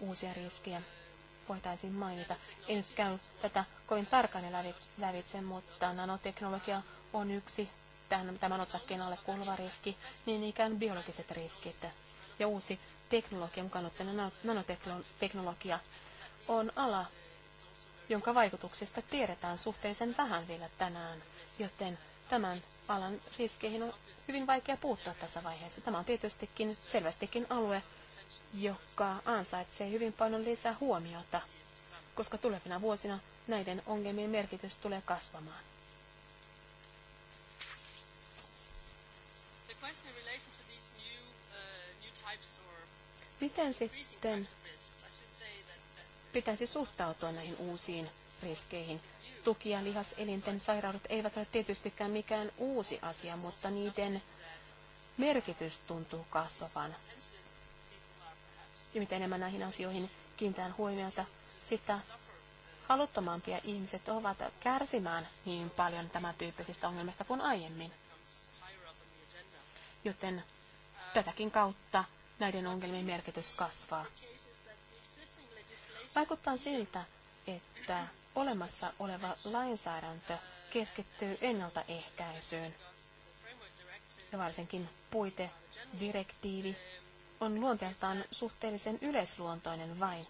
S1: uusia riskejä voitaisiin mainita. En nyt käy tätä kovin tarkkaan lävitse, mutta nanoteknologia on yksi tämän otsakkeen alle kuuluva riski, niin ikään biologiset riskit. Ja uusi teknologia, mukaan ottaen nanoteknologia, on ala, jonka vaikutuksista tiedetään suhteellisen vähän vielä tänään, joten Tämän alan riskeihin on hyvin vaikea puuttua tässä vaiheessa. Tämä on tietystikin selvästikin alue, joka ansaitsee hyvin paljon lisää huomiota, koska tulevina vuosina näiden ongelmien merkitys tulee kasvamaan.
S2: Uh,
S1: Miten sitten pitäisi suhtautua näihin uusiin riskeihin? tuki- ja lihaselinten sairaudet eivät ole tietystikään mikään uusi asia, mutta niiden merkitys tuntuu kasvavan. Ja mitä enemmän näihin asioihin kiinnitään huomiota, sitä haluttomampia ihmiset ovat kärsimään niin paljon tämän tyyppisistä ongelmista kuin aiemmin. Joten tätäkin kautta näiden ongelmien merkitys kasvaa. Vaikuttaa siltä, että olemassa oleva lainsäädäntö keskittyy ennaltaehkäisyyn. Ja varsinkin puitedirektiivi on luonteeltaan suhteellisen yleisluontoinen vain.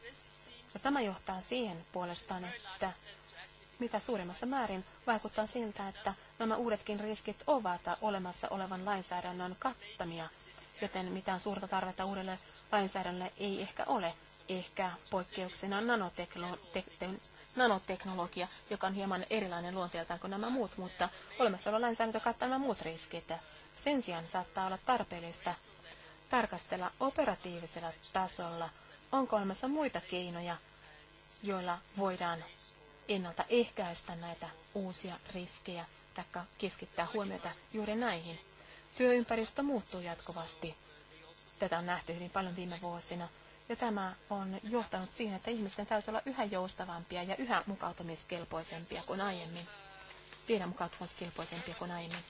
S1: Ja tämä johtaa siihen puolestaan, että mitä suurimmassa määrin vaikuttaa siltä, että nämä uudetkin riskit ovat olemassa olevan lainsäädännön kattamia, joten mitään suurta tarvetta uudelle lainsäädännölle ei ehkä ole. Ehkä poikkeuksena nanoteknologian nanoteknologia, joka on hieman erilainen luonteeltaan kuin nämä muut, mutta olemassa oleva lainsäädäntö kattaa nämä muut riskit. Sen sijaan saattaa olla tarpeellista tarkastella operatiivisella tasolla, onko olemassa muita keinoja, joilla voidaan ennaltaehkäistä näitä uusia riskejä tai keskittää huomiota juuri näihin. Työympäristö muuttuu jatkuvasti. Tätä on nähty hyvin paljon viime vuosina. Ja tämä on johtanut siihen, että ihmisten täytyy olla yhä joustavampia ja yhä mukautumiskelpoisempia kuin aiemmin. Vielä mukautumiskelpoisempia kuin aiemmin.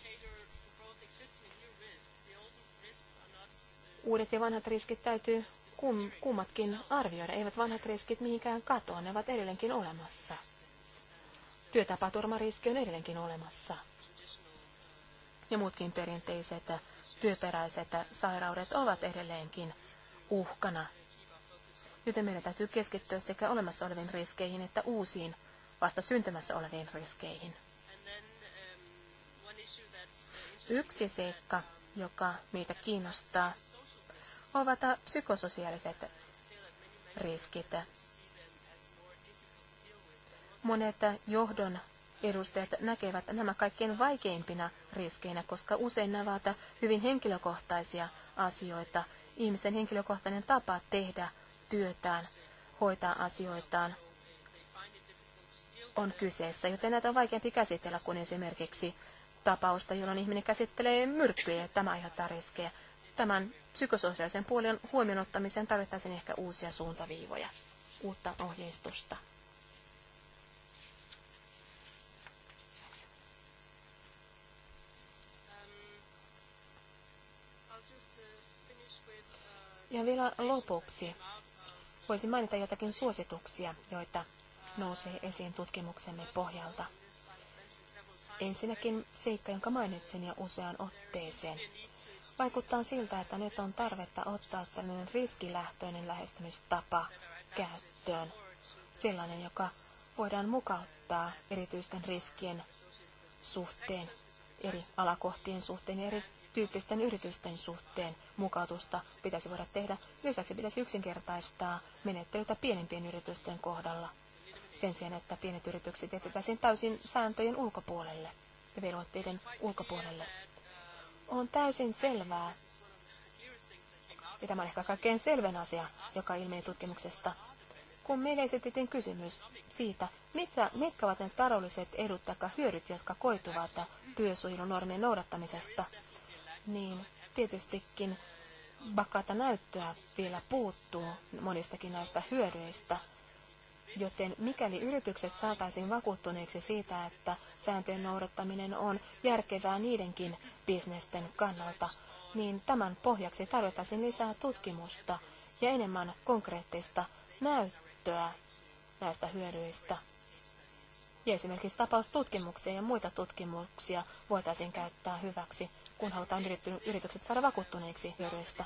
S1: Uudet ja vanhat riskit täytyy kum, kummatkin arvioida. Eivät vanhat riskit mihinkään katoa, ne ovat edelleenkin
S2: olemassa.
S1: Työtapaturmariski on edelleenkin olemassa. Ja muutkin perinteiset työperäiset sairaudet ovat edelleenkin uhkana joten meidän täytyy keskittyä sekä olemassa oleviin riskeihin että uusiin vasta syntymässä oleviin riskeihin. Yksi seikka, joka meitä kiinnostaa, ovat psykososiaaliset riskit. Monet johdon edustajat näkevät nämä kaikkein vaikeimpina riskeinä, koska usein nämä ovat hyvin henkilökohtaisia asioita. Ihmisen henkilökohtainen tapa tehdä työtään, hoitaa asioitaan on kyseessä, joten näitä on vaikeampi käsitellä kuin esimerkiksi tapausta, jolloin ihminen käsittelee myrkkyjä ja tämä aiheuttaa riskejä. Tämän psykososiaalisen puolen huomioon ottamiseen tarvittaisiin ehkä uusia suuntaviivoja, uutta ohjeistusta. Ja vielä lopuksi Voisin mainita jotakin suosituksia, joita nousee esiin tutkimuksemme pohjalta. Ensinnäkin seikka, jonka mainitsin jo useaan otteeseen. Vaikuttaa siltä, että nyt on tarvetta ottaa tämmöinen riskilähtöinen lähestymistapa käyttöön. Sellainen, joka voidaan mukauttaa erityisten riskien suhteen, eri alakohtien suhteen, eri tyyppisten yritysten suhteen mukautusta pitäisi voida tehdä. Lisäksi pitäisi yksinkertaistaa menettelytä pienempien yritysten kohdalla sen sijaan, että pienet yritykset jätetäisiin täysin sääntöjen ulkopuolelle ja velvoitteiden ulkopuolelle. On täysin selvää, ja tämä on ehkä kaikkein selvin asia, joka ilmeni tutkimuksesta, kun meille esitettiin kysymys siitä, mitkä, mitkä ovat ne taloudelliset edut tai hyödyt, jotka koituvat työsuojelunormien noudattamisesta – niin tietystikin vakaata näyttöä vielä puuttuu monistakin näistä hyödyistä. Joten mikäli yritykset saataisiin vakuuttuneeksi siitä, että sääntöjen noudattaminen on järkevää niidenkin bisnesten kannalta, niin tämän pohjaksi tarvittaisiin lisää tutkimusta ja enemmän konkreettista näyttöä näistä hyödyistä. Ja esimerkiksi tapaustutkimuksia ja muita tutkimuksia voitaisiin käyttää hyväksi kun halutaan yritykset saada vakuuttuneiksi hyödyistä.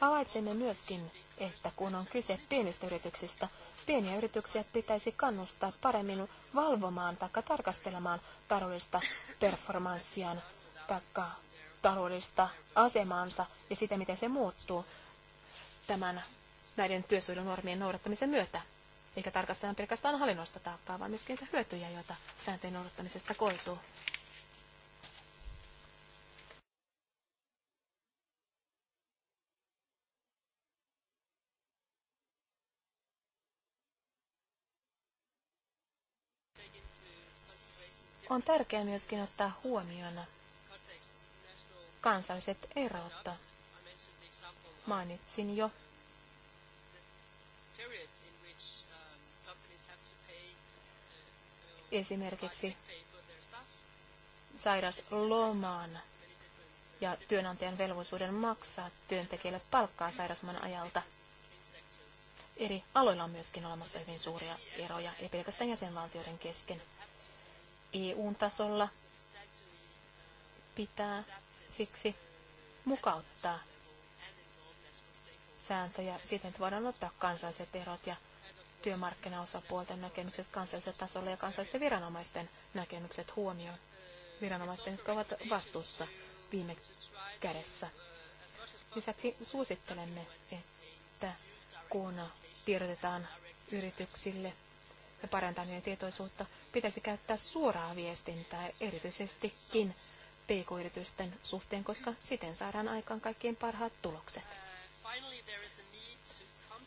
S1: Havaitsemme myöskin, että kun on kyse pienistä yrityksistä, pieniä yrityksiä pitäisi kannustaa paremmin valvomaan tai tarkastelemaan taloudellista performanssiaan tai taloudellista asemaansa ja sitä, miten se muuttuu tämän näiden työsuojelunormien noudattamisen myötä. Eikä tarkastella pelkästään hallinnosta taakkaa, vaan myöskin niitä hyötyjä, joita sääntöjen noudattamisesta koituu.
S2: On tärkeää myöskin ottaa huomioon
S1: kansalliset erot. Mainitsin jo esimerkiksi sairaslomaan ja työnantajan velvollisuuden maksaa työntekijälle palkkaa sairasman ajalta. Eri aloilla on myöskin olemassa hyvin suuria eroja, ei pelkästään jäsenvaltioiden kesken eu tasolla pitää siksi mukauttaa sääntöjä siten, että voidaan ottaa kansalliset erot ja työmarkkinaosapuolten näkemykset kansallisella tasolla ja kansallisten viranomaisten näkemykset huomioon. Viranomaisten, jotka ovat vastuussa viime kädessä. Lisäksi suosittelemme, että kun tiedotetaan yrityksille ja parantaa niiden tietoisuutta, pitäisi käyttää suoraa viestintää erityisestikin pk-yritysten suhteen, koska siten saadaan aikaan kaikkien parhaat tulokset.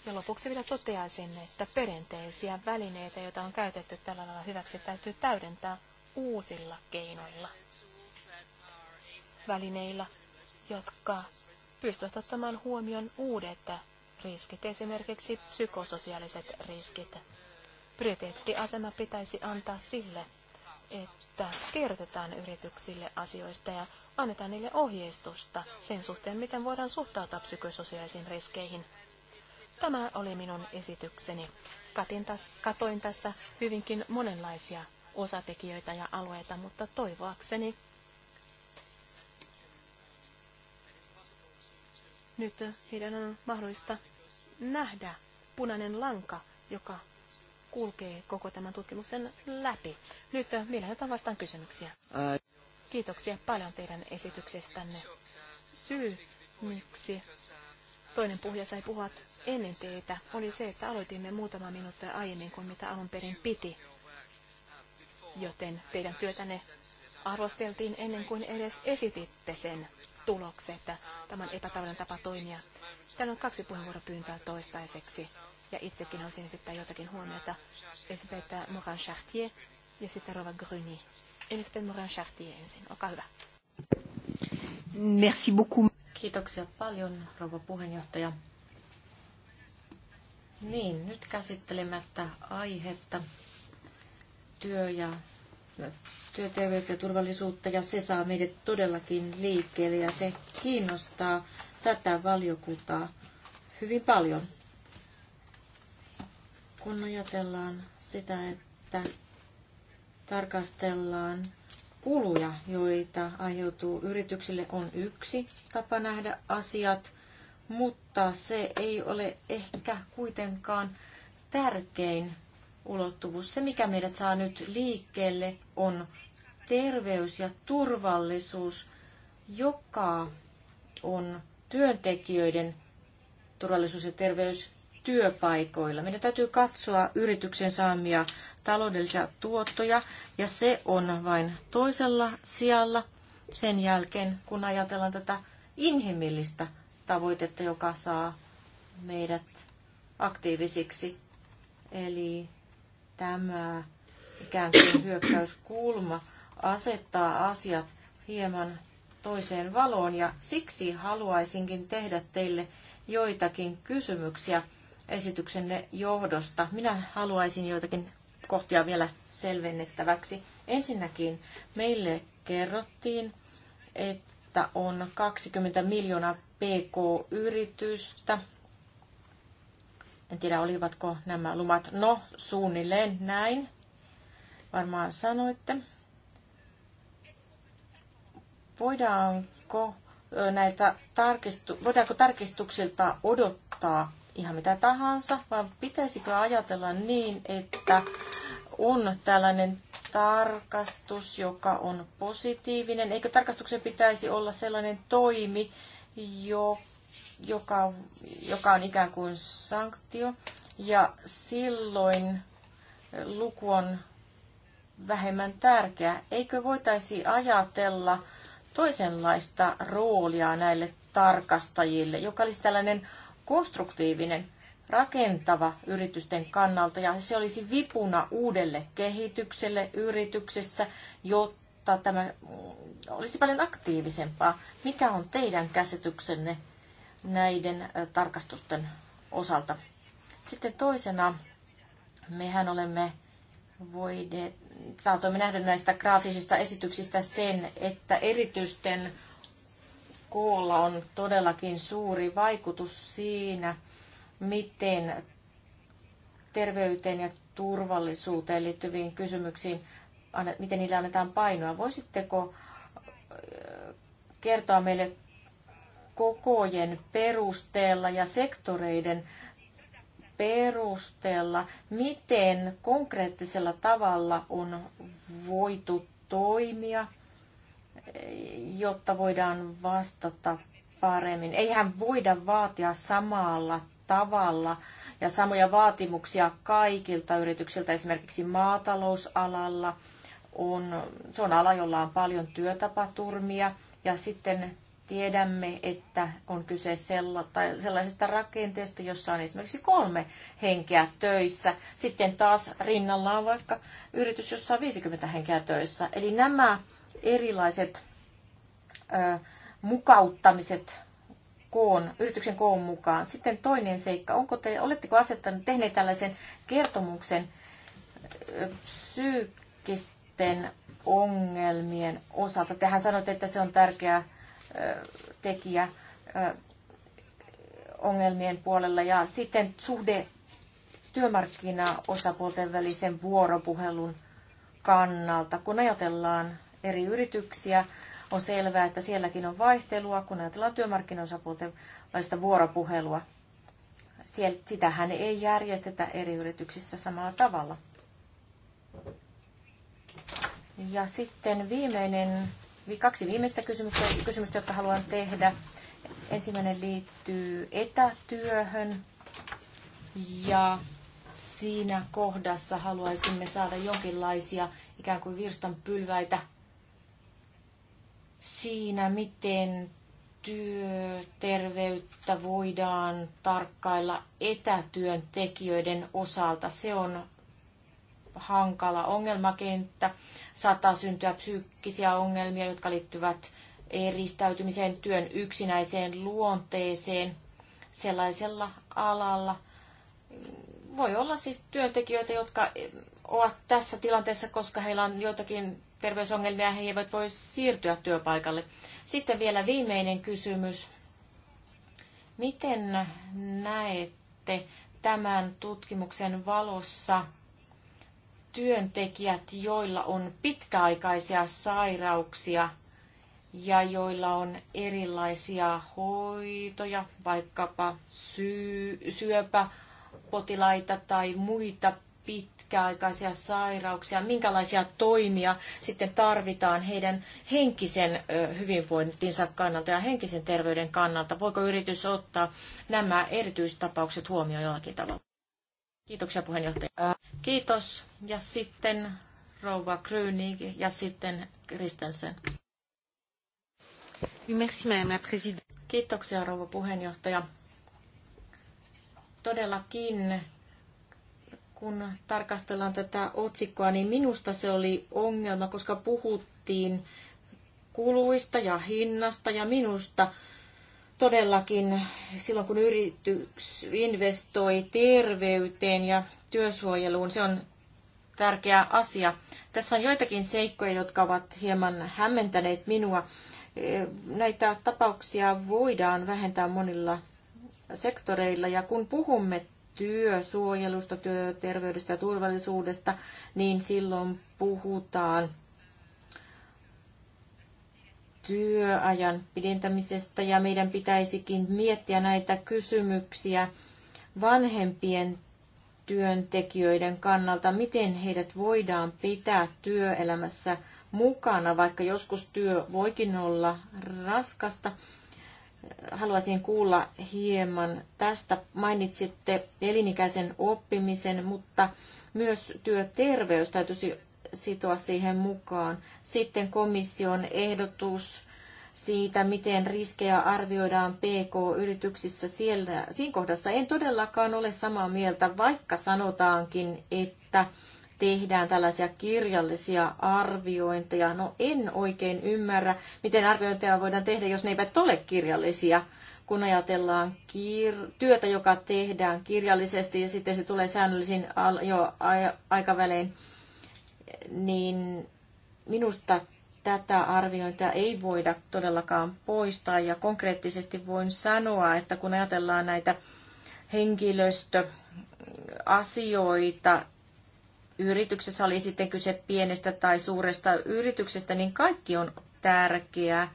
S1: Ja lopuksi vielä toteaisin, että perinteisiä välineitä, joita on käytetty tällä lailla hyväksi, täytyy täydentää uusilla keinoilla. Välineillä, jotka pystyvät ottamaan huomioon uudet riskit, esimerkiksi psykososiaaliset riskit prioriteettiasema pitäisi antaa sille, että kerrotetaan yrityksille asioista ja annetaan niille ohjeistusta sen suhteen, miten voidaan suhtautua psykososiaalisiin riskeihin. Tämä oli minun esitykseni. Katin täs, katoin tässä hyvinkin monenlaisia osatekijöitä ja alueita, mutta toivoakseni nyt heidän on mahdollista nähdä punainen lanka, joka kulkee koko tämän tutkimuksen läpi. Nyt äh, mielellään vastaan kysymyksiä. Kiitoksia paljon teidän esityksestänne. Syy, miksi toinen puhuja sai puhua ennen teitä, oli se, että aloitimme muutama minuuttia aiemmin kuin mitä alun perin piti. Joten teidän työtänne arvosteltiin ennen kuin edes esititte sen tulokset, tämän epätavallinen tapa toimia. Täällä on kaksi puheenvuoropyyntöä toistaiseksi ja itsekin osin esittää jotakin huomiota. Esittää Moran Chartier ja sitten Rova Gruny. Esittää sitten Moran Chartier ensin. Olkaa hyvä. Merci beaucoup.
S5: Kiitoksia paljon, rouva puheenjohtaja. Niin, nyt käsittelemättä aihetta työ ja työterveyttä ja turvallisuutta ja se saa meidät todellakin liikkeelle ja se kiinnostaa tätä valiokuntaa hyvin paljon kun ajatellaan sitä, että tarkastellaan kuluja, joita aiheutuu yrityksille, on yksi tapa nähdä asiat, mutta se ei ole ehkä kuitenkaan tärkein ulottuvuus. Se, mikä meidät saa nyt liikkeelle, on terveys ja turvallisuus, joka on työntekijöiden turvallisuus ja terveys työpaikoilla. Meidän täytyy katsoa yrityksen saamia taloudellisia tuottoja, ja se on vain toisella sijalla sen jälkeen, kun ajatellaan tätä inhimillistä tavoitetta, joka saa meidät aktiivisiksi. Eli tämä ikään kuin hyökkäyskulma asettaa asiat hieman toiseen valoon ja siksi haluaisinkin tehdä teille joitakin kysymyksiä esityksenne johdosta. Minä haluaisin joitakin kohtia vielä selvennettäväksi. Ensinnäkin meille kerrottiin, että on 20 miljoonaa PK-yritystä. En tiedä, olivatko nämä lumat. No, suunnilleen näin. Varmaan sanoitte. Voidaanko näitä tarkistu- voidaanko tarkistuksilta odottaa ihan mitä tahansa, vaan pitäisikö ajatella niin, että on tällainen tarkastus, joka on positiivinen? Eikö tarkastuksen pitäisi olla sellainen toimi, jo, joka, joka on ikään kuin sanktio, ja silloin luku on vähemmän tärkeä. Eikö voitaisi ajatella toisenlaista roolia näille tarkastajille, joka olisi tällainen konstruktiivinen, rakentava yritysten kannalta ja se olisi vipuna uudelle kehitykselle yrityksessä, jotta tämä olisi paljon aktiivisempaa. Mikä on teidän käsityksenne näiden tarkastusten osalta? Sitten toisena, mehän olemme voineet, saatoimme nähdä näistä graafisista esityksistä sen, että erityisten koolla on todellakin suuri vaikutus siinä, miten terveyteen ja turvallisuuteen liittyviin kysymyksiin, miten niille annetaan painoa. Voisitteko kertoa meille kokojen perusteella ja sektoreiden perusteella, miten konkreettisella tavalla on voitu toimia – jotta voidaan vastata paremmin. Eihän voida vaatia samalla tavalla ja samoja vaatimuksia kaikilta yrityksiltä, esimerkiksi maatalousalalla. On, se on ala, jolla on paljon työtapaturmia ja sitten tiedämme, että on kyse sellaisesta rakenteesta, jossa on esimerkiksi kolme henkeä töissä. Sitten taas rinnalla on vaikka yritys, jossa on 50 henkeä töissä. Eli nämä erilaiset ö, mukauttamiset koon, yrityksen koon mukaan. Sitten toinen seikka, onko te, oletteko asettaneet, tehneet tällaisen kertomuksen psyykkisten ongelmien osalta? Tehän sanoitte, että se on tärkeä tekijä ongelmien puolella ja sitten suhde työmarkkina-osapuolten välisen vuoropuhelun kannalta, kun ajatellaan eri yrityksiä. On selvää, että sielläkin on vaihtelua, kun ajatellaan työmarkkinoisapuolten vuoropuhelua. Sitähän ei järjestetä eri yrityksissä samalla tavalla. Ja sitten viimeinen, kaksi viimeistä kysymystä, kysymystä, jotka haluan tehdä. Ensimmäinen liittyy etätyöhön ja siinä kohdassa haluaisimme saada jonkinlaisia ikään kuin virstanpylväitä siinä, miten työterveyttä voidaan tarkkailla etätyöntekijöiden osalta. Se on hankala ongelmakenttä. Saattaa syntyä psyykkisiä ongelmia, jotka liittyvät eristäytymiseen, työn yksinäiseen luonteeseen sellaisella alalla. Voi olla siis työntekijöitä, jotka ovat tässä tilanteessa, koska heillä on joitakin terveysongelmia, he eivät voi siirtyä työpaikalle. Sitten vielä viimeinen kysymys. Miten näette tämän tutkimuksen valossa työntekijät, joilla on pitkäaikaisia sairauksia ja joilla on erilaisia hoitoja, vaikkapa syy, syöpäpotilaita tai muita pitkäaikaisia sairauksia, minkälaisia toimia sitten tarvitaan heidän henkisen hyvinvointinsa kannalta ja henkisen terveyden kannalta. Voiko yritys ottaa nämä erityistapaukset huomioon jollakin tavalla? Kiitoksia puheenjohtaja. Kiitos. Ja sitten rouva Gröning ja sitten Kristensen. Kiitoksia rouva puheenjohtaja. Todellakin kun tarkastellaan tätä otsikkoa, niin minusta se oli ongelma, koska puhuttiin kuluista ja hinnasta ja minusta todellakin silloin, kun yritys investoi terveyteen ja työsuojeluun, se on tärkeä asia. Tässä on joitakin seikkoja, jotka ovat hieman hämmentäneet minua. Näitä tapauksia voidaan vähentää monilla sektoreilla ja kun puhumme työsuojelusta, työterveydestä ja turvallisuudesta, niin silloin puhutaan työajan pidentämisestä ja meidän pitäisikin miettiä näitä kysymyksiä vanhempien työntekijöiden kannalta, miten heidät voidaan pitää työelämässä mukana, vaikka joskus työ voikin olla raskasta – haluaisin kuulla hieman tästä. Mainitsitte elinikäisen oppimisen, mutta myös työterveys täytyisi sitoa siihen mukaan. Sitten komission ehdotus siitä, miten riskejä arvioidaan PK-yrityksissä siellä. Siinä kohdassa en todellakaan ole samaa mieltä, vaikka sanotaankin, että tehdään tällaisia kirjallisia arviointeja. No en oikein ymmärrä, miten arviointeja voidaan tehdä, jos ne eivät ole kirjallisia. Kun ajatellaan kir- työtä, joka tehdään kirjallisesti ja sitten se tulee säännöllisin al- jo aikavälein, niin minusta tätä arviointia ei voida todellakaan poistaa. Ja konkreettisesti voin sanoa, että kun ajatellaan näitä henkilöstö, asioita, yrityksessä, oli sitten kyse pienestä tai suuresta yrityksestä, niin kaikki on tärkeää.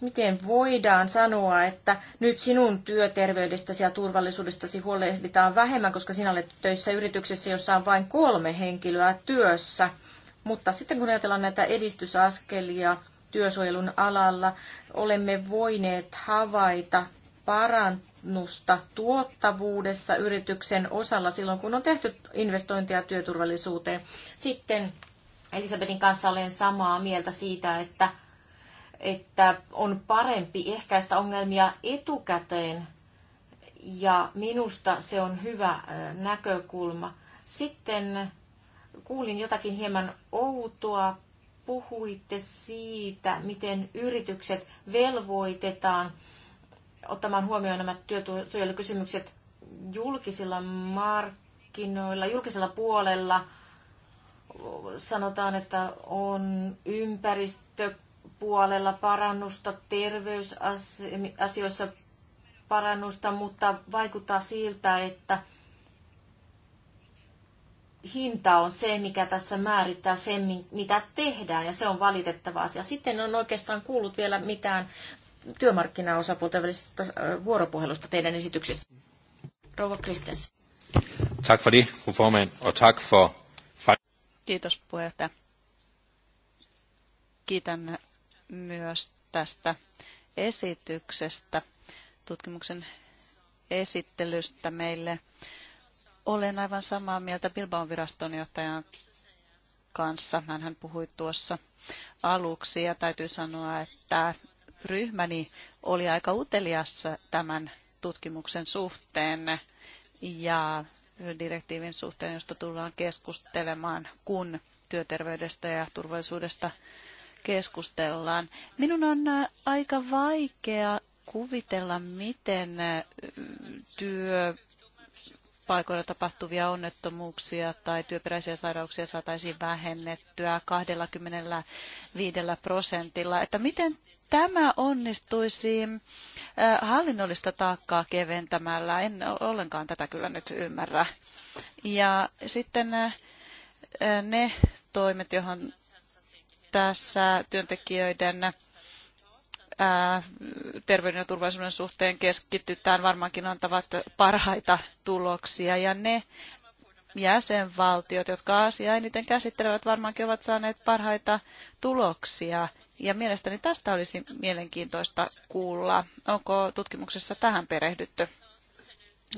S5: Miten voidaan sanoa, että nyt sinun työterveydestäsi ja turvallisuudestasi huolehditaan vähemmän, koska sinä olet töissä yrityksessä, jossa on vain kolme henkilöä työssä. Mutta sitten kun ajatellaan näitä edistysaskelia työsuojelun alalla, olemme voineet havaita parantaa parannusta tuottavuudessa yrityksen osalla silloin, kun on tehty investointia työturvallisuuteen. Sitten Elisabetin kanssa olen samaa mieltä siitä, että, että on parempi ehkäistä ongelmia etukäteen ja minusta se on hyvä näkökulma. Sitten kuulin jotakin hieman outoa. Puhuitte siitä, miten yritykset velvoitetaan ottamaan huomioon nämä työsuojelukysymykset julkisilla markkinoilla, julkisella puolella. Sanotaan, että on ympäristöpuolella parannusta, terveysasioissa parannusta, mutta vaikuttaa siltä, että hinta on se, mikä tässä määrittää sen, mitä tehdään, ja se on valitettava asia. Sitten on oikeastaan kuullut vielä mitään työmarkkinaosapuolten välisestä äh, vuoropuhelusta teidän esityksessä. Rouva Kristens.
S4: Tack för det, fru formand, och tack för...
S5: Kiitos puheenjohtaja.
S3: Kiitän myös tästä esityksestä, tutkimuksen esittelystä meille. Olen aivan samaa mieltä Bilbaon viraston johtajan kanssa. Hän puhui tuossa aluksi ja täytyy sanoa, että ryhmäni oli aika uteliassa tämän tutkimuksen suhteen ja direktiivin suhteen, josta tullaan keskustelemaan, kun työterveydestä ja turvallisuudesta keskustellaan. Minun on aika vaikea kuvitella, miten työ työpaikoilla tapahtuvia onnettomuuksia tai työperäisiä sairauksia saataisiin vähennettyä 25 prosentilla. Että miten tämä onnistuisi äh, hallinnollista taakkaa keventämällä? En ollenkaan tätä kyllä nyt ymmärrä. Ja sitten äh, ne toimet, johon tässä työntekijöiden terveyden ja turvallisuuden suhteen keskitytään, varmaankin antavat parhaita tuloksia. Ja ne jäsenvaltiot, jotka asiaa eniten käsittelevät, varmaankin ovat saaneet parhaita tuloksia. Ja mielestäni tästä olisi mielenkiintoista kuulla. Onko tutkimuksessa tähän perehdytty,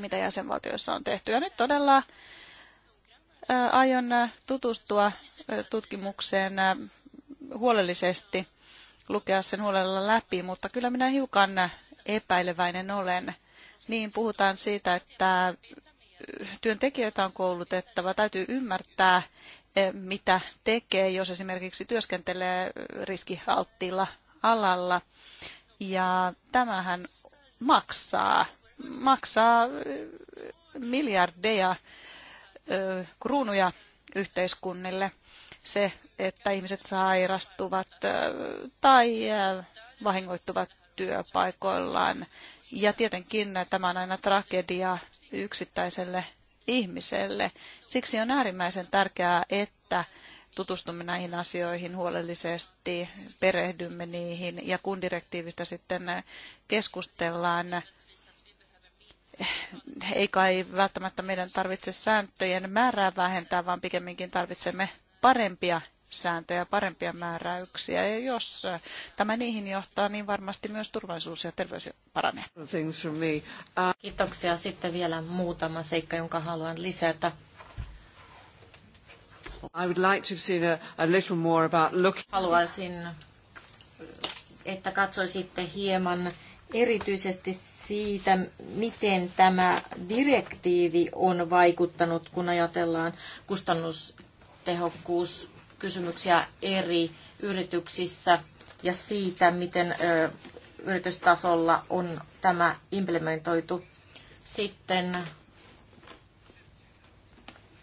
S3: mitä jäsenvaltioissa on tehty? Ja nyt todella aion tutustua tutkimukseen huolellisesti lukea sen huolella läpi, mutta kyllä minä hiukan epäileväinen olen. Niin puhutaan siitä, että työntekijöitä on koulutettava, täytyy ymmärtää, e, mitä tekee, jos esimerkiksi työskentelee riskialttiilla alalla. Ja tämähän maksaa, maksaa e, miljardeja e, kruunuja yhteiskunnille. Se että ihmiset sairastuvat tai vahingoittuvat työpaikoillaan. Ja tietenkin tämä on aina tragedia yksittäiselle ihmiselle. Siksi on äärimmäisen tärkeää, että tutustumme näihin asioihin huolellisesti, perehdymme niihin ja kun direktiivistä sitten keskustellaan, ei kai välttämättä meidän tarvitse sääntöjen määrää vähentää, vaan pikemminkin tarvitsemme parempia sääntöjä, parempia määräyksiä. Ja jos äh, tämä niihin johtaa, niin varmasti myös turvallisuus ja
S4: terveys
S5: paranee. Uh, Kiitoksia. Sitten vielä muutama seikka, jonka haluan lisätä.
S4: Haluaisin,
S5: että katsoisitte hieman erityisesti siitä, miten tämä direktiivi on vaikuttanut, kun ajatellaan kustannustehokkuus kysymyksiä eri yrityksissä ja siitä, miten yritystasolla on tämä implementoitu. Sitten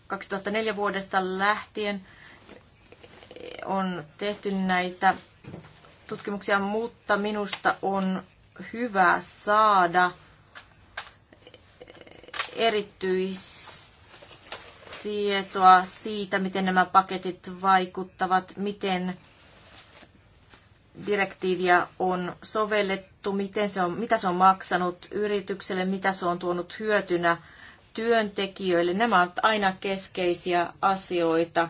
S5: 2004 vuodesta lähtien on tehty näitä tutkimuksia, mutta minusta on hyvä saada erityis tietoa siitä, miten nämä paketit vaikuttavat, miten direktiiviä on sovellettu, miten se on, mitä se on maksanut yritykselle, mitä se on tuonut hyötynä työntekijöille. Nämä ovat aina keskeisiä asioita.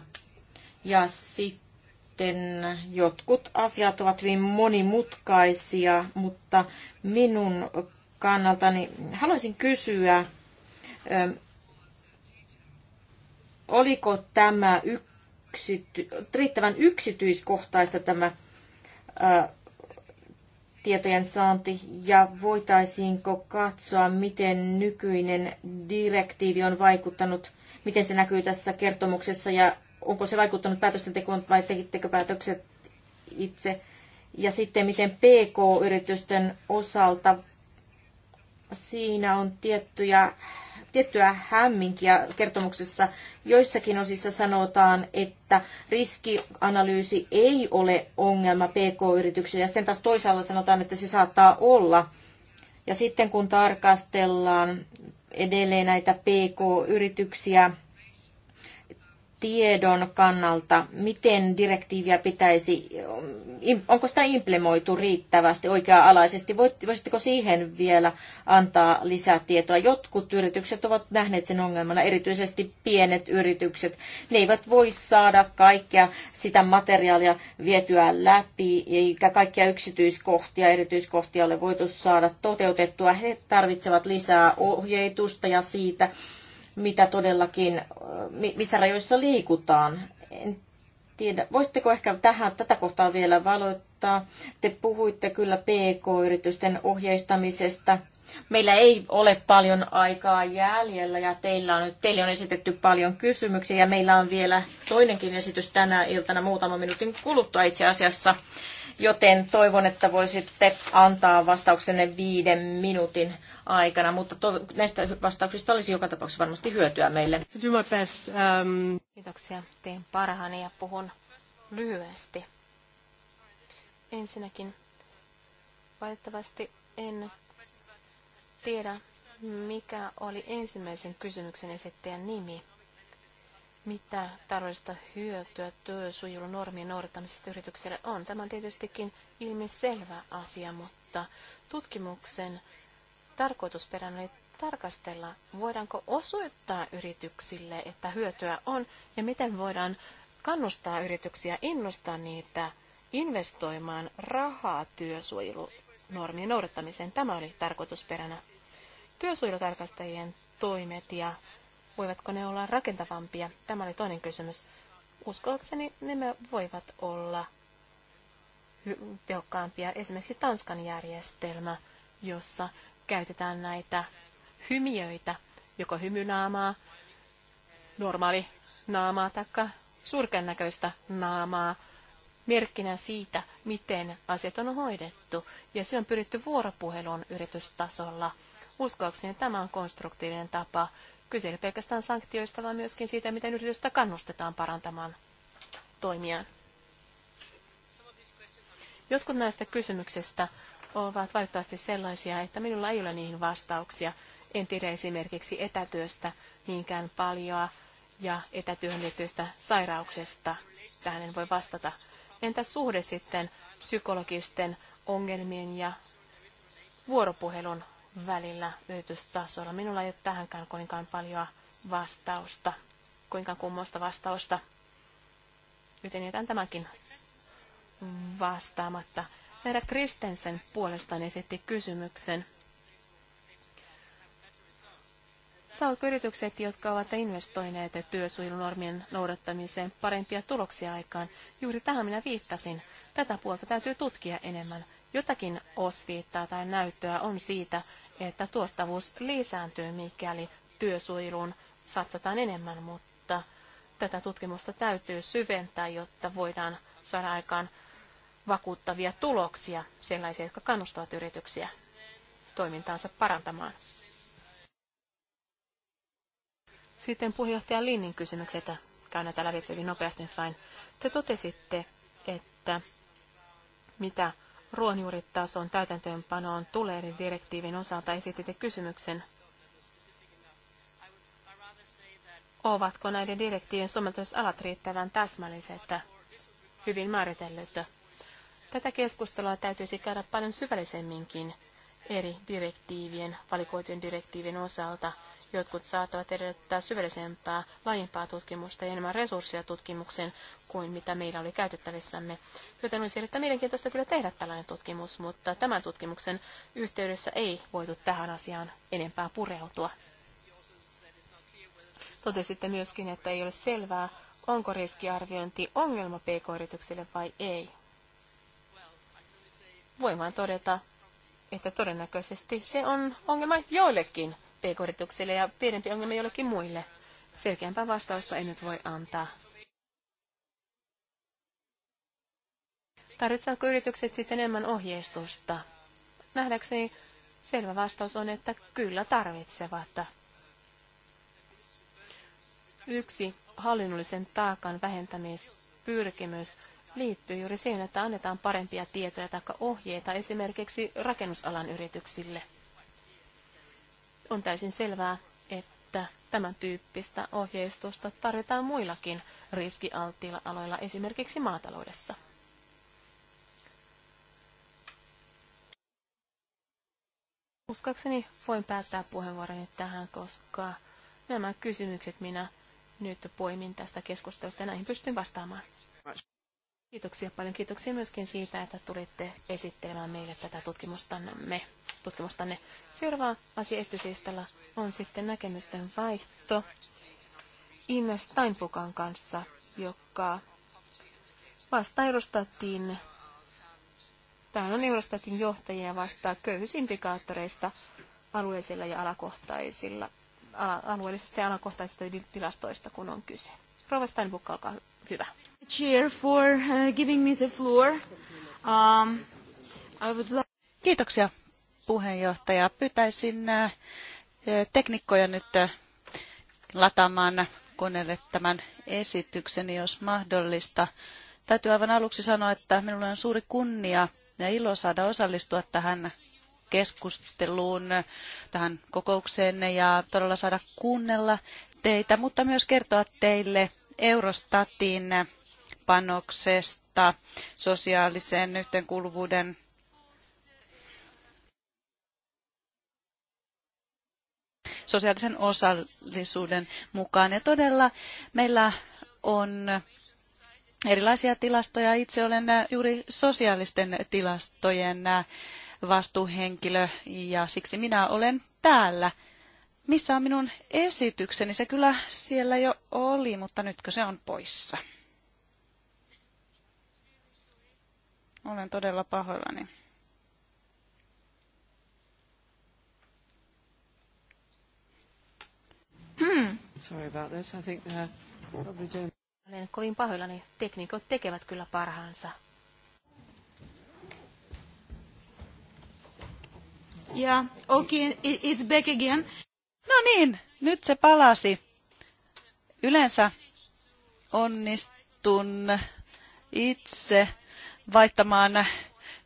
S5: Ja sitten jotkut asiat ovat hyvin monimutkaisia, mutta minun kannaltani haluaisin kysyä Oliko tämä yksity, riittävän yksityiskohtaista tämä ää, tietojen saanti ja voitaisiinko katsoa, miten nykyinen direktiivi on vaikuttanut, miten se näkyy tässä kertomuksessa ja onko se vaikuttanut päätösten tekoon vai tekittekö päätökset itse? Ja sitten miten PK-yritysten osalta siinä on tiettyjä tiettyä hämminkiä kertomuksessa. Joissakin osissa sanotaan, että riskianalyysi ei ole ongelma PK-yrityksille, ja sitten taas toisaalla sanotaan, että se saattaa olla. Ja sitten kun tarkastellaan edelleen näitä PK-yrityksiä, tiedon kannalta, miten direktiiviä pitäisi, onko sitä implemoitu riittävästi oikea-alaisesti? Voisitteko siihen vielä antaa lisätietoa? Jotkut yritykset ovat nähneet sen ongelmana, erityisesti pienet yritykset. Ne eivät voi saada kaikkea sitä materiaalia vietyä läpi, eikä kaikkia yksityiskohtia, erityiskohtia ole voitu saada toteutettua. He tarvitsevat lisää ohjeistusta ja siitä, mitä todellakin, missä rajoissa liikutaan. En tiedä, voisitteko ehkä tähän, tätä kohtaa vielä valoittaa? Te puhuitte kyllä PK-yritysten ohjeistamisesta. Meillä ei ole paljon aikaa jäljellä ja teillä on, teille on esitetty paljon kysymyksiä ja meillä on vielä toinenkin esitys tänä iltana muutaman minuutin kuluttua itse asiassa joten toivon, että voisitte antaa vastauksenne viiden minuutin aikana, mutta to- näistä vastauksista olisi joka tapauksessa varmasti hyötyä meille. um...
S1: Kiitoksia. Teen parhaani ja puhun lyhyesti. Ensinnäkin valitettavasti en tiedä, mikä oli ensimmäisen kysymyksen esittäjän nimi mitä taloudellista hyötyä työsuojelun normien noudattamisesta yritykselle on. Tämä on tietystikin ilmiselvä asia, mutta tutkimuksen tarkoitusperän oli tarkastella, voidaanko osoittaa yrityksille, että hyötyä on ja miten voidaan kannustaa yrityksiä, innostaa niitä investoimaan rahaa työsuojelunormien noudattamiseen. Tämä oli tarkoitusperänä. Työsuojelutarkastajien toimet ja voivatko ne olla rakentavampia? Tämä oli toinen kysymys. Uskoakseni ne voivat olla tehokkaampia. Esimerkiksi Tanskan järjestelmä, jossa käytetään näitä hymiöitä, joko hymynaamaa, normaali naamaa tai surken näköistä naamaa merkkinä siitä, miten asiat on hoidettu. Ja se on pyritty vuoropuheluun yritystasolla. Uskoakseni tämä on konstruktiivinen tapa Kyse ei pelkästään sanktioista, vaan myöskin siitä, miten yritystä kannustetaan parantamaan toimiaan. Jotkut näistä kysymyksistä ovat valitettavasti sellaisia, että minulla ei ole niihin vastauksia. En tiedä esimerkiksi etätyöstä niinkään paljoa ja etätyöhön liittyvistä sairauksesta. Tähän en voi vastata. Entä suhde sitten psykologisten ongelmien ja vuoropuhelun välillä yritystasolla. Minulla ei ole tähänkään kuinkaan paljon vastausta, kuinka kummoista vastausta, joten jätän tämänkin vastaamatta. Herra Kristensen puolestaan esitti kysymyksen. Saatko yritykset, jotka ovat investoineet työsuojelunormien noudattamiseen, parempia tuloksia aikaan? Juuri tähän minä viittasin. Tätä puolta täytyy tutkia enemmän. Jotakin osviittaa tai näyttöä on siitä, että tuottavuus lisääntyy, mikäli työsuojeluun satsataan enemmän, mutta tätä tutkimusta täytyy syventää, jotta voidaan saada aikaan vakuuttavia tuloksia, sellaisia, jotka kannustavat yrityksiä toimintaansa parantamaan. Sitten puheenjohtaja Linnin kysymykset. Käyn näitä läpi hyvin nopeasti vain. Te totesitte, että mitä ruoanjuuritason täytäntöönpanoon tulee niin direktiivin osalta esititte kysymyksen. Ovatko näiden direktiivien soveltamisalat riittävän täsmälliset, hyvin määritellyt? Tätä keskustelua täytyisi käydä paljon syvällisemminkin eri direktiivien, valikoitujen direktiivien osalta – Jotkut saattavat edellyttää syvällisempää, laajempaa tutkimusta ja enemmän resursseja tutkimukseen kuin mitä meillä oli käytettävissämme. Joten olisi erittäin mielenkiintoista kyllä tehdä tällainen tutkimus, mutta tämän tutkimuksen yhteydessä ei voitu tähän asiaan enempää pureutua. Totesitte myöskin, että ei ole selvää, onko riskiarviointi ongelma pk-yrityksille vai ei. Voin vain todeta, että todennäköisesti se on ongelma joillekin pk-yrityksille ja pienempi ongelma jollekin muille? Selkeämpää vastausta ei nyt voi antaa. Tarvitsevatko yritykset sitten enemmän ohjeistusta? Nähdäkseni selvä vastaus on, että kyllä tarvitsevat. Yksi hallinnollisen taakan vähentämispyrkimys liittyy juuri siihen, että annetaan parempia tietoja tai ohjeita esimerkiksi rakennusalan yrityksille. On täysin selvää, että tämän tyyppistä ohjeistusta tarvitaan muillakin riskialttiilla aloilla, esimerkiksi maataloudessa. Uskakseni voin päättää puheenvuoroni tähän, koska nämä kysymykset minä nyt poimin tästä keskustelusta ja näihin pystyn vastaamaan. Kiitoksia paljon. Kiitoksia myöskin siitä, että tulitte esittelemään meille tätä tutkimustanne tutkimustanne. Seuraava asia esityslistalla on sitten näkemysten vaihto Inna Steinbukan kanssa, joka vastaa Eurostatin, tähän on Eurostatin johtajia ja vastaa köyhyysindikaattoreista alueellisilla ja alakohtaisilla, ala, alueellisista ja alakohtaisista tilastoista, kun on kyse. Rova Steinbuk, olkaa hyvä. Cheer for uh, giving me the floor. Um, I would like... Kiitoksia
S3: puheenjohtaja. Pyytäisin eh, teknikkoja nyt eh, lataamaan koneelle tämän esityksen, jos mahdollista. Täytyy aivan aluksi sanoa, että minulla on suuri kunnia ja ilo saada osallistua tähän keskusteluun, tähän kokoukseenne ja todella saada kuunnella teitä, mutta myös kertoa teille Eurostatin panoksesta sosiaalisen yhteenkuuluvuuden sosiaalisen osallisuuden mukaan. Ja todella meillä on erilaisia tilastoja. Itse olen äh, juuri sosiaalisten tilastojen äh, vastuuhenkilö ja siksi minä olen täällä. Missä on minun esitykseni? Se kyllä siellä jo oli, mutta nytkö se on poissa? Olen todella pahoillani.
S1: Hmm. Sorry about this. I think they're uh, probably doing... Olen kovin pahoillani. Tekniikot tekevät kyllä parhaansa.
S3: Yeah, okay, it's back again. No niin, nyt se palasi. Yleensä onnistun itse vaihtamaan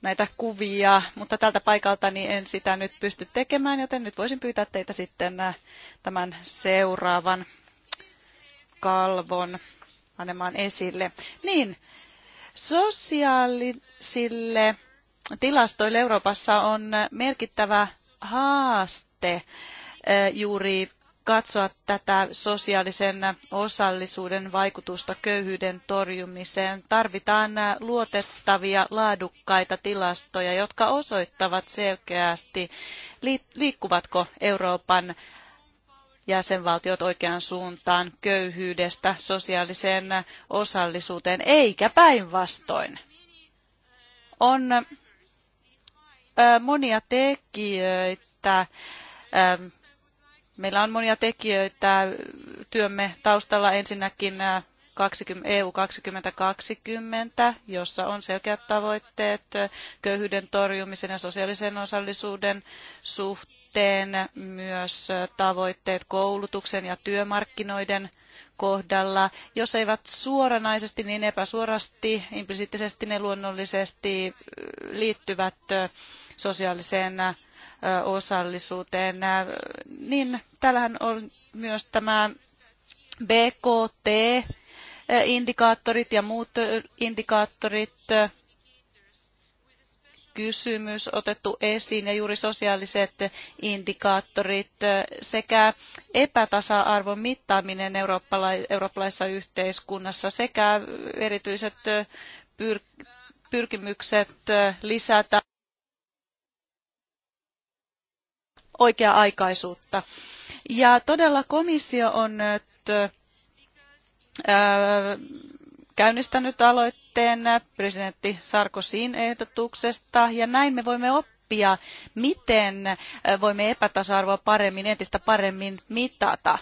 S3: näitä kuvia, mutta tältä paikalta niin en sitä nyt pysty tekemään, joten nyt voisin pyytää teitä sitten äh, tämän seuraavan kalvon panemaan esille. Niin, sosiaalisille tilastoille Euroopassa on merkittävä haaste äh, juuri katsoa tätä sosiaalisen osallisuuden vaikutusta köyhyyden torjumiseen. Tarvitaan luotettavia, laadukkaita tilastoja, jotka osoittavat selkeästi, liikkuvatko Euroopan jäsenvaltiot oikeaan suuntaan köyhyydestä sosiaaliseen osallisuuteen, eikä päinvastoin. On monia tekijöitä, Meillä on monia tekijöitä työmme taustalla ensinnäkin 20, EU 2020, jossa on selkeät tavoitteet äh, köyhyyden torjumisen ja sosiaalisen osallisuuden suhteen, myös äh, tavoitteet koulutuksen ja työmarkkinoiden kohdalla. Jos eivät suoranaisesti, niin epäsuorasti, implisiittisesti ne luonnollisesti äh, liittyvät sosiaaliseen osallisuuteen, niin tällähän on myös tämä BKT-indikaattorit ja muut indikaattorit kysymys otettu esiin ja juuri sosiaaliset indikaattorit sekä epätasa-arvon mittaaminen eurooppala- eurooppalaisessa yhteiskunnassa sekä erityiset pyr- pyrkimykset lisätä oikea-aikaisuutta. Ja todella komissio on nyt käynnistänyt aloitteen presidentti Sarkosin ehdotuksesta ja näin me voimme oppia, miten voimme epätasa-arvoa paremmin, entistä paremmin mitata.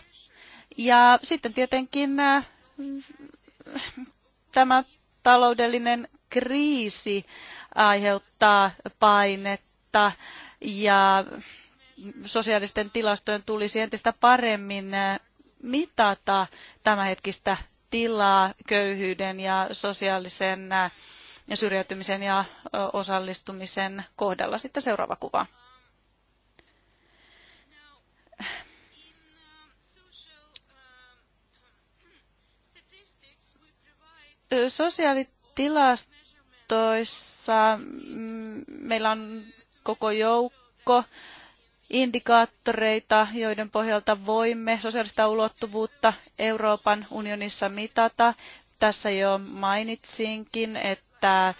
S3: Ja sitten tietenkin tämä taloudellinen kriisi aiheuttaa painetta ja sosiaalisten tilastojen tulisi entistä paremmin äh, mitata tämänhetkistä tilaa köyhyyden ja sosiaalisen äh, syrjäytymisen ja osallistumisen kohdalla. Sitten seuraava kuva. Sosiaalitilastoissa mm, meillä on koko joukko indikaattoreita, joiden pohjalta voimme sosiaalista ulottuvuutta Euroopan unionissa mitata. Tässä jo mainitsinkin, että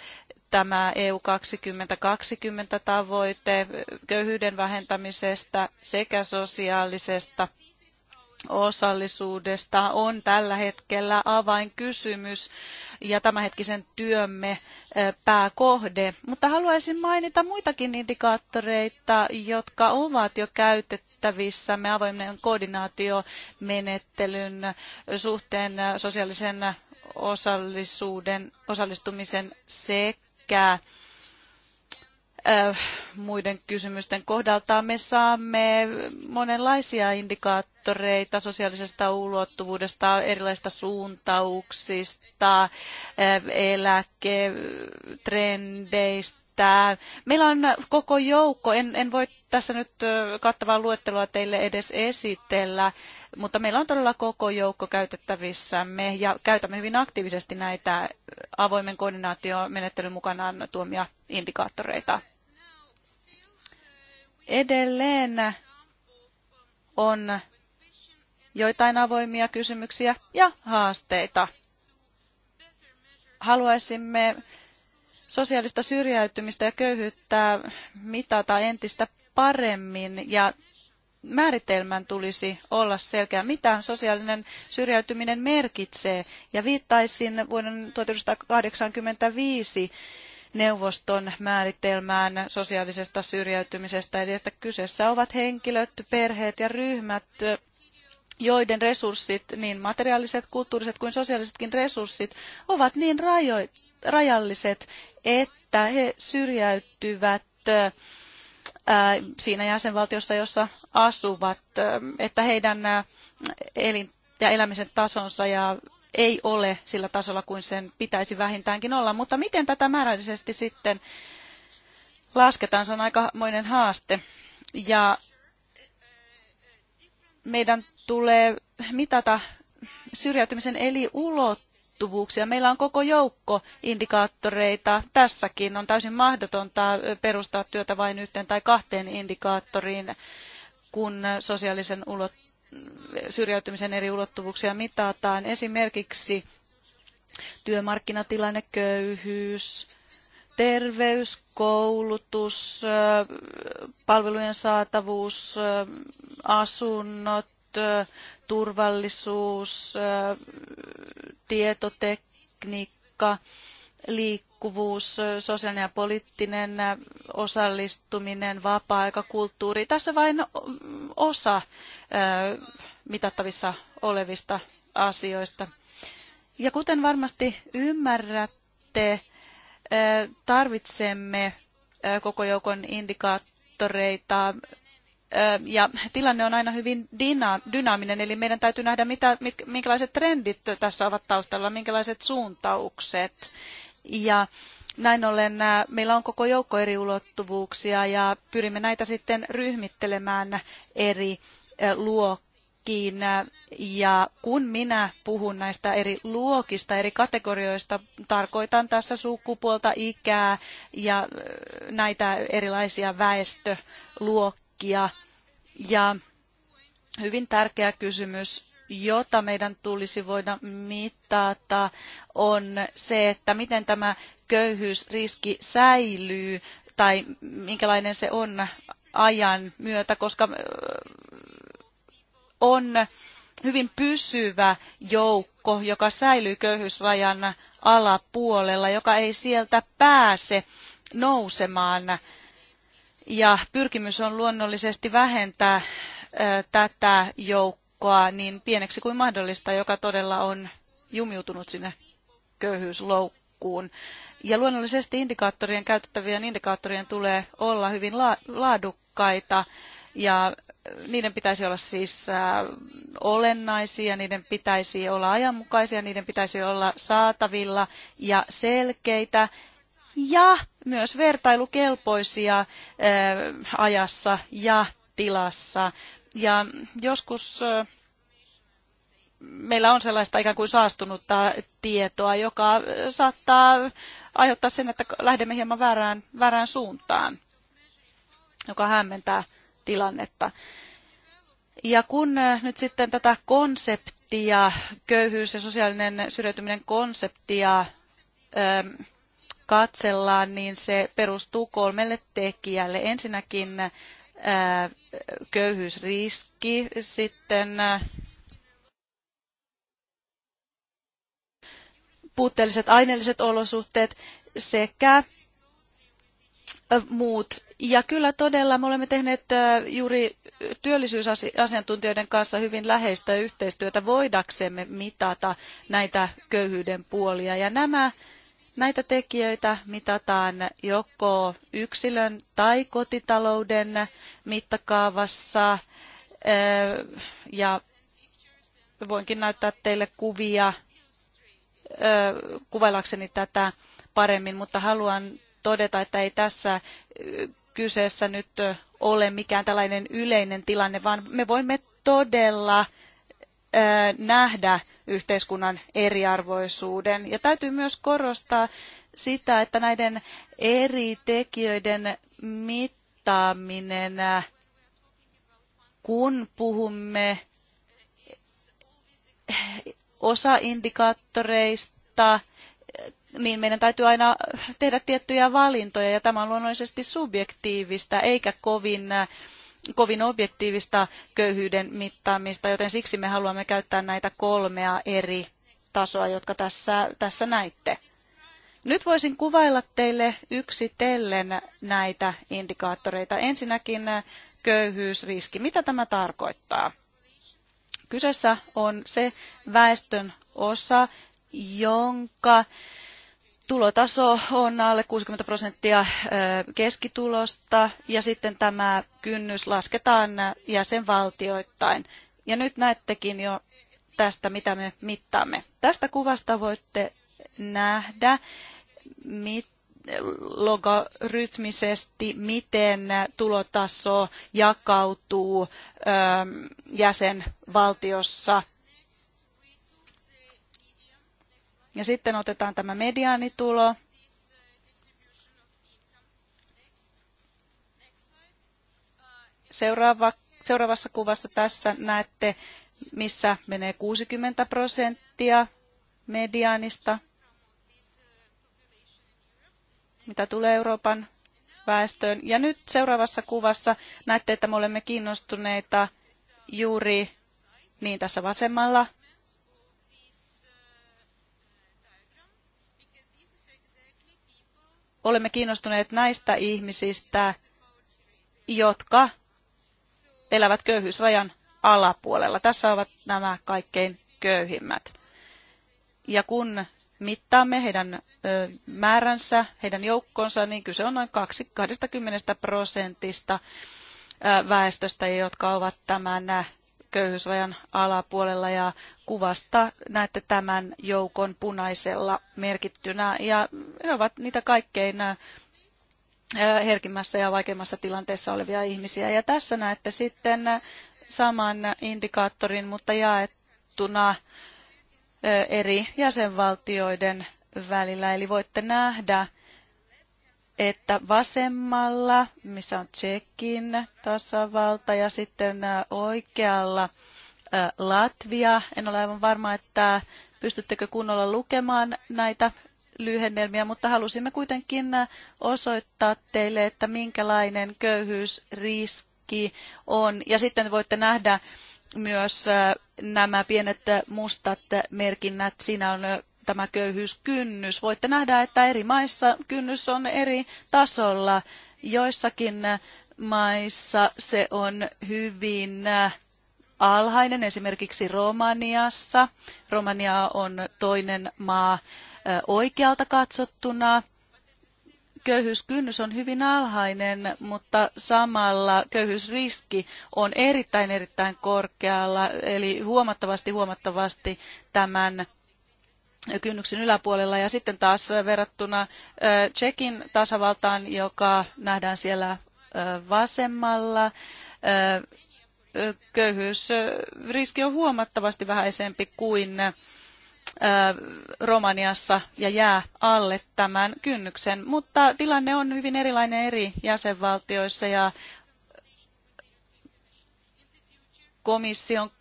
S3: tämä EU 2020 tavoite köyhyyden vähentämisestä sekä sosiaalisesta osallisuudesta on tällä hetkellä avainkysymys ja tämänhetkisen työmme pääkohde. Mutta haluaisin mainita muitakin indikaattoreita, jotka ovat jo käytettävissämme avoimen koordinaatiomenettelyn suhteen sosiaalisen osallisuuden, osallistumisen sekä Äh, muiden kysymysten kohdalta me saamme monenlaisia indikaattoreita sosiaalisesta ulottuvuudesta, erilaisista suuntauksista, äh,
S2: eläketrendeistä.
S3: Meillä on koko joukko, en, en voi tässä nyt äh, kattavaa luettelua teille edes esitellä, mutta meillä on todella koko joukko käytettävissämme ja käytämme hyvin aktiivisesti näitä avoimen koordinaatiomenettelyn mukanaan tuomia indikaattoreita edelleen on joitain avoimia kysymyksiä ja haasteita. Haluaisimme sosiaalista syrjäytymistä ja köyhyyttä mitata entistä paremmin ja määritelmän tulisi olla selkeä, mitä sosiaalinen syrjäytyminen merkitsee. Ja viittaisin vuoden 1985 neuvoston määritelmään sosiaalisesta syrjäytymisestä, eli että kyseessä ovat henkilöt, perheet ja ryhmät, joiden resurssit, niin materiaaliset, kulttuuriset kuin sosiaalisetkin resurssit, ovat niin rajalliset, että he syrjäytyvät siinä jäsenvaltiossa, jossa asuvat, että heidän elin- ja elämisen tasonsa ja ei ole sillä tasolla kuin sen pitäisi vähintäänkin olla. Mutta miten tätä määrällisesti sitten lasketaan, se on aikamoinen haaste. Ja meidän tulee mitata syrjäytymisen eli ulottuvuuksia. Meillä on koko joukko indikaattoreita. Tässäkin on täysin mahdotonta perustaa työtä vain yhteen tai kahteen indikaattoriin, kun sosiaalisen ulottuvuuden syrjäytymisen eri ulottuvuuksia mitataan. Esimerkiksi työmarkkinatilanne, köyhyys, terveys, koulutus, palvelujen saatavuus, asunnot, turvallisuus, tietotekniikka, liikkuvuus, sosiaalinen ja poliittinen osallistuminen, vapaa-aika, kulttuuri. Tässä vain osa mitattavissa olevista asioista. Ja kuten varmasti ymmärrätte, tarvitsemme koko joukon indikaattoreita ja tilanne on aina hyvin dyna dynaaminen, eli meidän täytyy nähdä, mitä, mit, minkälaiset trendit tässä ovat taustalla, minkälaiset suuntaukset. Ja näin ollen äh, meillä on koko joukko eri ulottuvuuksia ja pyrimme näitä sitten ryhmittelemään eri äh, luokkiin. Ja kun minä puhun näistä eri luokista, eri kategorioista, tarkoitan tässä sukupuolta, ikää ja äh, näitä erilaisia väestöluokkia. Ja hyvin tärkeä kysymys jota meidän tulisi voida mitata, on se, että miten tämä köyhyysriski säilyy tai minkälainen se on ajan myötä, koska on hyvin pysyvä joukko, joka säilyy köyhyysrajan alapuolella, joka ei sieltä pääse nousemaan. Ja pyrkimys on luonnollisesti vähentää tätä joukkoa joukkoa niin pieneksi kuin mahdollista, joka todella on jumiutunut sinne köyhyysloukkuun. Ja luonnollisesti indikaattorien, käytettävien indikaattorien tulee olla hyvin laadukkaita ja niiden pitäisi olla siis olennaisia, niiden pitäisi olla ajanmukaisia, niiden pitäisi olla saatavilla ja selkeitä ja myös vertailukelpoisia ajassa ja tilassa. Ja joskus meillä on sellaista ikään kuin saastunutta tietoa, joka saattaa aiheuttaa sen, että lähdemme hieman väärään, väärään suuntaan, joka hämmentää tilannetta. Ja kun nyt sitten tätä konseptia, köyhyys ja sosiaalinen syrjäytyminen konseptia katsellaan, niin se perustuu kolmelle tekijälle. Ensinnäkin köyhyysriski sitten puutteelliset aineelliset olosuhteet sekä muut. Ja kyllä todella me olemme tehneet juuri työllisyysasiantuntijoiden kanssa hyvin läheistä yhteistyötä voidaksemme mitata näitä köyhyyden puolia. Ja nämä Näitä tekijöitä mitataan joko yksilön tai kotitalouden mittakaavassa eh, ja voinkin näyttää teille kuvia eh, kuvailakseni tätä paremmin, mutta haluan todeta, että ei tässä eh, kyseessä nyt ole mikään tällainen yleinen tilanne, vaan me voimme todella nähdä yhteiskunnan eriarvoisuuden. Ja täytyy myös korostaa sitä, että näiden eri tekijöiden mittaaminen, kun puhumme osaindikaattoreista, niin meidän täytyy aina tehdä tiettyjä valintoja ja tämä on luonnollisesti subjektiivista eikä kovin kovin objektiivista köyhyyden mittaamista, joten siksi me haluamme käyttää näitä kolmea eri tasoa, jotka tässä, tässä näitte. Nyt voisin kuvailla teille yksitellen näitä indikaattoreita. Ensinnäkin köyhyysriski. Mitä tämä tarkoittaa? Kyseessä on se väestön osa, jonka tulotaso on alle 60 prosenttia keskitulosta ja sitten tämä kynnys lasketaan jäsenvaltioittain. Ja nyt näettekin jo tästä, mitä me mittaamme. Tästä kuvasta voitte nähdä mit, logarytmisesti, miten tulotaso jakautuu ö, jäsenvaltiossa – Ja sitten otetaan tämä mediaanitulo. Seuraava, seuraavassa kuvassa tässä näette, missä menee 60 prosenttia mediaanista, mitä tulee Euroopan väestöön. Ja nyt seuraavassa kuvassa näette, että me olemme kiinnostuneita juuri niin tässä vasemmalla olemme kiinnostuneet näistä ihmisistä, jotka elävät köyhyysrajan alapuolella. Tässä ovat nämä kaikkein köyhimmät. Ja kun mittaamme heidän määränsä, heidän joukkonsa, niin kyse on noin 20 prosentista väestöstä, jotka ovat tämän köyhyysrajan alapuolella ja kuvasta näette tämän joukon punaisella merkittynä ja he ovat niitä kaikkein herkimmässä ja vaikeimmassa tilanteessa olevia ihmisiä. Ja tässä näette sitten saman indikaattorin, mutta jaettuna eri jäsenvaltioiden välillä. Eli voitte nähdä, että vasemmalla, missä on Tsekin tasavalta ja sitten oikealla Latvia. En ole aivan varma, että pystyttekö kunnolla lukemaan näitä lyhennelmiä, mutta halusimme kuitenkin osoittaa teille, että minkälainen köyhyysriski on. Ja sitten voitte nähdä myös nämä pienet mustat merkinnät. Siinä on tämä köyhyyskynnys. Voitte nähdä, että eri maissa kynnys on eri tasolla. Joissakin maissa se on hyvin äh, alhainen, esimerkiksi Romaniassa. Romania on toinen maa äh, oikealta katsottuna. Köyhyyskynnys on hyvin alhainen, mutta samalla köyhyysriski on erittäin erittäin korkealla, eli huomattavasti huomattavasti tämän kynnyksen yläpuolella ja sitten taas verrattuna Tsekin tasavaltaan, joka nähdään siellä vasemmalla, köyhyysriski on huomattavasti vähäisempi kuin Romaniassa ja jää alle tämän kynnyksen, mutta tilanne on hyvin erilainen eri jäsenvaltioissa ja komission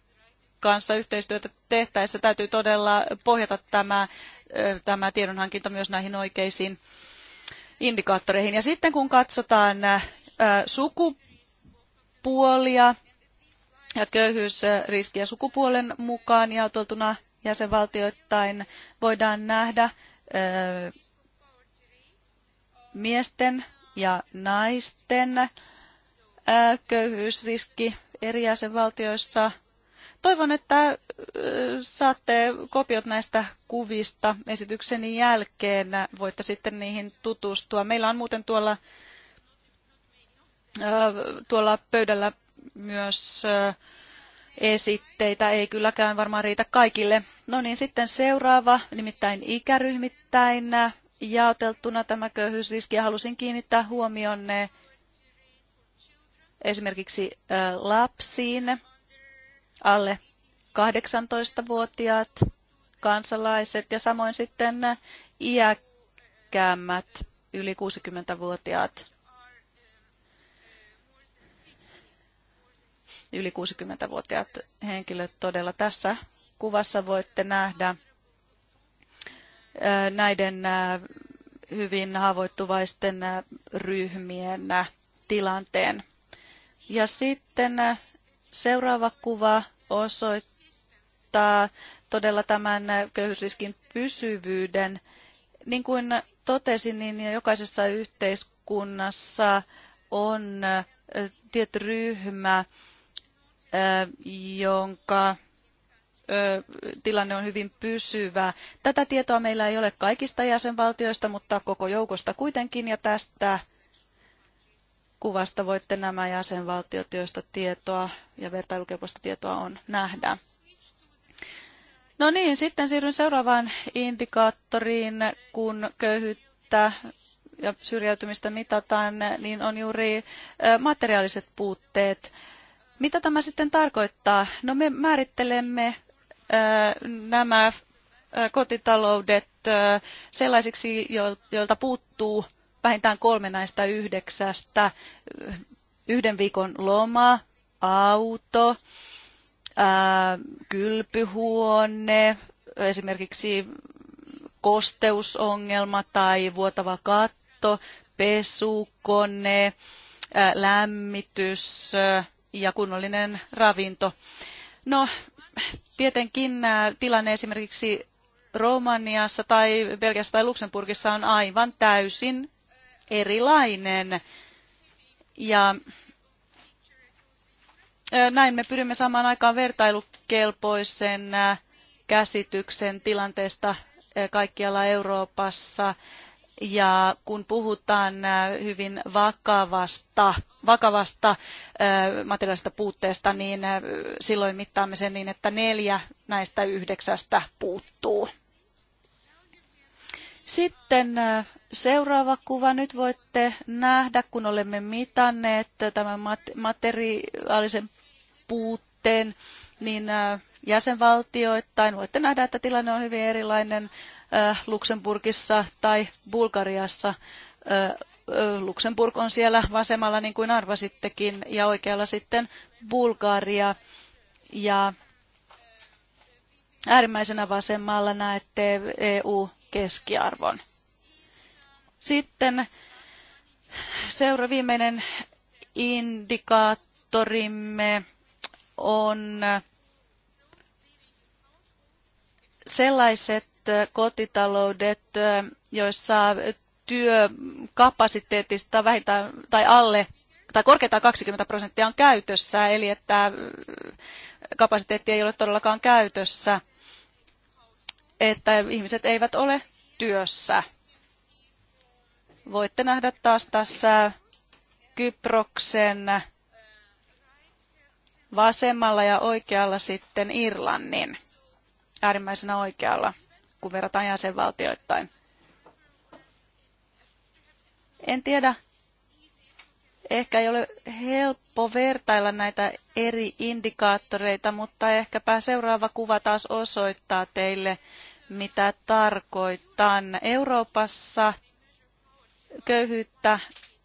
S3: kanssa yhteistyötä tehtäessä täytyy todella pohjata tämä, tämä tiedonhankinta myös näihin oikeisiin indikaattoreihin. Ja sitten kun katsotaan sukupuolia ja köyhyysriskiä sukupuolen mukaan jaoteltuna jäsenvaltioittain, voidaan nähdä miesten ja naisten köyhyysriski eri jäsenvaltioissa Toivon, että saatte kopiot näistä kuvista esitykseni jälkeen. Voitte sitten niihin tutustua. Meillä on muuten tuolla, tuolla pöydällä myös esitteitä. Ei kylläkään varmaan riitä kaikille. No niin, sitten seuraava, nimittäin ikäryhmittäin jaoteltuna tämä köyhyysriski. halusin kiinnittää huomionne esimerkiksi lapsiin alle 18-vuotiaat kansalaiset ja samoin sitten iäkkäämmät yli 60-vuotiaat. Yli 60-vuotiaat henkilöt todella tässä kuvassa voitte nähdä näiden hyvin haavoittuvaisten ryhmien tilanteen. Ja sitten seuraava kuva osoittaa todella tämän köyhyysriskin pysyvyyden. Niin kuin totesin, niin jokaisessa yhteiskunnassa on tietty ryhmä, jonka tilanne on hyvin pysyvä. Tätä tietoa meillä ei ole kaikista jäsenvaltioista, mutta koko joukosta kuitenkin, ja tästä kuvasta voitte nämä jäsenvaltiot, joista tietoa ja vertailukelpoista tietoa on nähdä. No niin, sitten siirryn seuraavaan indikaattoriin, kun köyhyyttä ja syrjäytymistä mitataan, niin on juuri materiaaliset puutteet. Mitä tämä sitten tarkoittaa? No me määrittelemme nämä kotitaloudet sellaisiksi, joilta puuttuu vähintään kolme näistä yhdeksästä yhden viikon loma, auto, ää, kylpyhuone, esimerkiksi kosteusongelma tai vuotava katto, pesukone, ää, lämmitys ja kunnollinen ravinto. No, tietenkin tilanne esimerkiksi Romaniassa tai Belgiassa tai Luxemburgissa on aivan täysin erilainen. Ja näin me pyrimme saamaan aikaan vertailukelpoisen käsityksen tilanteesta kaikkialla Euroopassa. Ja kun puhutaan hyvin vakavasta, vakavasta materiaalista puutteesta, niin silloin mittaamme sen niin, että neljä näistä yhdeksästä puuttuu. Sitten äh, seuraava kuva. Nyt voitte nähdä, kun olemme mitanneet tämän materiaalisen puutteen, niin äh, jäsenvaltioittain voitte nähdä, että tilanne on hyvin erilainen äh, Luxemburgissa tai Bulgariassa. Luxemburg on siellä vasemmalla, niin kuin arvasittekin, ja oikealla sitten Bulgaria. Ja äärimmäisenä vasemmalla näette EU keskiarvon. Sitten seura viimeinen indikaattorimme on sellaiset kotitaloudet, joissa työkapasiteetista vähintään tai alle tai korkeintaan 20 prosenttia on käytössä, eli että kapasiteetti ei ole todellakaan käytössä että ihmiset eivät ole työssä. Voitte nähdä taas tässä Kyproksen vasemmalla ja oikealla sitten Irlannin, äärimmäisenä oikealla, kun verrataan jäsenvaltioittain. En tiedä, ehkä ei ole helppo vertailla näitä eri indikaattoreita, mutta ehkäpä seuraava kuva taas osoittaa teille, mitä tarkoitan. Euroopassa köyhyyttä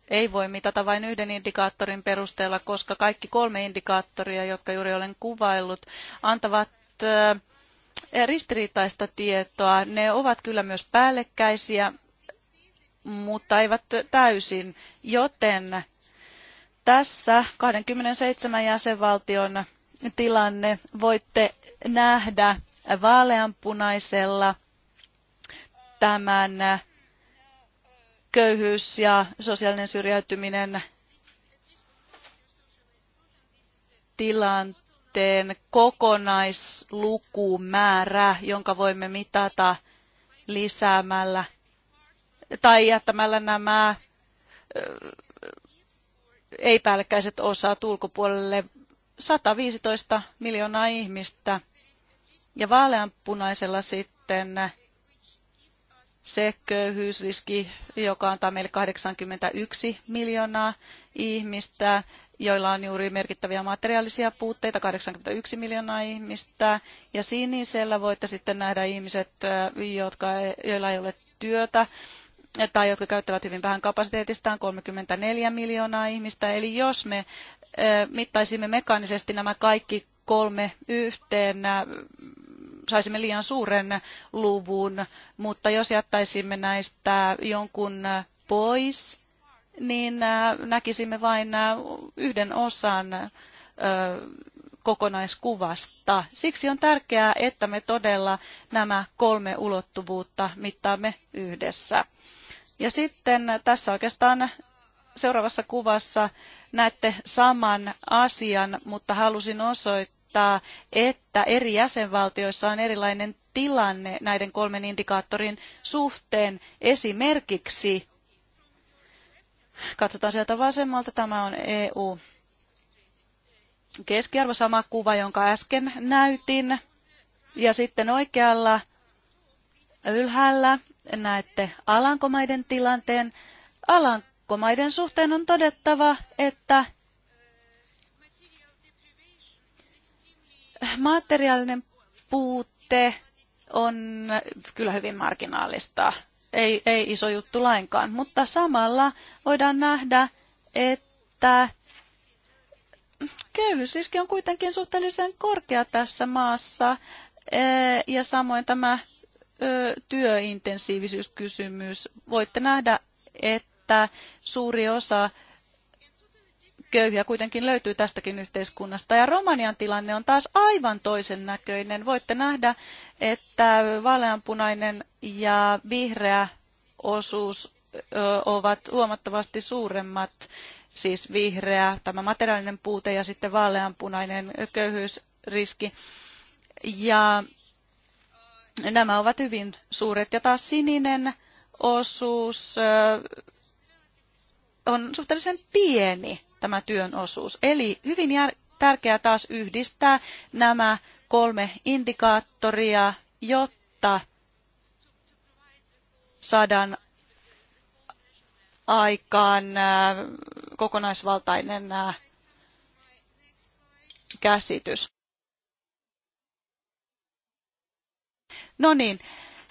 S3: ei voi mitata vain yhden indikaattorin perusteella, koska kaikki kolme indikaattoria, jotka juuri olen kuvaillut, antavat ristiriitaista tietoa. Ne ovat kyllä myös päällekkäisiä, mutta eivät täysin, joten tässä 27 jäsenvaltion tilanne voitte nähdä vaaleanpunaisella tämän äh, köyhyys ja sosiaalinen syrjäytyminen tilanteen kokonaislukumäärä, jonka voimme mitata lisäämällä tai jättämällä nämä äh, ei-päällekkäiset osat ulkopuolelle 115 miljoonaa ihmistä – ja vaaleanpunaisella sitten se köyhyysriski, joka antaa meille 81 miljoonaa ihmistä, joilla on juuri merkittäviä materiaalisia puutteita, 81 miljoonaa ihmistä. Ja sinisellä voitte sitten nähdä ihmiset, jotka, e, joilla ei ole työtä tai jotka käyttävät hyvin vähän kapasiteetistaan, 34 miljoonaa ihmistä. Eli jos me mittaisimme mekaanisesti nämä kaikki kolme yhteen, saisimme liian suuren luvun, mutta jos jättäisimme näistä jonkun pois, niin äh, näkisimme vain äh, yhden osan äh, kokonaiskuvasta. Siksi on tärkeää, että me todella nämä kolme ulottuvuutta mittaamme yhdessä. Ja sitten tässä oikeastaan seuraavassa kuvassa näette saman asian, mutta halusin osoittaa, osoittaa, että eri jäsenvaltioissa on erilainen tilanne näiden kolmen indikaattorin suhteen. Esimerkiksi, katsotaan sieltä vasemmalta, tämä on EU keskiarvo, sama kuva, jonka äsken näytin. Ja sitten oikealla ylhäällä näette Alankomaiden tilanteen. Alankomaiden suhteen on todettava, että Materiaalinen puute on kyllä hyvin marginaalista, ei, ei iso juttu lainkaan, mutta samalla voidaan nähdä, että köyhyysriski on kuitenkin suhteellisen korkea tässä maassa e, ja samoin tämä e, työintensiivisyyskysymys. Voitte nähdä, että suuri osa köyhiä kuitenkin löytyy tästäkin yhteiskunnasta. Ja Romanian tilanne on taas aivan toisen näköinen. Voitte nähdä, että vaaleanpunainen ja vihreä osuus ovat huomattavasti suuremmat, siis vihreä, tämä materiaalinen puute ja sitten vaaleanpunainen köyhyysriski. Ja nämä ovat hyvin suuret. Ja taas sininen osuus on suhteellisen pieni tämä työn osuus. Eli hyvin jär- tärkeää taas yhdistää nämä kolme indikaattoria, jotta saadaan aikaan äh, kokonaisvaltainen äh, käsitys. No niin,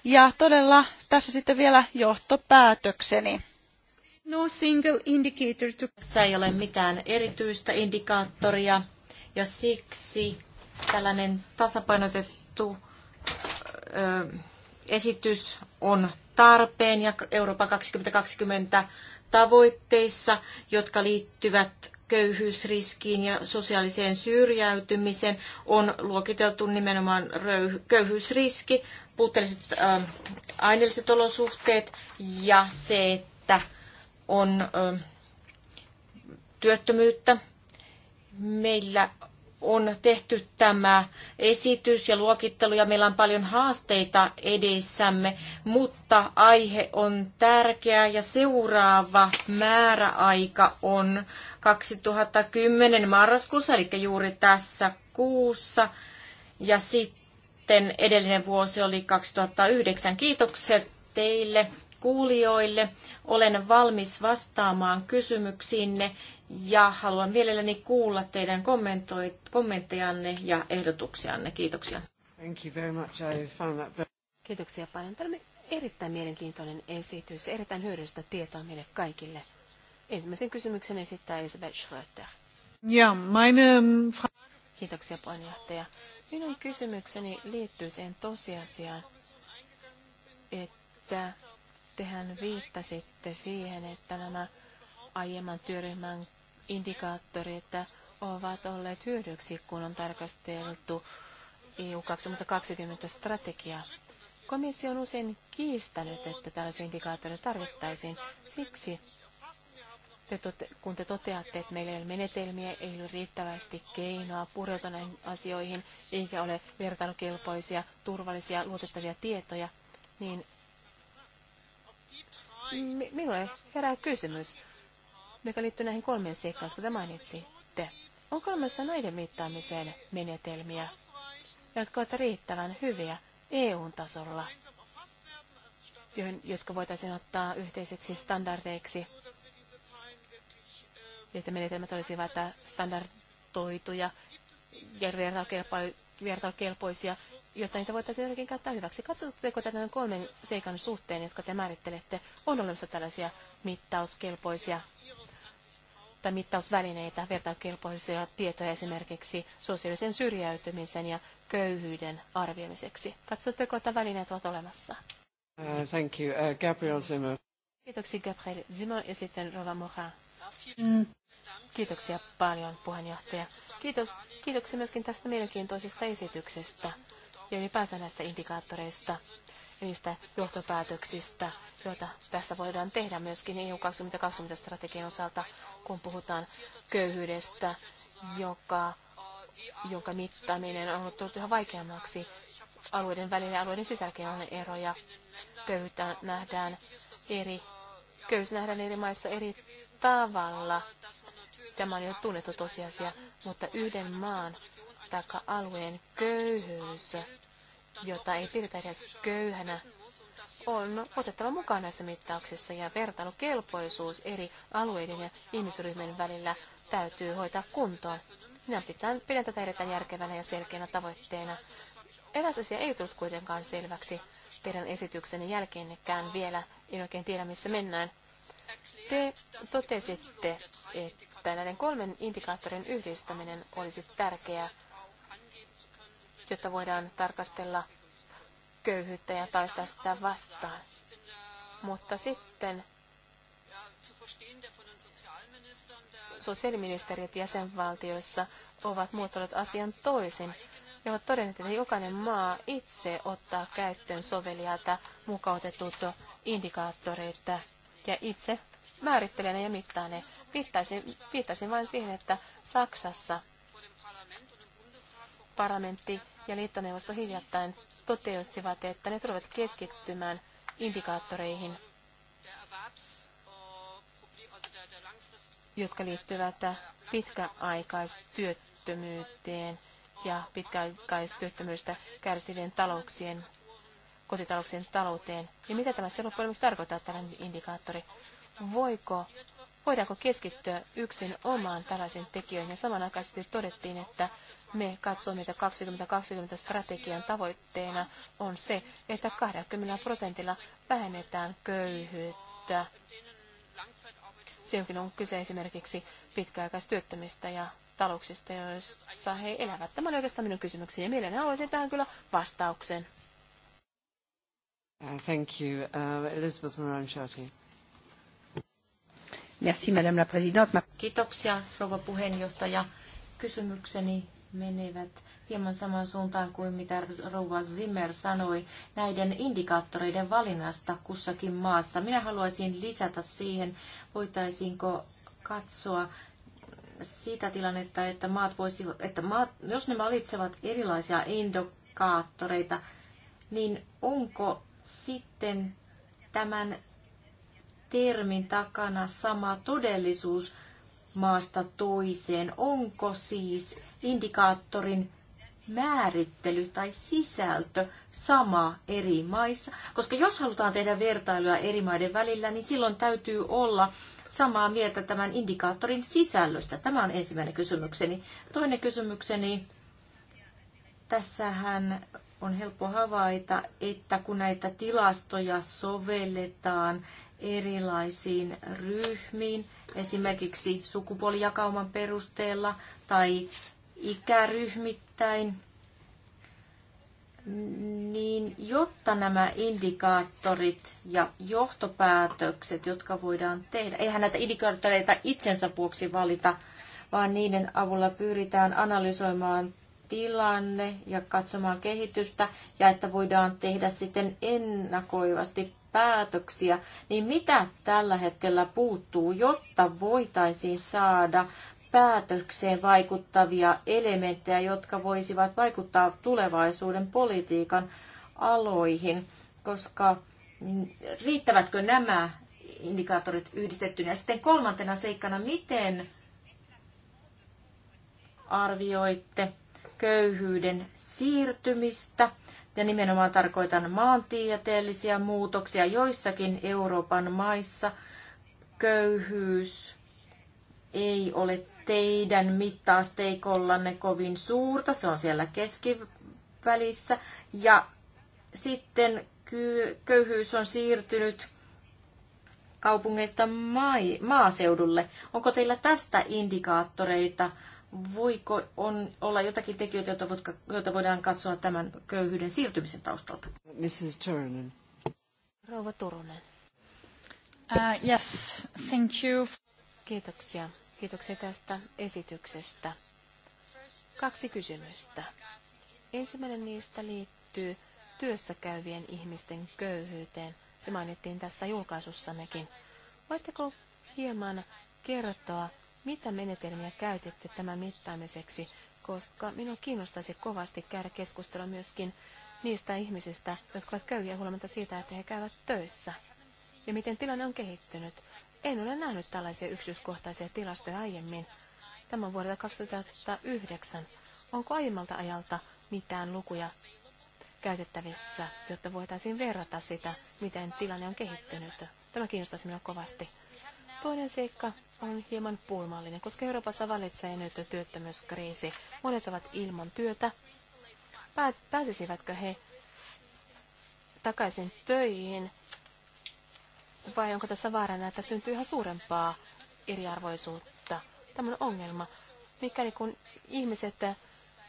S3: ja todella tässä sitten vielä johtopäätökseni.
S5: No single indicator to... Tässä ei ole mitään erityistä indikaattoria ja siksi tällainen tasapainotettu ö, esitys on tarpeen ja Euroopan 2020 tavoitteissa, jotka liittyvät köyhyysriskiin ja sosiaaliseen syrjäytymiseen, on luokiteltu nimenomaan köyhyysriski, puutteelliset ä, aineelliset olosuhteet ja se, että on työttömyyttä. Meillä on tehty tämä esitys ja luokittelu ja meillä on paljon haasteita edessämme, mutta aihe on tärkeä ja seuraava määräaika on 2010 marraskuussa, eli juuri tässä kuussa. Ja sitten edellinen vuosi oli 2009. Kiitokset teille kuulijoille. Olen valmis vastaamaan kysymyksiinne ja haluan mielelläni kuulla teidän kommenttejanne ja ehdotuksianne. Kiitoksia.
S4: Thank you very much. I found that very...
S1: Kiitoksia paljon. Tämä erittäin mielenkiintoinen esitys, erittäin hyödyllistä tietoa meille kaikille. Ensimmäisen kysymyksen esittää Elisabeth Schröter.
S4: Ja, meine... Ähm,
S1: Kiitoksia puheenjohtaja. Minun kysymykseni liittyy siihen tosiasiaan, että Tehän viittasitte siihen, että nämä aiemman työryhmän indikaattorit ovat olleet hyödyksi, kun on tarkasteltu EU 2020 strategiaa. Komissio on usein kiistänyt, että tällaisia indikaattoreita tarvittaisiin. Siksi, te tote, kun te toteatte, että meillä ei ole menetelmiä, ei ole riittävästi keinoa pureutua näihin asioihin, eikä ole vertailukelpoisia, turvallisia, luotettavia tietoja, niin minulle herää kysymys, joka liittyy näihin kolmeen seikkaan, jotka te mainitsitte. On olemassa näiden mittaamiseen menetelmiä, jotka ovat riittävän hyviä EU-tasolla, jotka voitaisiin ottaa yhteiseksi standardeiksi, että menetelmät olisivat standardoituja ja vertailukelpoisia jotta niitä voitaisiin jotenkin käyttää hyväksi. Katsotteko tämän kolmen seikan suhteen, jotka te määrittelette, on olemassa tällaisia mittauskelpoisia tai mittausvälineitä, vertailukelpoisia tietoja esimerkiksi sosiaalisen syrjäytymisen ja köyhyyden arvioimiseksi. Katsotteko, että välineet ovat olemassa?
S4: Uh, thank you. Uh, Gabriel Zimmer.
S1: Kiitoksia Gabriel Zimmer ja sitten Rova Moha. Mm. Kiitoksia paljon puheenjohtaja. Kiitos, kiitoksia myöskin tästä mielenkiintoisesta esityksestä ja ylipäänsä näistä indikaattoreista ja niistä johtopäätöksistä, joita tässä voidaan tehdä myöskin EU 2020-strategian osalta, kun puhutaan köyhyydestä, joka, jonka mittaaminen on ollut yhä vaikeammaksi alueiden välillä ja alueiden sisälläkin on eroja. Köyhyyttä nähdään eri, köyhyys nähdään eri maissa eri tavalla. Tämä on jo tunnettu tosiasia, mutta yhden maan tai alueen köyhyys, jota ei pidetä edes köyhänä, on otettava mukaan näissä mittauksissa ja vertailukelpoisuus eri alueiden ja ihmisryhmien välillä täytyy hoitaa kuntoon. Minä pitän, pidän tätä erittäin järkevänä ja selkeänä tavoitteena. Eräs asia ei tullut kuitenkaan selväksi teidän esityksenne jälkeenkään vielä. En oikein tiedä, missä mennään. Te totesitte, että näiden kolmen indikaattorin yhdistäminen olisi tärkeää jotta voidaan tarkastella köyhyyttä ja taistaa sitä vastaan. Mutta sitten sosiaaliministeriöt jäsenvaltioissa ovat muotoilleet asian toisin ja ovat todenneet, että jokainen maa itse ottaa käyttöön sovelijalta mukautetut indikaattoreita ja itse määrittelee ne ja mittaa ne. Viittaisin, viittaisin vain siihen, että Saksassa parlamentti ja liittoneuvosto hiljattain totesivat, että ne tulevat keskittymään indikaattoreihin, jotka liittyvät pitkäaikaistyöttömyyteen ja pitkäaikaistyöttömyystä kärsivien talouksien, kotitalouksien talouteen. Ja mitä tämä sitten loppujen tarkoittaa, tällainen indikaattori? Voiko Voidaanko keskittyä yksin omaan tällaisen tekijöihin ja samanaikaisesti todettiin, että me katsomme, että 2020 strategian tavoitteena on se, että 20 prosentilla vähennetään köyhyyttä. Siinäkin on kyse esimerkiksi pitkäaikaistyöttömistä ja talouksista, joissa he elävät. Tämä on oikeastaan minun kysymykseni ja mielelläni haluaisin tähän kyllä vastauksen.
S4: thank you. Uh, Elizabeth Moran-Shorty.
S5: Merci, Madame la Présidente. Kiitoksia, rouva puheenjohtaja. Kysymykseni menevät hieman samaan suuntaan kuin mitä rouva Zimmer sanoi näiden indikaattoreiden valinnasta kussakin maassa. Minä haluaisin lisätä siihen, voitaisiinko katsoa sitä tilannetta, että, maat voisivat, että maat, jos ne valitsevat erilaisia indikaattoreita, niin onko sitten tämän termin takana sama todellisuus maasta toiseen? Onko siis indikaattorin määrittely tai sisältö sama eri maissa? Koska jos halutaan tehdä vertailuja eri maiden välillä, niin silloin täytyy olla samaa mieltä tämän indikaattorin sisällöstä. Tämä on ensimmäinen kysymykseni. Toinen kysymykseni. Tässähän on helppo havaita, että kun näitä tilastoja sovelletaan erilaisiin ryhmiin, esimerkiksi sukupuolijakauman perusteella tai ikäryhmittäin, niin jotta nämä indikaattorit ja johtopäätökset, jotka voidaan tehdä, eihän näitä indikaattoreita itsensä vuoksi valita, vaan niiden avulla pyritään analysoimaan tilanne ja katsomaan kehitystä ja että voidaan tehdä sitten ennakoivasti päätöksiä, niin mitä tällä hetkellä puuttuu, jotta voitaisiin saada päätökseen vaikuttavia elementtejä, jotka voisivat vaikuttaa tulevaisuuden politiikan aloihin, koska riittävätkö nämä indikaattorit yhdistettynä? Ja sitten kolmantena seikkana, miten arvioitte köyhyyden siirtymistä – ja nimenomaan tarkoitan maantieteellisiä muutoksia joissakin Euroopan maissa. Köyhyys ei ole teidän mittaasteikollanne kovin suurta, se on siellä keskivälissä. Ja sitten köyhyys on siirtynyt kaupungeista maaseudulle. Onko teillä tästä indikaattoreita voiko on, olla jotakin tekijöitä, joita, voit, joita voidaan katsoa tämän köyhyyden siirtymisen taustalta?
S4: Mrs. Turunen. Rouva Turunen. Uh, yes,
S1: thank you. Kiitoksia. Kiitoksia tästä esityksestä. Kaksi kysymystä. Ensimmäinen niistä liittyy työssä käyvien ihmisten köyhyyteen. Se mainittiin tässä julkaisussammekin. Voitteko hieman kertoa mitä menetelmiä käytitte tämän mittaamiseksi? Koska minua kiinnostaisi kovasti käydä keskustelua myöskin niistä ihmisistä, jotka ovat köyhiä huolimatta siitä, että he käyvät töissä. Ja miten tilanne on kehittynyt. En ole nähnyt tällaisia yksityiskohtaisia tilastoja aiemmin. Tämän vuodelta 2009. Onko aiemmalta ajalta mitään lukuja käytettävissä, jotta voitaisiin verrata sitä, miten tilanne on kehittynyt? Tämä kiinnostaisi minua kovasti. Toinen seikka on hieman pulmallinen, koska Euroopassa valitsee nyt työttömyyskriisi. Monet ovat ilman työtä. Pääsisivätkö he takaisin töihin vai onko tässä vaarana, että syntyy ihan suurempaa eriarvoisuutta? Tämä on ongelma. Mikäli kun ihmiset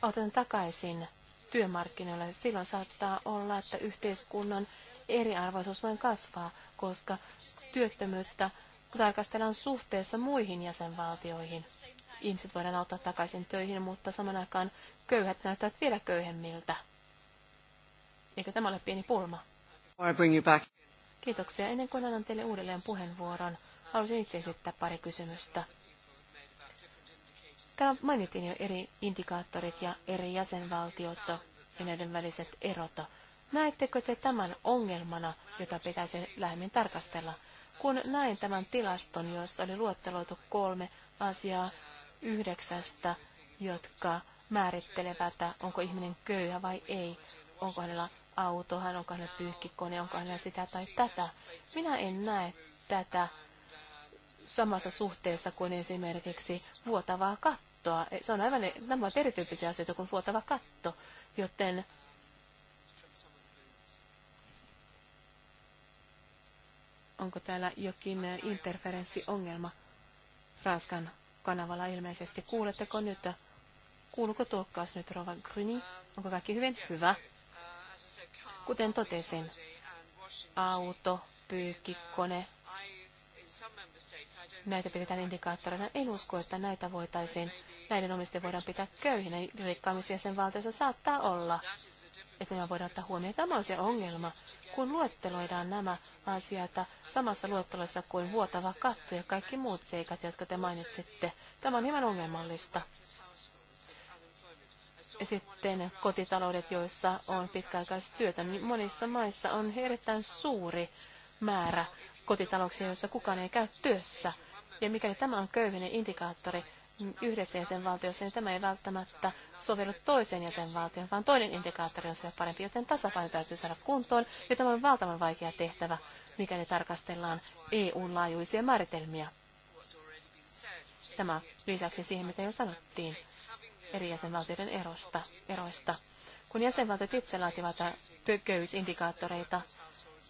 S1: otetaan takaisin työmarkkinoille, silloin saattaa olla, että yhteiskunnan eriarvoisuus vain kasvaa, koska työttömyyttä tarkastellaan suhteessa muihin jäsenvaltioihin. Ihmiset voidaan auttaa takaisin töihin, mutta saman aikaan köyhät näyttävät vielä köyhemmiltä. Eikö tämä ole pieni pulma? Kiitoksia. Ennen kuin annan teille uudelleen puheenvuoron, haluaisin itse esittää pari kysymystä. Täällä mainittiin jo eri indikaattorit ja eri jäsenvaltiot ja näiden väliset erot. Näettekö te tämän ongelmana, jota pitäisi lähemmin tarkastella? Kun näin tämän tilaston, jossa oli luetteloitu kolme asiaa yhdeksästä, jotka määrittelevät, onko ihminen köyhä vai ei, onko hänellä hän onko hänellä pyyhkikone, onko hänellä sitä tai tätä. Minä en näe tätä samassa suhteessa kuin esimerkiksi vuotavaa kattoa. Se on aivan, nämä ovat erityyppisiä asioita kuin vuotava katto, joten onko täällä jokin eh, interferenssiongelma Ranskan kanavalla ilmeisesti. Kuuletteko nyt, kuuluuko tuokkaus nyt Rova Gryni? Onko kaikki hyvin? Hyvä. Kuten totesin, auto, pyykkikone, näitä pidetään indikaattorina. En usko, että näitä voitaisiin, näiden omistajien voidaan pitää köyhinä. sen valtiossa saattaa olla että nämä voidaan ottaa huomioon. Tämä on se ongelma, kun luetteloidaan nämä asiat samassa luettelossa kuin vuotava katto ja kaikki muut seikat, jotka te mainitsitte. Tämä on hieman ongelmallista. Sitten kotitaloudet, joissa on pitkäaikaistyötä. Monissa maissa on erittäin suuri määrä kotitalouksia, joissa kukaan ei käy työssä. Ja mikäli tämä on köyhinen indikaattori, yhdessä jäsenvaltiossa, niin tämä ei välttämättä sovellu toiseen jäsenvaltioon, vaan toinen indikaattori on siellä parempi, joten tasapaino täytyy saada kuntoon, ja tämä on valtavan vaikea tehtävä, mikäli tarkastellaan EUn laajuisia määritelmiä. Tämä lisäksi siihen, mitä jo sanottiin eri jäsenvaltioiden erosta, eroista. Kun jäsenvaltiot itse laativat köysindikaattoreita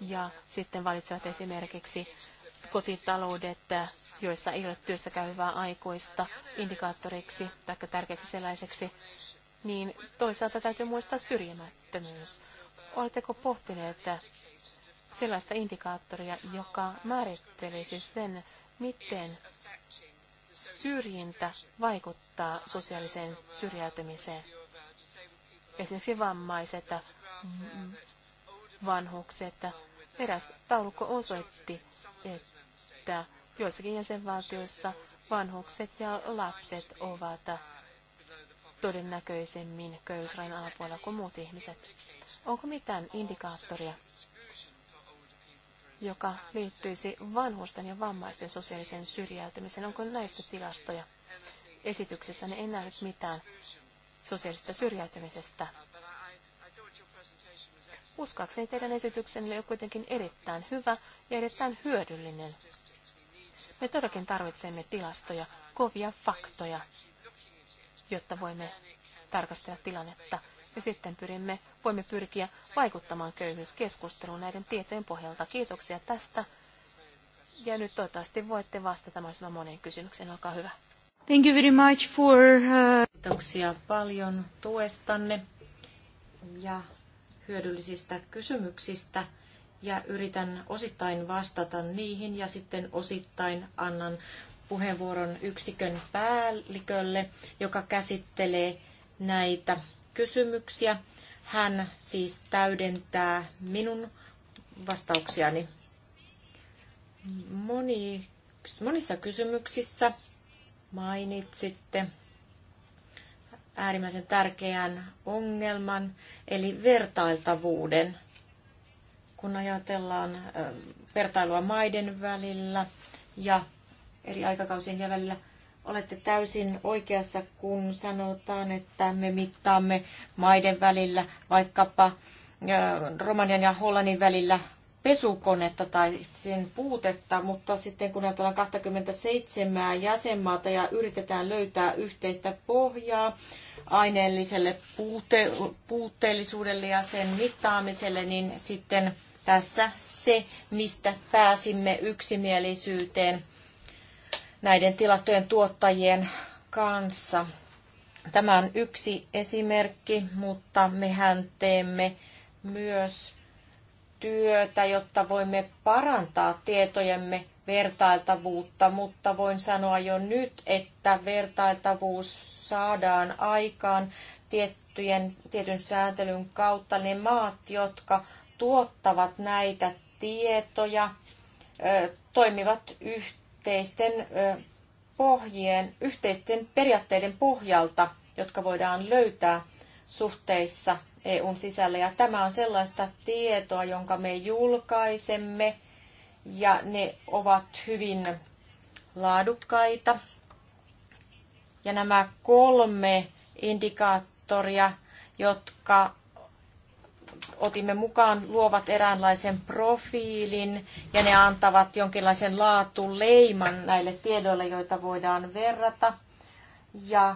S1: ja sitten valitsevat esimerkiksi kotitaloudet, joissa ei ole työssä käyvää aikuista indikaattoriksi tai tärkeäksi sellaiseksi, niin toisaalta täytyy muistaa syrjimättömyys. Oletteko pohtineet sellaista indikaattoria, joka määrittelisi sen, miten syrjintä vaikuttaa sosiaaliseen syrjäytymiseen? Esimerkiksi vammaiset, vanhukset, Eräs taulukko osoitti, että joissakin jäsenvaltioissa vanhukset ja lapset ovat todennäköisemmin köysrain alapuolella kuin muut ihmiset. Onko mitään indikaattoria, joka liittyisi vanhusten ja vammaisten sosiaaliseen syrjäytymiseen? Onko näistä tilastoja? Esityksessä en nähnyt mitään sosiaalisesta syrjäytymisestä Uskoakseni teidän esityksenne on kuitenkin erittäin hyvä ja erittäin hyödyllinen. Me todellakin tarvitsemme tilastoja, kovia faktoja, jotta voimme tarkastella tilannetta. Ja sitten pyrimme, voimme pyrkiä vaikuttamaan köyhyyskeskusteluun näiden tietojen pohjalta. Kiitoksia tästä. Ja nyt toivottavasti voitte vastata mahdollisimman moneen kysymykseen. Olkaa hyvä.
S5: Thank you very much for... Uh... Kiitoksia paljon tuestanne. Ja hyödyllisistä kysymyksistä ja yritän osittain vastata niihin ja sitten osittain annan puheenvuoron yksikön päällikölle, joka käsittelee näitä kysymyksiä. Hän siis täydentää minun vastauksiani. Moni, monissa kysymyksissä mainitsitte äärimmäisen tärkeän ongelman, eli vertailtavuuden. Kun ajatellaan vertailua maiden välillä ja eri aikakausien välillä, olette täysin oikeassa, kun sanotaan, että me mittaamme maiden välillä vaikkapa Romanian ja Hollannin välillä pesukonetta tai sen puutetta, mutta sitten kun ajatellaan 27 jäsenmaata ja yritetään löytää yhteistä pohjaa aineelliselle puute- puutteellisuudelle ja sen mittaamiselle, niin sitten tässä se, mistä pääsimme yksimielisyyteen näiden tilastojen tuottajien kanssa. Tämä on yksi esimerkki, mutta mehän teemme myös työtä, jotta voimme parantaa tietojemme vertailtavuutta, mutta voin sanoa jo nyt, että vertailtavuus saadaan aikaan tiettyjen, tietyn sääntelyn kautta. Ne maat, jotka tuottavat näitä tietoja, toimivat yhteisten pohjien, yhteisten periaatteiden pohjalta, jotka voidaan löytää suhteissa EUn sisällä. Ja tämä on sellaista tietoa, jonka me julkaisemme ja ne ovat hyvin laadukkaita. Ja nämä kolme indikaattoria, jotka otimme mukaan, luovat eräänlaisen profiilin ja ne antavat jonkinlaisen laatuleiman näille tiedoille, joita voidaan verrata. Ja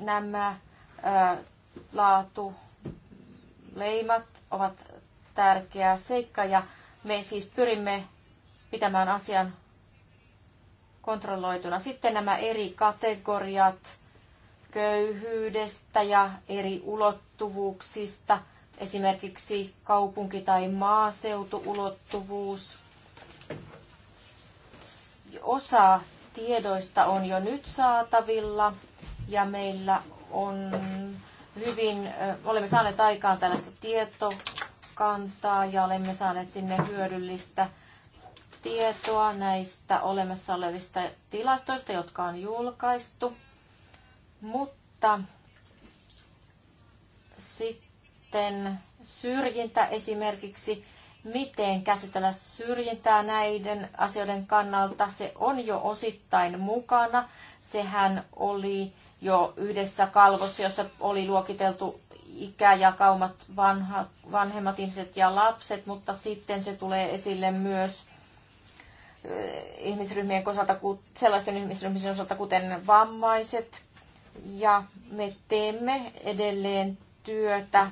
S5: nämä laatuleimat leimat ovat tärkeä seikka ja me siis pyrimme pitämään asian kontrolloituna. Sitten nämä eri kategoriat köyhyydestä ja eri ulottuvuuksista, esimerkiksi kaupunki- tai maaseutuulottuvuus. Osa tiedoista on jo nyt saatavilla ja meillä on hyvin, olemme saaneet aikaan tällaista tietokantaa ja olemme saaneet sinne hyödyllistä tietoa näistä olemassa olevista tilastoista, jotka on julkaistu. Mutta sitten syrjintä esimerkiksi, miten käsitellä syrjintää näiden asioiden kannalta, se on jo osittain mukana. Sehän oli jo yhdessä kalvossa, jossa oli luokiteltu ikäjakaumat, vanha, vanhemmat ihmiset ja lapset, mutta sitten se tulee esille myös eh, ihmisryhmien osalta, sellaisten ihmisryhmien osalta, kuten vammaiset. Ja me teemme edelleen työtä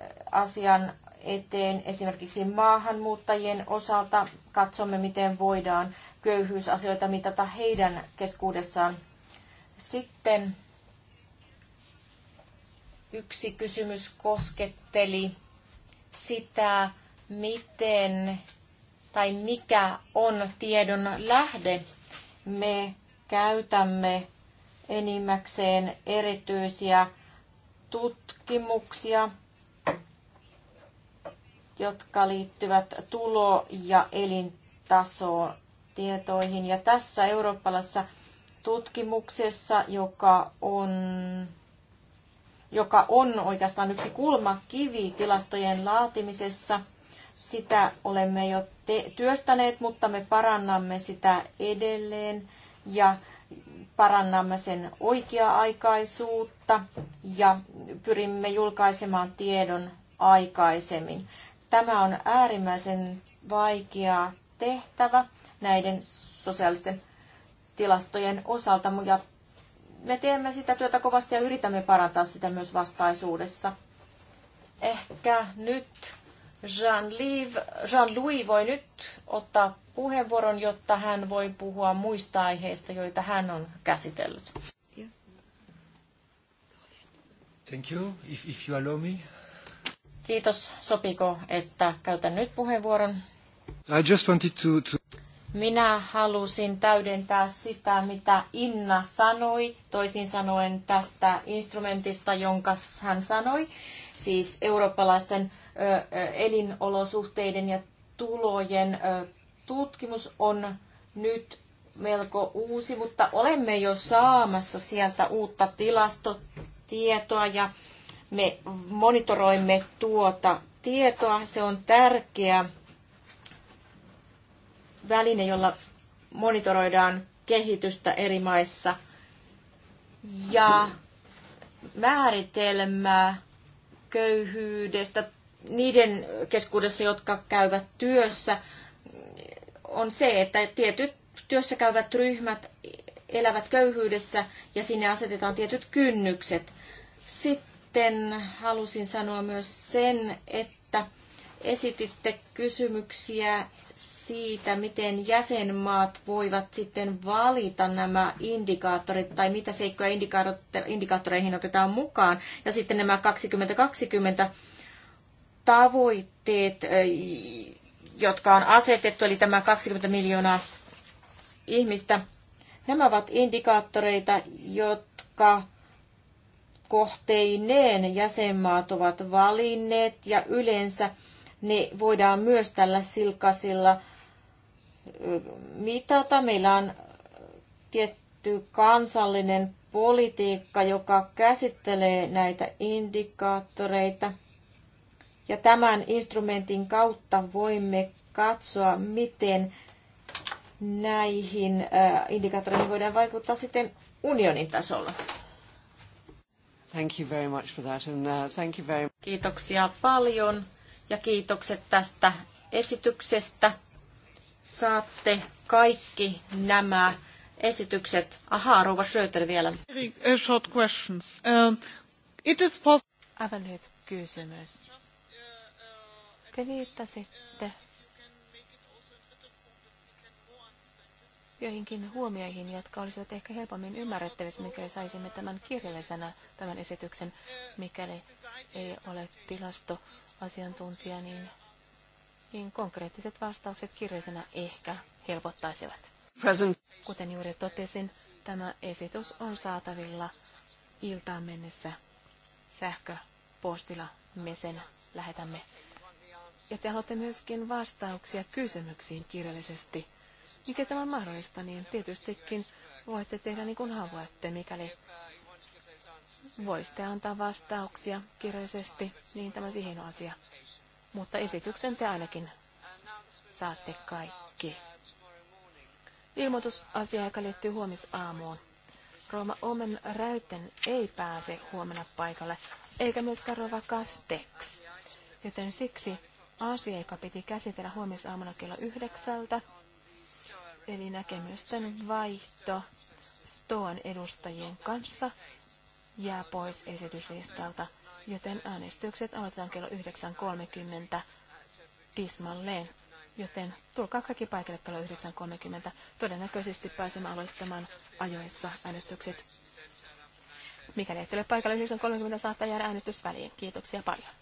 S5: eh, asian eteen esimerkiksi maahanmuuttajien osalta. Katsomme, miten voidaan köyhyysasioita mitata heidän keskuudessaan sitten yksi kysymys kosketteli sitä, miten tai mikä on tiedon lähde. Me käytämme enimmäkseen erityisiä tutkimuksia, jotka liittyvät tulo- ja elintasoon tietoihin. Ja tässä eurooppalaisessa tutkimuksessa, joka on, joka on oikeastaan yksi kulmakivi tilastojen laatimisessa. Sitä olemme jo te- työstäneet, mutta me parannamme sitä edelleen ja parannamme sen oikea-aikaisuutta ja pyrimme julkaisemaan tiedon aikaisemmin. Tämä on äärimmäisen vaikea tehtävä näiden sosiaalisten tilastojen osalta. Ja me teemme sitä työtä kovasti ja yritämme parantaa sitä myös vastaisuudessa. Ehkä nyt Jean-Louis Jean voi nyt ottaa puheenvuoron, jotta hän voi puhua muista aiheista, joita hän on käsitellyt.
S2: Thank you, if, if you allow me.
S5: Kiitos. Sopiko, että käytän nyt puheenvuoron?
S2: I just wanted to, to...
S5: Minä halusin täydentää sitä, mitä Inna sanoi, toisin sanoen tästä instrumentista, jonka hän sanoi, siis eurooppalaisten elinolosuhteiden ja tulojen tutkimus on nyt melko uusi, mutta olemme jo saamassa sieltä uutta tilastotietoa ja me monitoroimme tuota tietoa. Se on tärkeä väline, jolla monitoroidaan kehitystä eri maissa ja määritelmä köyhyydestä niiden keskuudessa, jotka käyvät työssä, on se, että tietyt työssä käyvät ryhmät elävät köyhyydessä ja sinne asetetaan tietyt kynnykset. Sitten halusin sanoa myös sen, että esititte kysymyksiä siitä, miten jäsenmaat voivat sitten valita nämä indikaattorit tai mitä seikkoja indikaattoreihin otetaan mukaan. Ja sitten nämä 2020 tavoitteet, jotka on asetettu, eli tämä 20 miljoonaa ihmistä, nämä ovat indikaattoreita, jotka kohteineen jäsenmaat ovat valinneet ja yleensä ne voidaan myös tällä silkasilla mitata. Meillä on tietty kansallinen politiikka, joka käsittelee näitä indikaattoreita. Ja tämän instrumentin kautta voimme katsoa, miten näihin indikaattoreihin voidaan vaikuttaa sitten unionin tasolla.
S4: Thank you very much for that and uh, thank you very
S5: Kiitoksia paljon ja kiitokset tästä esityksestä saatte kaikki nämä esitykset. Ahaa, Rouva Schröter vielä.
S4: Short questions. Um, it is Aivan lyhyt kysymys.
S1: Te viittasitte joihinkin huomioihin, jotka olisivat ehkä helpommin ymmärrettävissä, mikäli saisimme tämän kirjallisena tämän esityksen, mikäli ei ole tilastoasiantuntija, niin niin konkreettiset vastaukset kirjallisena ehkä helpottaisivat. Present. Kuten juuri totesin, tämä esitys on saatavilla iltaan mennessä sähköpostilla me sen lähetämme. Ja te haluatte myöskin vastauksia kysymyksiin kirjallisesti. Mikä tämä on mahdollista, niin tietystikin voitte tehdä niin kuin haluatte, mikäli voisitte antaa vastauksia kirjallisesti, niin tämä siihen on asia mutta esityksen te ainakin saatte kaikki. Ilmoitusasiaika liittyy huomisaamuun. Rooma Omen Räyten ei pääse huomenna paikalle, eikä myöskään Rova Kastex. Joten siksi asia, joka piti käsitellä huomisaamuna kello yhdeksältä, eli näkemysten vaihto Stoan edustajien kanssa, jää pois esityslistalta joten äänestykset aloitetaan kello 9.30 tismalleen. Joten tulkaa kaikki paikalle kello 9.30. Todennäköisesti pääsemme aloittamaan ajoissa äänestykset. Mikäli ette ole paikalla 9.30, saattaa jäädä äänestysväliin. Kiitoksia paljon.